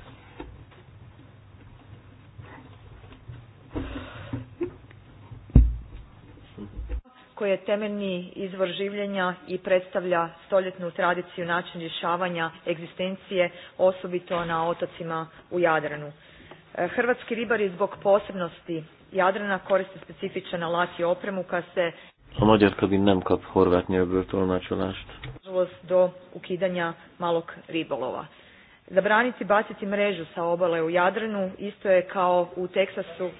Speaker 2: koji je temeljni izvor življenja i predstavlja stoljetnu tradiciju način rješavanja egzistencije osobito na otocima u Jadranu. E, hrvatski ribari zbog posebnosti Jadrana koriste specifičan alat i opremu kad se
Speaker 3: a magyar kabin nem kap horvát nyelvből tolmácsolást.
Speaker 2: do ukidanja malog ribolova. Zabraniti baciti mrežu sa obale u Jadranu isto je kao u Teksasu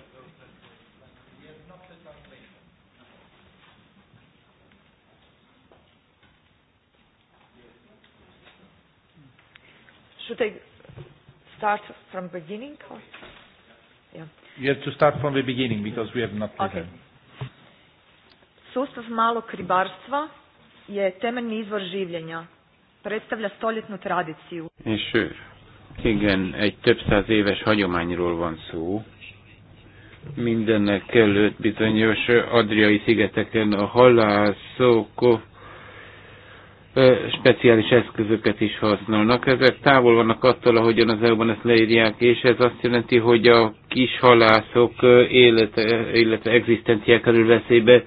Speaker 2: should I start from beginning? Or? Yeah.
Speaker 1: You have to start from the beginning because we have not okay.
Speaker 2: Sustav malog ribarstva je temeljni izvor življenja. Predstavlja stoljetnu tradiciju.
Speaker 5: És igen, egy több száz éves hagyományról van szó. Mindennek előtt bizonyos adriai szigeteken a halászok speciális eszközöket is használnak. Ezek távol vannak attól, ahogyan az EU-ban ezt leírják, és ez azt jelenti, hogy a kis halászok élete, illetve egzisztenciá kerül veszélybe.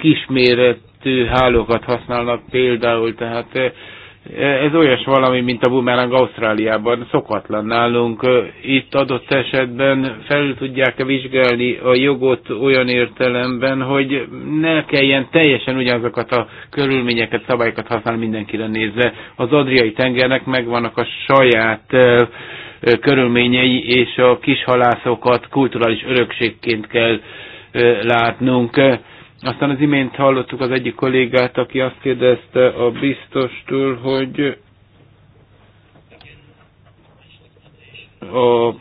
Speaker 5: Kisméretű hálókat használnak például, tehát ez olyas valami, mint a bumerang Ausztráliában, szokatlan nálunk. Itt adott esetben fel tudják vizsgálni a jogot olyan értelemben, hogy ne kelljen teljesen ugyanazokat a körülményeket, szabályokat használni mindenkire nézve. Az Adriai tengernek megvannak a saját körülményei, és a kishalászokat kulturális örökségként kell látnunk aztán az imént hallottuk az egyik kollégát, aki azt kérdezte a biztostól, hogy a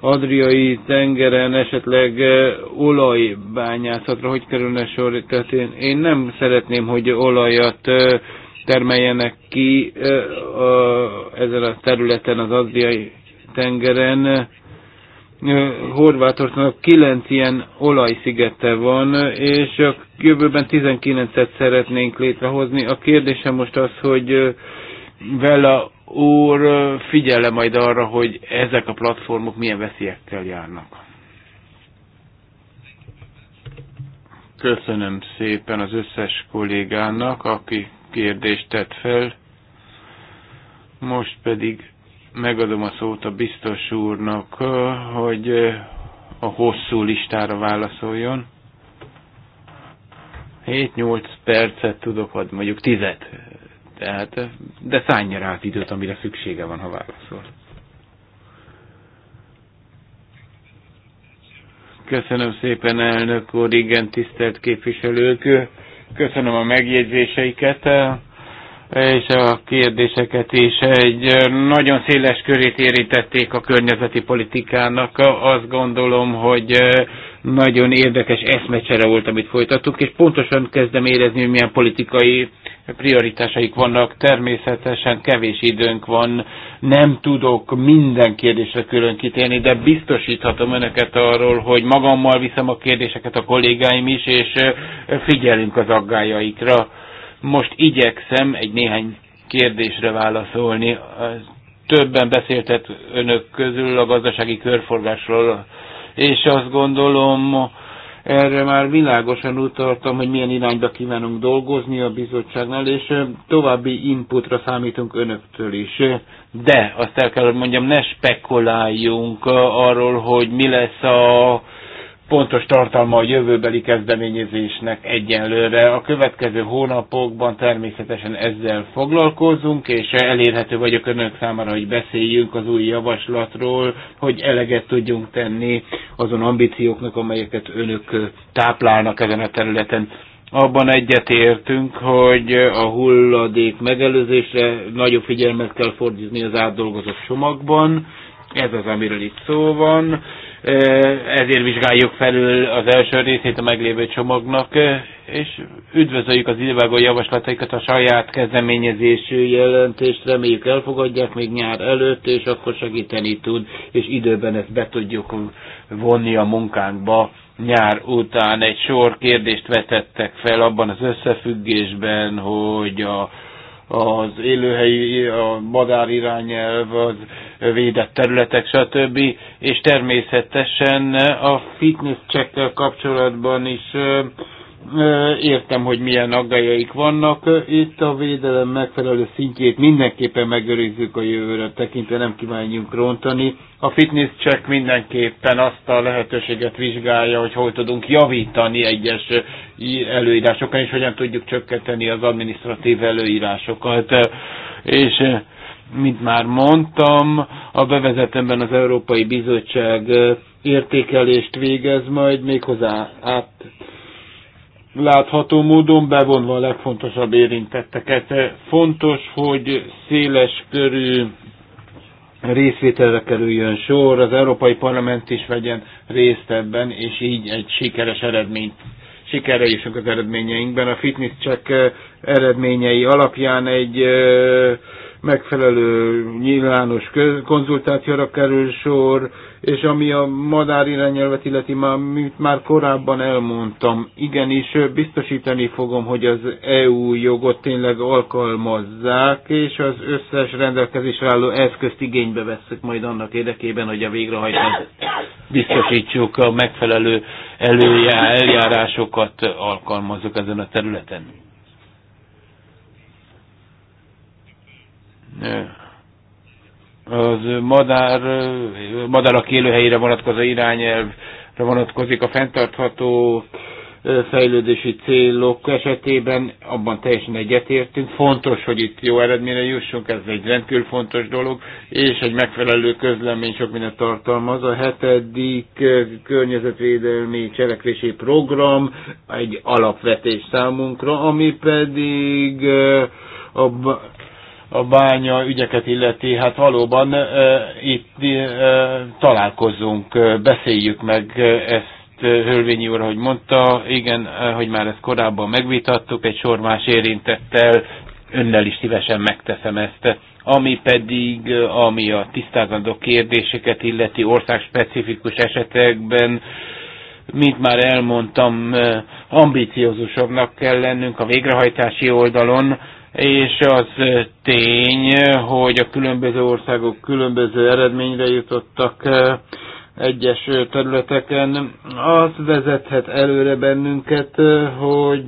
Speaker 5: Adriai tengeren esetleg eh, olajbányászatra hogy kerülne sor? Tehát én, én nem szeretném, hogy olajat eh, termeljenek ki eh, ezen a területen az Adriai tengeren. Horvátországnak 9 ilyen olajszigete van, és a jövőben 19-et szeretnénk létrehozni. A kérdésem most az, hogy Vela úr figyele majd arra, hogy ezek a platformok milyen veszélyekkel járnak. Köszönöm szépen az összes kollégának, aki kérdést tett fel. Most pedig megadom a szót a biztos úrnak, hogy a hosszú listára válaszoljon. 7-8 percet tudok adni, mondjuk 10 tehát, de szállja rá az időt, amire szüksége van, ha válaszol. Köszönöm szépen, elnök úr, igen, tisztelt képviselők, köszönöm a megjegyzéseiket és a kérdéseket is egy nagyon széles körét érintették a környezeti politikának. Azt gondolom, hogy nagyon érdekes eszmecsere volt, amit folytattuk, és pontosan kezdem érezni, hogy milyen politikai prioritásaik vannak. Természetesen kevés időnk van, nem tudok minden kérdésre külön kitérni, de biztosíthatom önöket arról, hogy magammal viszem a kérdéseket a kollégáim is, és figyelünk az aggájaikra most igyekszem egy néhány kérdésre válaszolni. Többen beszéltek önök közül a gazdasági körforgásról, és azt gondolom, erre már világosan utaltam, hogy milyen irányba kívánunk dolgozni a bizottságnál, és további inputra számítunk önöktől is. De azt el kell, hogy mondjam, ne spekuláljunk arról, hogy mi lesz a pontos tartalma a jövőbeli kezdeményezésnek egyenlőre. A következő hónapokban természetesen ezzel foglalkozunk, és elérhető vagyok önök számára, hogy beszéljünk az új javaslatról, hogy eleget tudjunk tenni azon ambícióknak, amelyeket önök táplálnak ezen a területen. Abban egyetértünk, hogy a hulladék megelőzésre nagyobb figyelmet kell fordítani az átdolgozott csomagban, ez az, amiről itt szó van ezért vizsgáljuk felül az első részét a meglévő csomagnak, és üdvözöljük az idevágó javaslataikat a saját kezdeményezésű jelentést, reméljük elfogadják még nyár előtt, és akkor segíteni tud, és időben ezt be tudjuk vonni a munkánkba nyár után. Egy sor kérdést vetettek fel abban az összefüggésben, hogy a az élőhelyi, a madár irányelv, az védett területek, stb. És természetesen a fitness check kapcsolatban is értem, hogy milyen aggájaik vannak. Itt a védelem megfelelő szintjét mindenképpen megőrizzük a jövőre tekintve, nem kívánjunk rontani. A fitness check mindenképpen azt a lehetőséget vizsgálja, hogy hol tudunk javítani egyes előírásokat és hogyan tudjuk csökkenteni az administratív előírásokat. És mint már mondtam, a bevezetemben az Európai Bizottság értékelést végez majd méghozzá át látható módon bevonva a legfontosabb érintetteket. Fontos, hogy széles körű részvételre kerüljön sor, az Európai Parlament is vegyen részt ebben, és így egy sikeres eredményt sikerre jussunk az eredményeinkben. A fitness check eh, eredményei alapján egy eh, megfelelő nyilvános konzultációra kerül sor, és ami a madár irányelvet illeti, már, mint már korábban elmondtam, igenis biztosítani fogom, hogy az EU jogot tényleg alkalmazzák, és az összes rendelkezésre álló eszközt igénybe veszük majd annak érdekében, hogy a végrehajtást
Speaker 4: biztosítsuk
Speaker 5: a megfelelő előjárásokat alkalmazok ezen a területen. az madár, madarak élőhelyére vonatkozó irányelvre vonatkozik a fenntartható fejlődési célok esetében, abban teljesen egyetértünk. Fontos, hogy itt jó eredményre jussunk, ez egy rendkívül fontos dolog, és egy megfelelő közlemény sok mindent tartalmaz. A hetedik környezetvédelmi cselekvési program egy alapvetés számunkra, ami pedig a a bánya ügyeket illeti, hát valóban e, itt e, találkozunk, beszéljük meg ezt, Hölvényi úr, hogy mondta, igen, hogy már ezt korábban megvitattuk, egy sor más érintettel, önnel is szívesen megteszem ezt. Ami pedig, ami a tisztázandó kérdéseket illeti országspecifikus esetekben, mint már elmondtam, ambiciózusabbnak kell lennünk a végrehajtási oldalon, és az tény, hogy a különböző országok különböző eredményre jutottak egyes területeken, az vezethet előre bennünket, hogy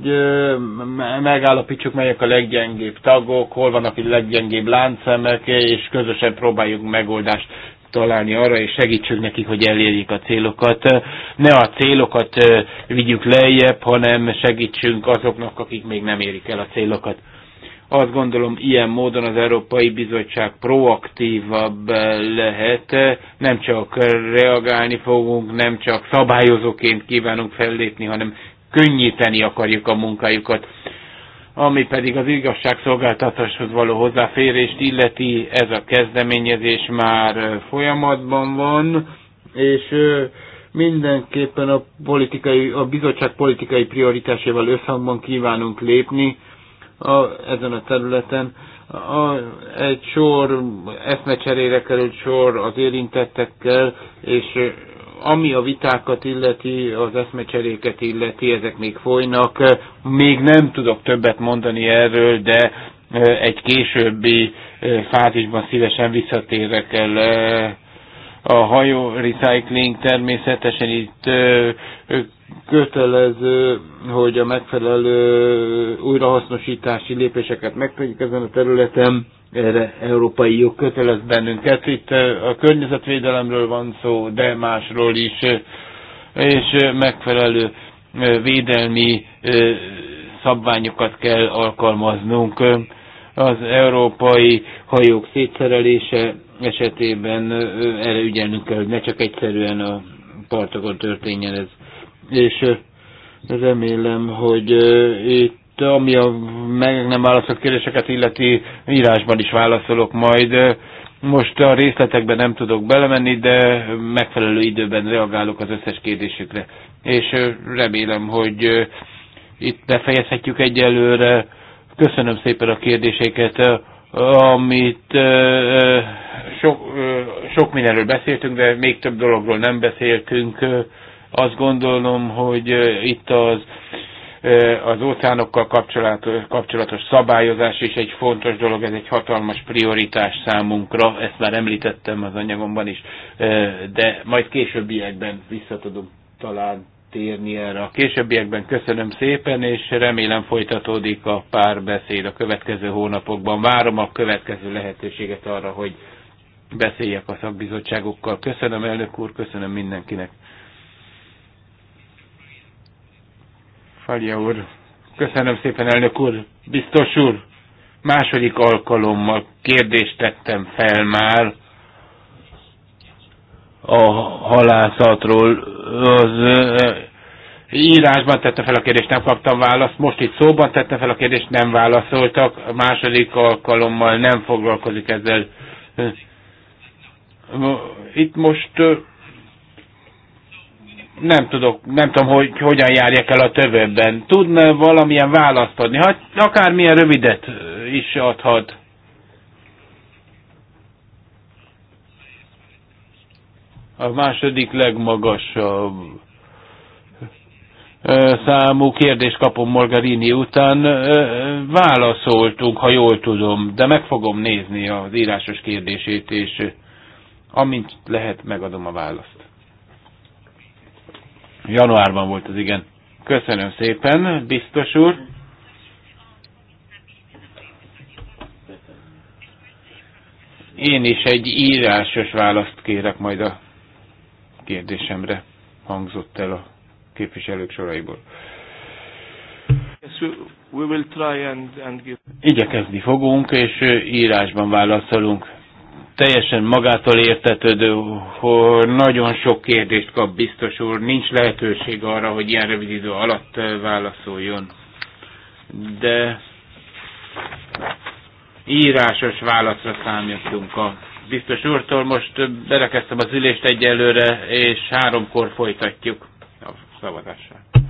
Speaker 5: megállapítsuk, melyek a leggyengébb tagok, hol vannak a leggyengébb láncszemek, és közösen próbáljuk megoldást találni arra, és segítsük nekik, hogy elérjék a célokat. Ne a célokat vigyük lejjebb, hanem segítsünk azoknak, akik még nem érik el a célokat. Azt gondolom, ilyen módon az Európai Bizottság proaktívabb lehet, nem csak reagálni fogunk, nem csak szabályozóként kívánunk fellépni, hanem könnyíteni akarjuk a munkájukat ami pedig az igazságszolgáltatáshoz való hozzáférést illeti, ez a kezdeményezés már folyamatban van, és mindenképpen a, politikai, a bizottság politikai prioritásával összhangban kívánunk lépni, a, ezen a területen. A, egy sor eszmecserére került sor az érintettekkel, és ami a vitákat illeti, az eszmecseréket illeti, ezek még folynak. Még nem tudok többet mondani erről, de egy későbbi fázisban szívesen visszatérek el a hajó recycling természetesen itt kötelező, hogy a megfelelő újrahasznosítási lépéseket megtegyük ezen a területen. Erre európai jog kötelez bennünket. Itt a környezetvédelemről van szó, de másról is, és megfelelő védelmi szabványokat kell alkalmaznunk. Az európai hajók szétszerelése esetében erre ügyelnünk kell, hogy ne csak egyszerűen a partokon történjen ez és remélem, hogy itt ami a meg nem válaszolt kérdéseket illeti, írásban is válaszolok majd. Most a részletekben nem tudok belemenni, de megfelelő időben reagálok az összes kérdésükre. És remélem, hogy itt befejezhetjük egyelőre. Köszönöm szépen a kérdéseket, amit sok, sok mindenről beszéltünk, de még több dologról nem beszéltünk azt gondolom, hogy itt az az óceánokkal kapcsolatos, kapcsolatos szabályozás is egy fontos dolog, ez egy hatalmas prioritás számunkra, ezt már említettem az anyagomban is, de majd későbbiekben vissza talán térni erre. A későbbiekben köszönöm szépen, és remélem folytatódik a párbeszéd a következő hónapokban. Várom a következő lehetőséget arra, hogy beszéljek a szakbizottságokkal. Köszönöm elnök úr, köszönöm mindenkinek. Falja úr, köszönöm szépen, elnök úr, biztos úr. Második alkalommal kérdést tettem fel már a halászatról. Az írásban tette fel a kérdést, nem kaptam választ, most itt szóban tette fel a kérdést, nem válaszoltak, a második alkalommal nem foglalkozik ezzel. Itt most nem tudok, nem tudom, hogy hogyan járjak el a tövőben. Tudna valamilyen választ adni, ha, hát, akármilyen rövidet is adhat. A második legmagasabb számú kérdést kapom Margarini után. Válaszoltunk, ha jól tudom, de meg fogom nézni az írásos kérdését, és amint lehet, megadom a választ. Januárban volt az, igen. Köszönöm szépen, biztos úr. Én is egy írásos választ kérek majd a kérdésemre. Hangzott el a képviselők soraiból. Igyekezni fogunk, és írásban válaszolunk teljesen magától értetődő, hogy nagyon sok kérdést kap biztos úr, nincs lehetőség arra, hogy ilyen rövid idő alatt eh, válaszoljon. De írásos válaszra számítunk a biztos úrtól. Most eh, berekeztem az ülést egyelőre, és háromkor folytatjuk a szavazását.